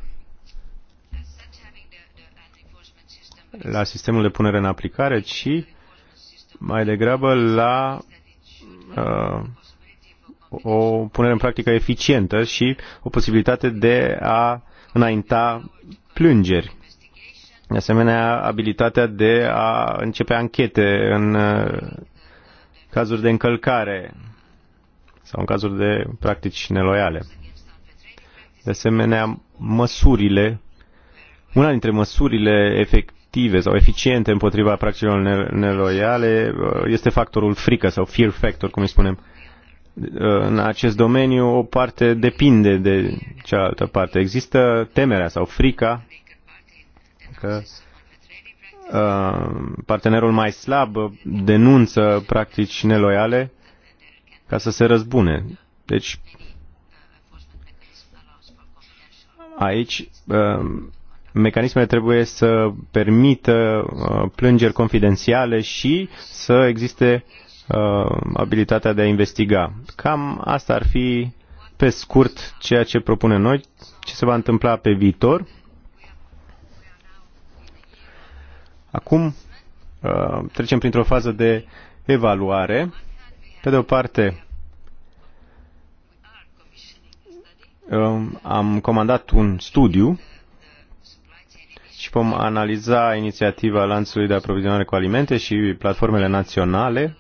la sistemul de punere în aplicare, ci mai degrabă la uh, o punere în practică eficientă și o posibilitate de a înainta plângeri. De asemenea, abilitatea de a începe anchete în uh, cazuri de încălcare sau în cazuri de practici neloiale. De asemenea, măsurile, una dintre măsurile efective sau eficiente împotriva practicilor neloiale uh, este factorul frică sau fear factor, cum îi spunem. Uh, în acest domeniu o parte depinde de cealaltă parte. Există temerea sau frica că uh, partenerul mai slab denunță practici neloiale ca să se răzbune. Deci aici uh, mecanismele trebuie să permită plângeri confidențiale și să existe Uh, abilitatea de a investiga. Cam asta ar fi pe scurt ceea ce propunem noi, ce se va întâmpla pe viitor. Acum uh, trecem printr-o fază de evaluare. Pe de o parte, um, am comandat un studiu și vom analiza inițiativa lanțului de aprovizionare cu alimente și platformele naționale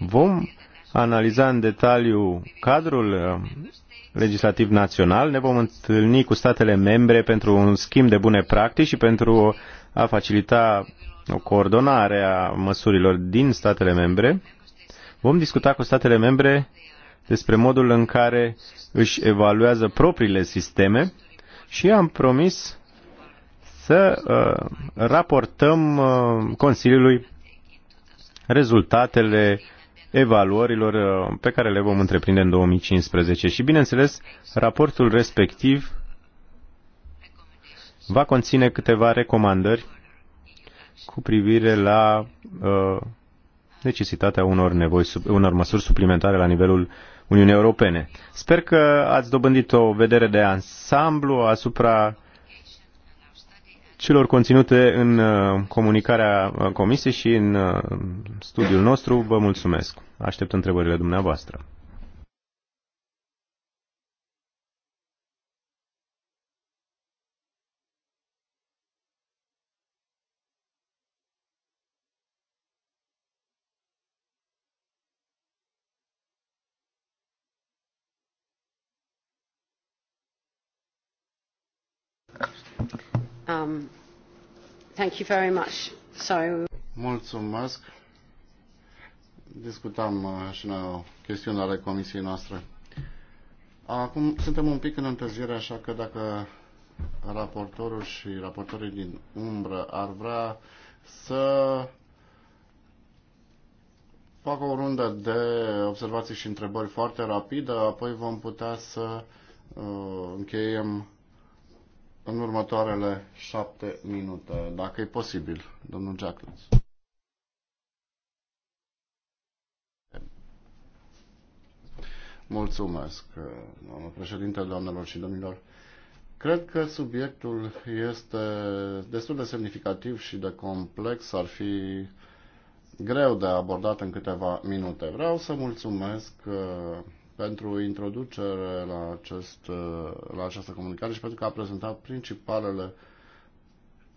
Vom analiza în detaliu cadrul uh, legislativ național, ne vom întâlni cu statele membre pentru un schimb de bune practici și pentru a facilita o coordonare a măsurilor din statele membre. Vom discuta cu statele membre despre modul în care își evaluează propriile sisteme și am promis să uh, raportăm uh, Consiliului rezultatele uh, evaluărilor uh, pe care le vom întreprinde în 2015. Și, bineînțeles, raportul respectiv va conține câteva recomandări cu privire la uh, necesitatea unor, nevoi, unor măsuri suplimentare la nivelul Uniunii Europene. Sper că ați dobândit o vedere de ansamblu asupra celor conținute în uh, comunicarea uh, Comisiei și în uh, studiul nostru. Vă mulțumesc. Aștept întrebările dumneavoastră. Um, thank you very much. So... Mulțumesc. Discutam uh, și noi o chestiune ale comisiei noastre. Acum suntem un pic în întârziere, așa că dacă raportorul și raportorii din umbră ar vrea să facă o rundă de observații și întrebări foarte rapidă, apoi vom putea să uh, încheiem în următoarele șapte minute, dacă e posibil, domnul Jacklins. Mulțumesc, domnul președinte, doamnelor și domnilor. Cred că subiectul este destul de semnificativ și de complex, ar fi greu de abordat în câteva minute. Vreau să mulțumesc pentru introducere la, acest, la această comunicare și pentru că a prezentat principalele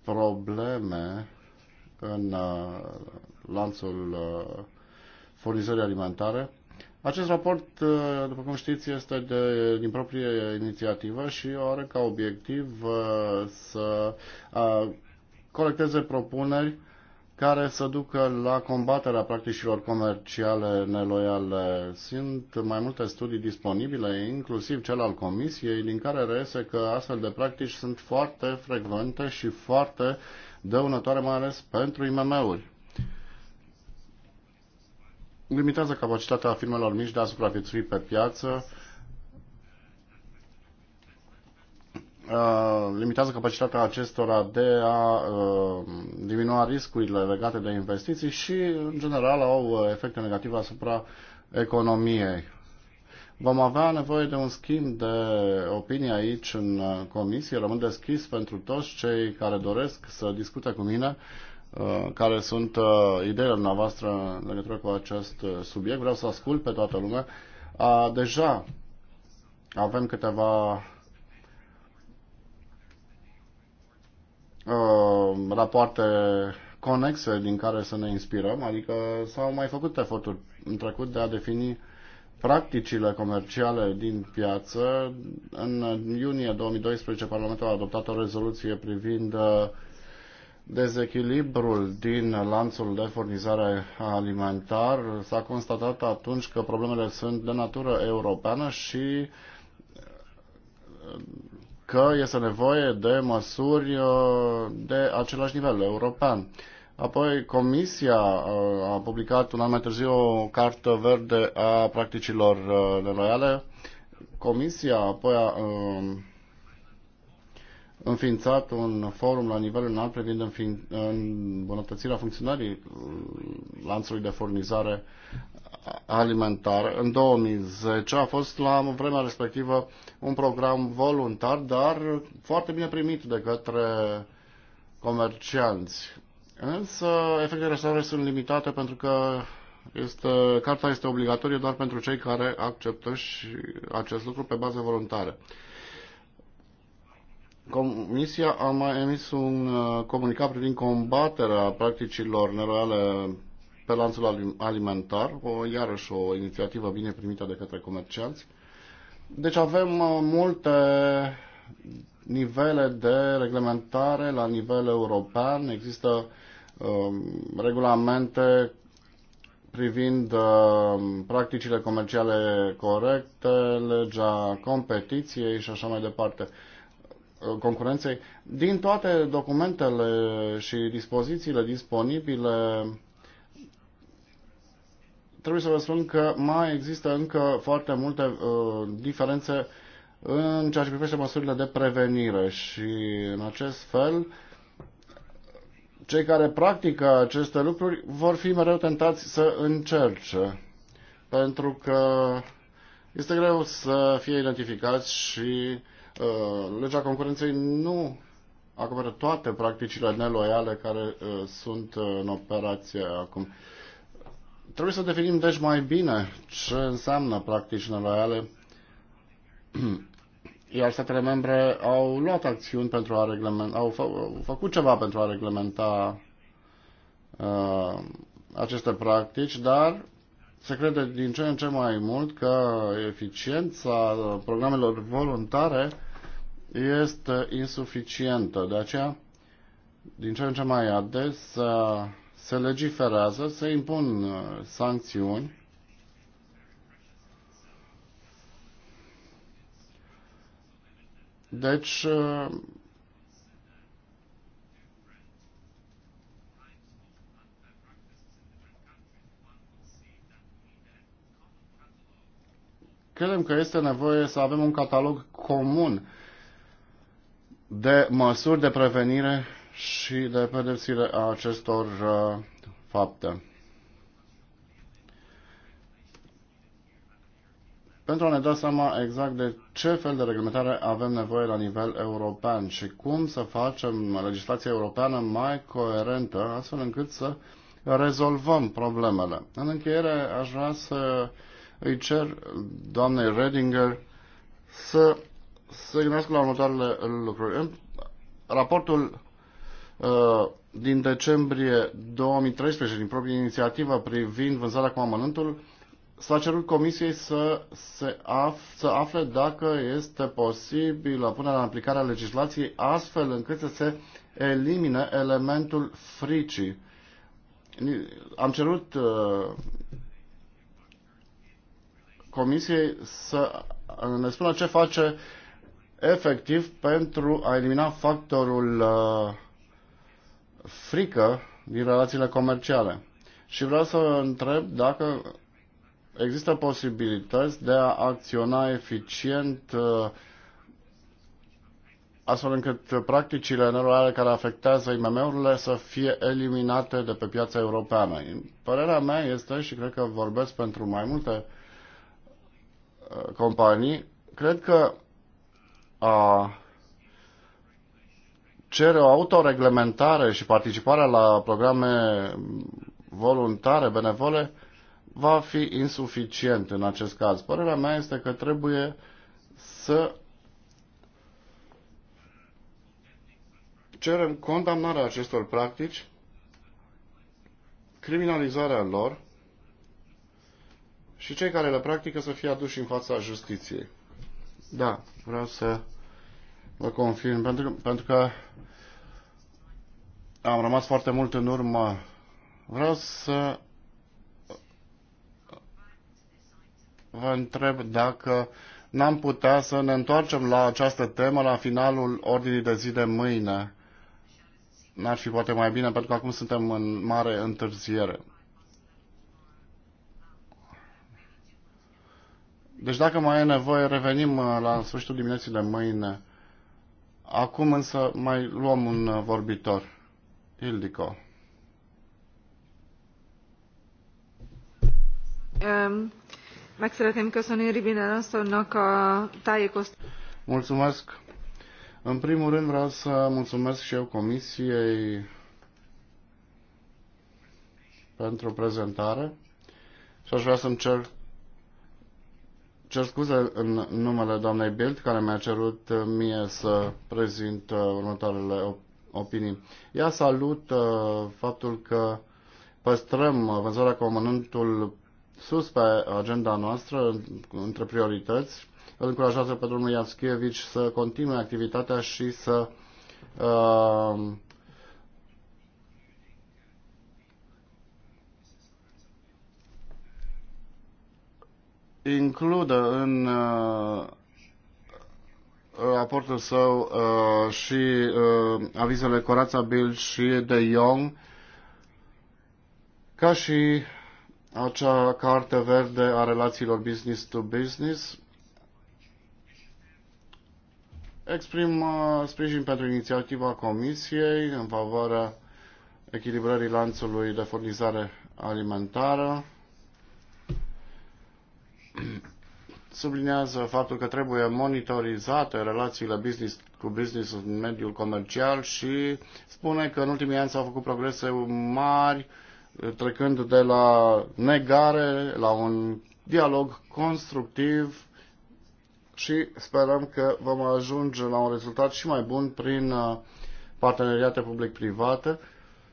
probleme în uh, lanțul uh, furnizării alimentare. Acest raport, uh, după cum știți, este de, din proprie inițiativă și are ca obiectiv să colecteze propuneri care să ducă la combaterea practicilor comerciale neloiale. Sunt mai multe studii disponibile, inclusiv cel al Comisiei, din care reiese că astfel de practici sunt foarte frecvente și foarte dăunătoare, mai ales pentru IMM-uri. Limitează capacitatea firmelor mici de a supraviețui pe piață, Uh, limitează capacitatea acestora de a uh, diminua riscurile legate de investiții și, în general, au uh, efecte negative asupra economiei. Vom avea nevoie de un schimb de opinie aici în comisie. Rămân deschis pentru toți cei care doresc să discute cu mine care sunt ideile noastre în legătură cu acest subiect. Vreau să ascult pe toată lumea. Deja avem câteva rapoarte conexe din care să ne inspirăm, adică s-au mai făcut eforturi în trecut de a defini practicile comerciale din piață. În iunie 2012 Parlamentul a adoptat o rezoluție privind uh, dezechilibrul din lanțul de furnizare alimentar. S-a constatat atunci că problemele sunt de natură europeană și uh, că este nevoie de măsuri uh, de același nivel european. Apoi, Comisia uh, a publicat un an mai târziu o cartă verde a practicilor uh, neloiale. Comisia apoi a um, înființat un forum la nivel înalt privind înfiin... îmbunătățirea funcționării lanțului de furnizare alimentar în 2010 a fost la vremea respectivă un program voluntar, dar foarte bine primit de către comercianți. Însă efectele sale sunt limitate pentru că este, carta este obligatorie doar pentru cei care acceptă și acest lucru pe bază voluntară. Comisia a mai emis un uh, comunicat privind combaterea practicilor neloiale pe lanțul alimentar, o, iarăși o inițiativă bine primită de către comercianți. Deci avem uh, multe nivele de reglementare la nivel european. Există um, regulamente privind uh, practicile comerciale corecte, legea competiției și așa mai departe uh, concurenței. Din toate documentele și dispozițiile disponibile trebuie să vă spun că mai există încă foarte multe uh, diferențe în ceea ce privește măsurile de prevenire și în acest fel cei care practică aceste lucruri vor fi mereu tentați să încerce pentru că este greu să fie identificați și uh, legea concurenței nu acoperă toate practicile neloiale care uh, sunt în operație acum. Uh, Trebuie să definim deci mai bine ce înseamnă practici neloiale, iar statele membre au luat acțiuni pentru a reglementa, au, fă, au făcut ceva pentru a reglementa uh, aceste practici, dar se crede din ce în ce mai mult că eficiența programelor voluntare este insuficientă. De aceea, din ce în ce mai adesea, se legiferează, se impun uh, sancțiuni Deci, uh, credem că este nevoie să avem un catalog comun de măsuri de prevenire și de pedepsire a acestor uh, fapte. pentru a ne da seama exact de ce fel de reglementare avem nevoie la nivel european și cum să facem legislația europeană mai coerentă, astfel încât să rezolvăm problemele. În încheiere, aș vrea să îi cer doamnei Redinger să se gândească la următoarele lucruri. raportul Uh, din decembrie 2013, din proprie inițiativă privind vânzarea cu amănântul, s-a cerut comisiei să, se af- să afle dacă este posibilă punerea în aplicare a legislației astfel încât să se elimine elementul fricii. Am cerut uh, comisiei să uh, ne spună ce face efectiv pentru a elimina factorul uh, frică din relațiile comerciale. Și vreau să întreb dacă există posibilități de a acționa eficient uh, astfel încât practicile neloiale care afectează IMM-urile să fie eliminate de pe piața europeană. Părerea mea este, și cred că vorbesc pentru mai multe uh, companii, cred că a cere o autoreglementare și participarea la programe voluntare, benevole, va fi insuficient în acest caz. Părerea mea este că trebuie să cerem condamnarea acestor practici, criminalizarea lor și cei care le practică să fie aduși în fața justiției. Da, vreau să Vă confirm, pentru că, pentru că am rămas foarte mult în urmă. Vreau să vă întreb dacă n-am putea să ne întoarcem la această temă la finalul ordinii de zi de mâine. N-ar fi poate mai bine, pentru că acum suntem în mare întârziere. Deci dacă mai e nevoie, revenim uh, la sfârșitul dimineții de mâine. Acum însă mai luăm un uh, vorbitor. Ildico. Um, meg szeretném köszönni Ribinen asszonynak a tájékoztatást. Mulțumesc. În primul rând vreau să mulțumesc și eu Comisiei pentru prezentare și aș vrea să-mi cer cer scuze în numele doamnei Bild, care mi-a cerut uh, mie să prezint uh, următoarele opinii. Ea salut uh, faptul că păstrăm vânzarea cu amănântul sus pe agenda noastră, între priorități. Îl încurajează pe domnul Iaschievici să continue activitatea și să uh, includă în uh, raportul său uh, și uh, avizele Corața Bill și De Young, ca și acea carte verde a relațiilor business to business. Exprim uh, sprijin pentru inițiativa Comisiei în favoarea echilibrării lanțului de furnizare alimentară. Subliniază faptul că trebuie monitorizate relațiile business cu business în mediul comercial și spune că în ultimii ani s-au făcut progrese mari trecând de la negare la un dialog constructiv și sperăm că vom ajunge la un rezultat și mai bun prin uh, parteneriate public-private.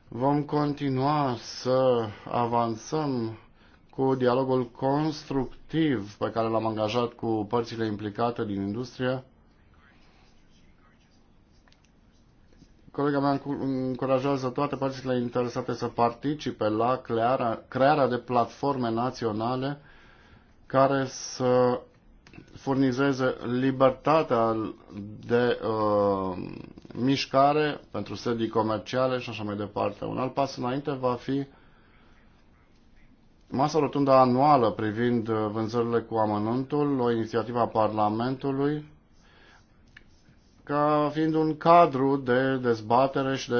Vom continua să avansăm cu dialogul constructiv pe care l-am angajat cu părțile implicate din industrie. Colega mea încurajează toate părțile interesate să participe la crearea, crearea de platforme naționale care să furnizeze libertatea de uh, mișcare pentru sedii comerciale și așa mai departe. Un alt pas înainte va fi masa rotundă anuală privind uh, vânzările cu amănuntul, o inițiativă a Parlamentului, ca fiind un cadru de dezbatere și de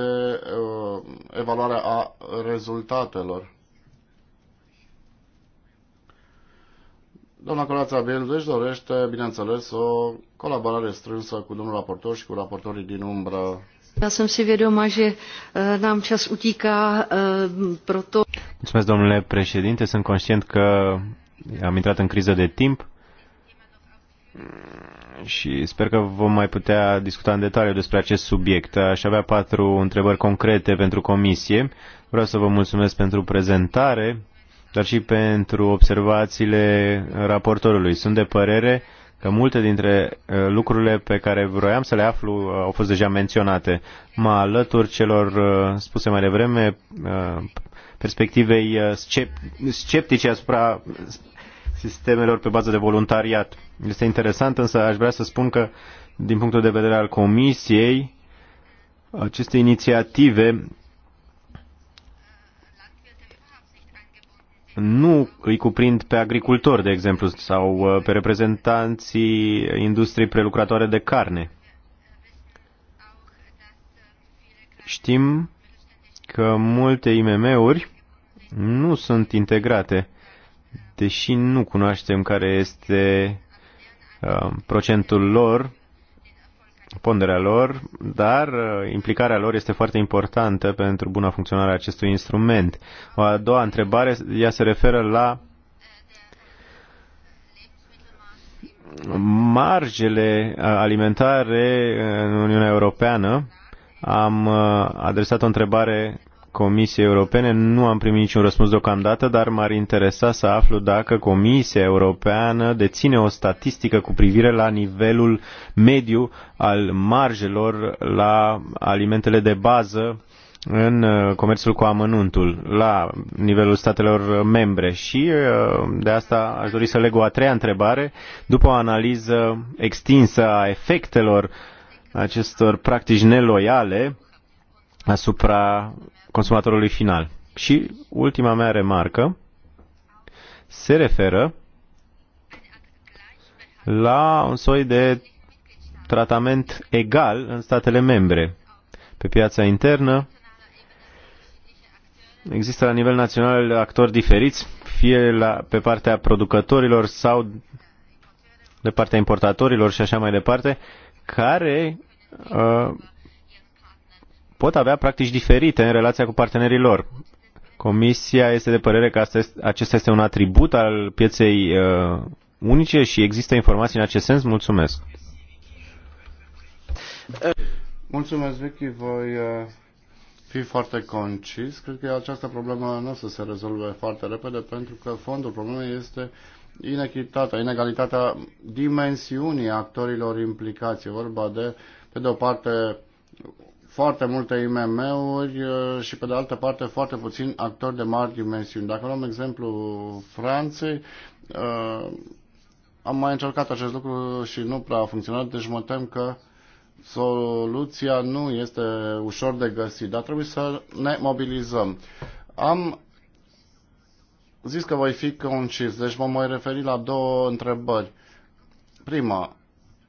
uh, evaluare a rezultatelor. Doamna Colața Bild își dorește, bineînțeles, o colaborare strânsă cu domnul raportor și cu raportorii din umbră. Já jsem si vědoma, že uh, nám čas utíká, uh, proto... Mulțumesc, domnule președinte. Sunt conștient că am intrat în criză de timp și sper că vom mai putea discuta în detaliu despre acest subiect. Aș avea patru întrebări concrete pentru comisie. Vreau să vă mulțumesc pentru prezentare, dar și pentru observațiile raportorului. Sunt de părere că multe dintre uh, lucrurile pe care vroiam să le aflu uh, au fost deja menționate. Mă alătur celor uh, spuse mai devreme perspectivei uh, sceptice asupra sistemelor pe bază de voluntariat. Este interesant, însă aș vrea să spun că, din punctul de vedere al Comisiei, aceste inițiative nu îi cuprind pe agricultori, de exemplu, sau uh, pe reprezentanții industriei prelucratoare de carne. Știm că multe IMM-uri nu sunt integrate, deși nu cunoaștem care este uh, procentul lor, ponderea lor, dar uh, implicarea lor este foarte importantă pentru buna funcționare a acestui instrument. O a doua întrebare, ea se referă la marjele uh, alimentare în Uniunea Europeană am uh, adresat o întrebare Comisiei Europene, nu am primit niciun răspuns deocamdată, dar m-ar interesa să aflu dacă Comisia Europeană deține o statistică cu privire la nivelul mediu al marjelor la alimentele de bază în uh, comerțul cu amănuntul la nivelul statelor membre și uh, de asta aș dori să leg o a treia întrebare după o analiză extinsă a efectelor uh, acestor practici neloiale asupra consumatorului final. Și ultima mea remarcă se referă la un soi de tratament egal în statele membre. Pe piața internă există la nivel național actori diferiți, fie la, pe partea producătorilor sau de partea importatorilor și așa mai departe, care Uh, pot avea practici diferite în relația cu partenerii lor. Comisia este de părere că acesta este un atribut al pieței uh, unice și există informații în acest sens? Mulțumesc! Mulțumesc, Vicky. Voi uh, fi foarte concis. Cred că această problemă nu o să se rezolve foarte repede pentru că fondul problemei este inechitatea, inegalitatea dimensiunii actorilor implicați. E vorba de pe de o parte foarte multe IMM-uri uh, și pe de altă parte foarte puțini actori de mari dimensiuni. Dacă luăm exemplu Franței, uh, am mai încercat acest lucru și nu prea a funcționat, deci mă tem că soluția nu este ușor de găsit, dar trebuie să ne mobilizăm. Am zis că voi fi concis, deci mă mai referi la două întrebări. Prima,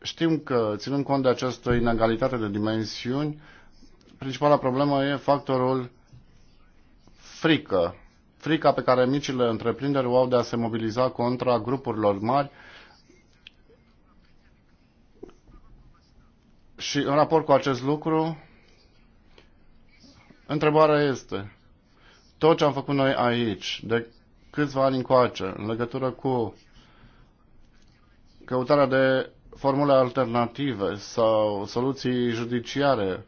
Știm că, ținând cont de această inegalitate de dimensiuni, principala problemă e factorul frică. Frica pe care micile întreprinderi o au de a se mobiliza contra grupurilor mari Și în raport cu acest lucru, întrebarea este, tot ce am făcut noi aici, de câțiva ani încoace, în legătură cu căutarea de formule alternative sau soluții judiciare.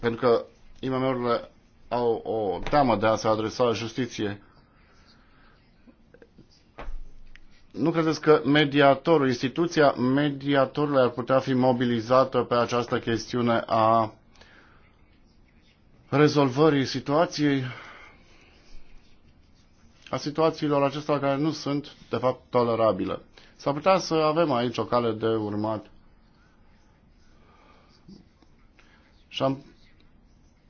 Pentru că imamurile au o teamă de a se adresa justiție. Nu credeți că mediatorul, instituția mediatorului ar putea fi mobilizată pe această chestiune a rezolvării situației, a situațiilor acestora care nu sunt, de fapt, tolerabile? S-ar putea să avem aici o cale de urmat. Și am,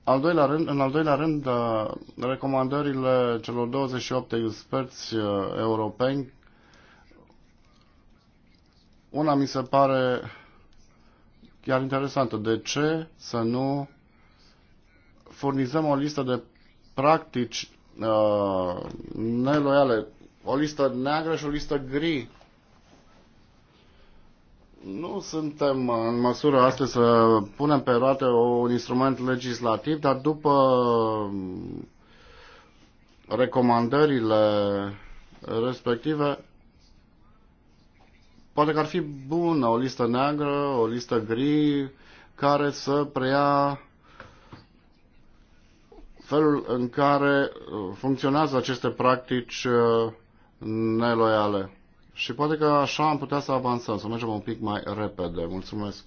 al doilea rând, în al doilea rând, uh, recomandările celor 28 experți uh, europeni, una mi se pare chiar interesantă. De ce să nu furnizăm o listă de practici uh, neloiale, o listă neagră și o listă gri nu suntem în măsură astăzi să punem pe roate un instrument legislativ, dar după recomandările respective, poate că ar fi bună o listă neagră, o listă gri, care să preia felul în care funcționează aceste practici neloiale. Și poate că așa am putea să avansăm, să mergem un pic mai repede. Mulțumesc.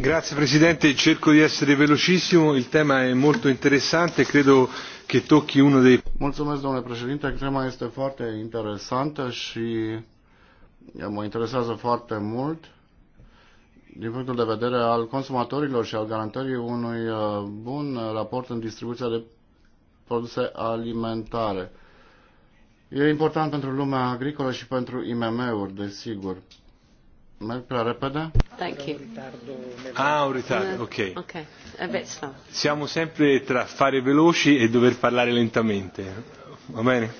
Grazie Presidente, cerco di essere velocissimo, il tema è molto interessante, credo che tocchi uno dei... Mulțumesc, domnule președinte, tema este foarte interesantă și mă interesează foarte mult din punctul de vedere al consumatorilor și al garantării unui bun raport în distribuția de produse alimentare. E important pentru lumea agricolă și pentru IMM-uri, desigur. Merg prea repede? Thank you. Ah, un ritard. ok. Ok, a bit slow. Siamo sempre tra fare veloci e dover parlare lentamente. Va bene?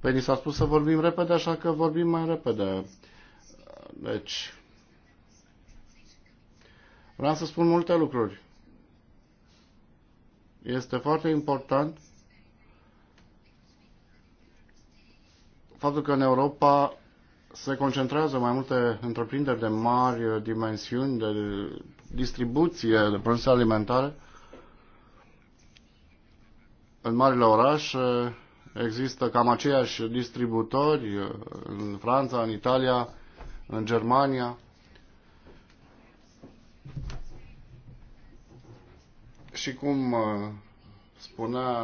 Păi ni s-a spus să vorbim repede, așa că vorbim mai repede. Deci, vreau să spun multe lucruri. Este foarte important faptul că în Europa se concentrează mai multe întreprinderi de mari dimensiuni de distribuție de produse alimentare. În marile orașe există cam aceiași distributori în Franța, în Italia, în Germania. Și cum uh, spunea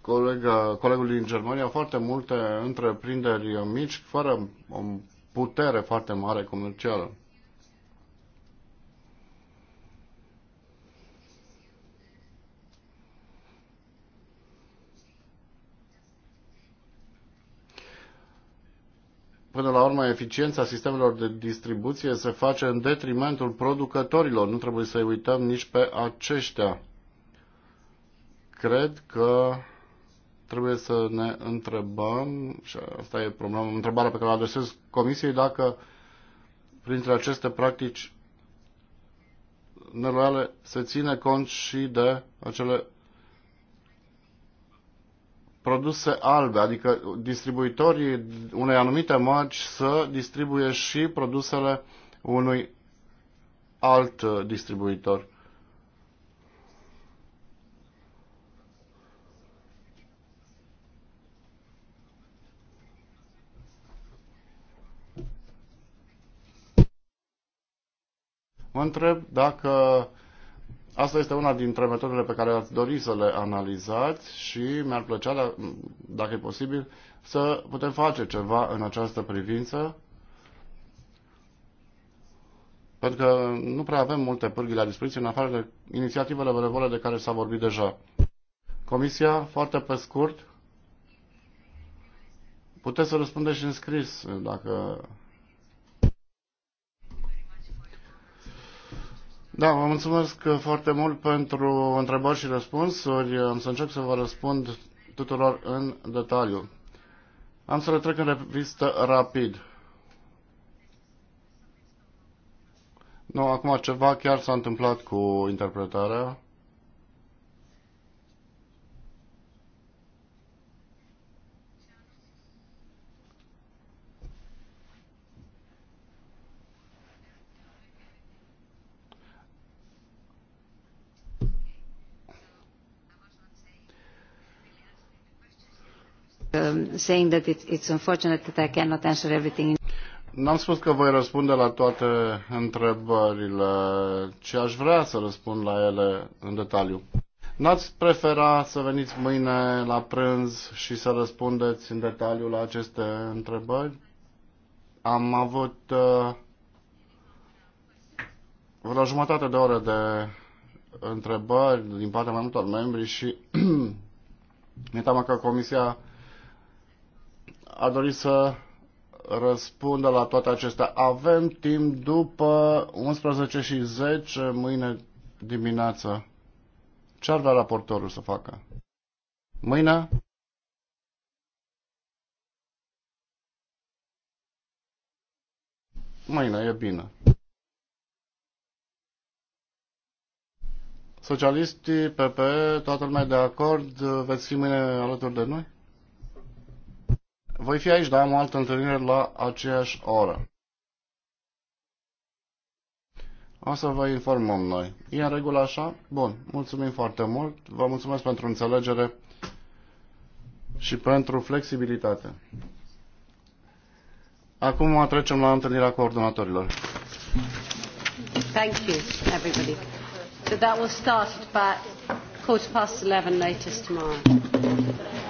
colegă, colegul din Germania, foarte multe întreprinderi mici, fără o putere foarte mare comercială. Până la urmă, eficiența sistemelor de distribuție se face în detrimentul producătorilor. Nu trebuie să-i uităm nici pe aceștia. Cred că trebuie să ne întrebăm, și asta e problema, întrebarea pe care o adresez Comisiei, dacă printre aceste practici neloiale se ține cont și de acele produse albe, adică distribuitorii unei anumite marci să distribuie și produsele unui alt distribuitor. Mă întreb dacă asta este una dintre metodele pe care ați dori să le analizați și mi-ar plăcea, dacă e posibil, să putem face ceva în această privință, pentru că nu prea avem multe pârghii la dispoziție în afară de inițiativele benevole de care s-a vorbit deja. Comisia, foarte pe scurt, puteți să răspundeți în scris dacă Da, vă mulțumesc foarte mult pentru întrebări și răspunsuri. Am să încep să vă răspund tuturor în detaliu. Am să le trec în revistă rapid. Nu, acum ceva chiar s-a întâmplat cu interpretarea. Um, saying that it's unfortunate that I cannot answer everything. N-am spus că voi răspunde la toate întrebările, ci aș vrea să răspund la ele în detaliu. N-ați prefera să veniți mâine la prânz și să răspundeți în detaliu la aceste întrebări? Am avut uh, vreo jumătate de oră de întrebări din partea mai multor membri și mi-e teamă că Comisia a dorit să răspundă la toate acestea. Avem timp după 11 și 10 mâine dimineață. Ce ar vrea raportorul să facă? Mâine? Mâine e bine. Socialistii, PPE, toată lumea de acord, veți fi mâine alături de noi? Voi fi aici, dar am o altă întâlnire la aceeași oră. O să vă informăm noi. E în regulă așa? Bun. Mulțumim foarte mult. Vă mulțumesc pentru înțelegere și pentru flexibilitate. Acum trecem la întâlnirea coordonatorilor. Thank you, everybody. So that will start at about quarter past 11 latest tomorrow.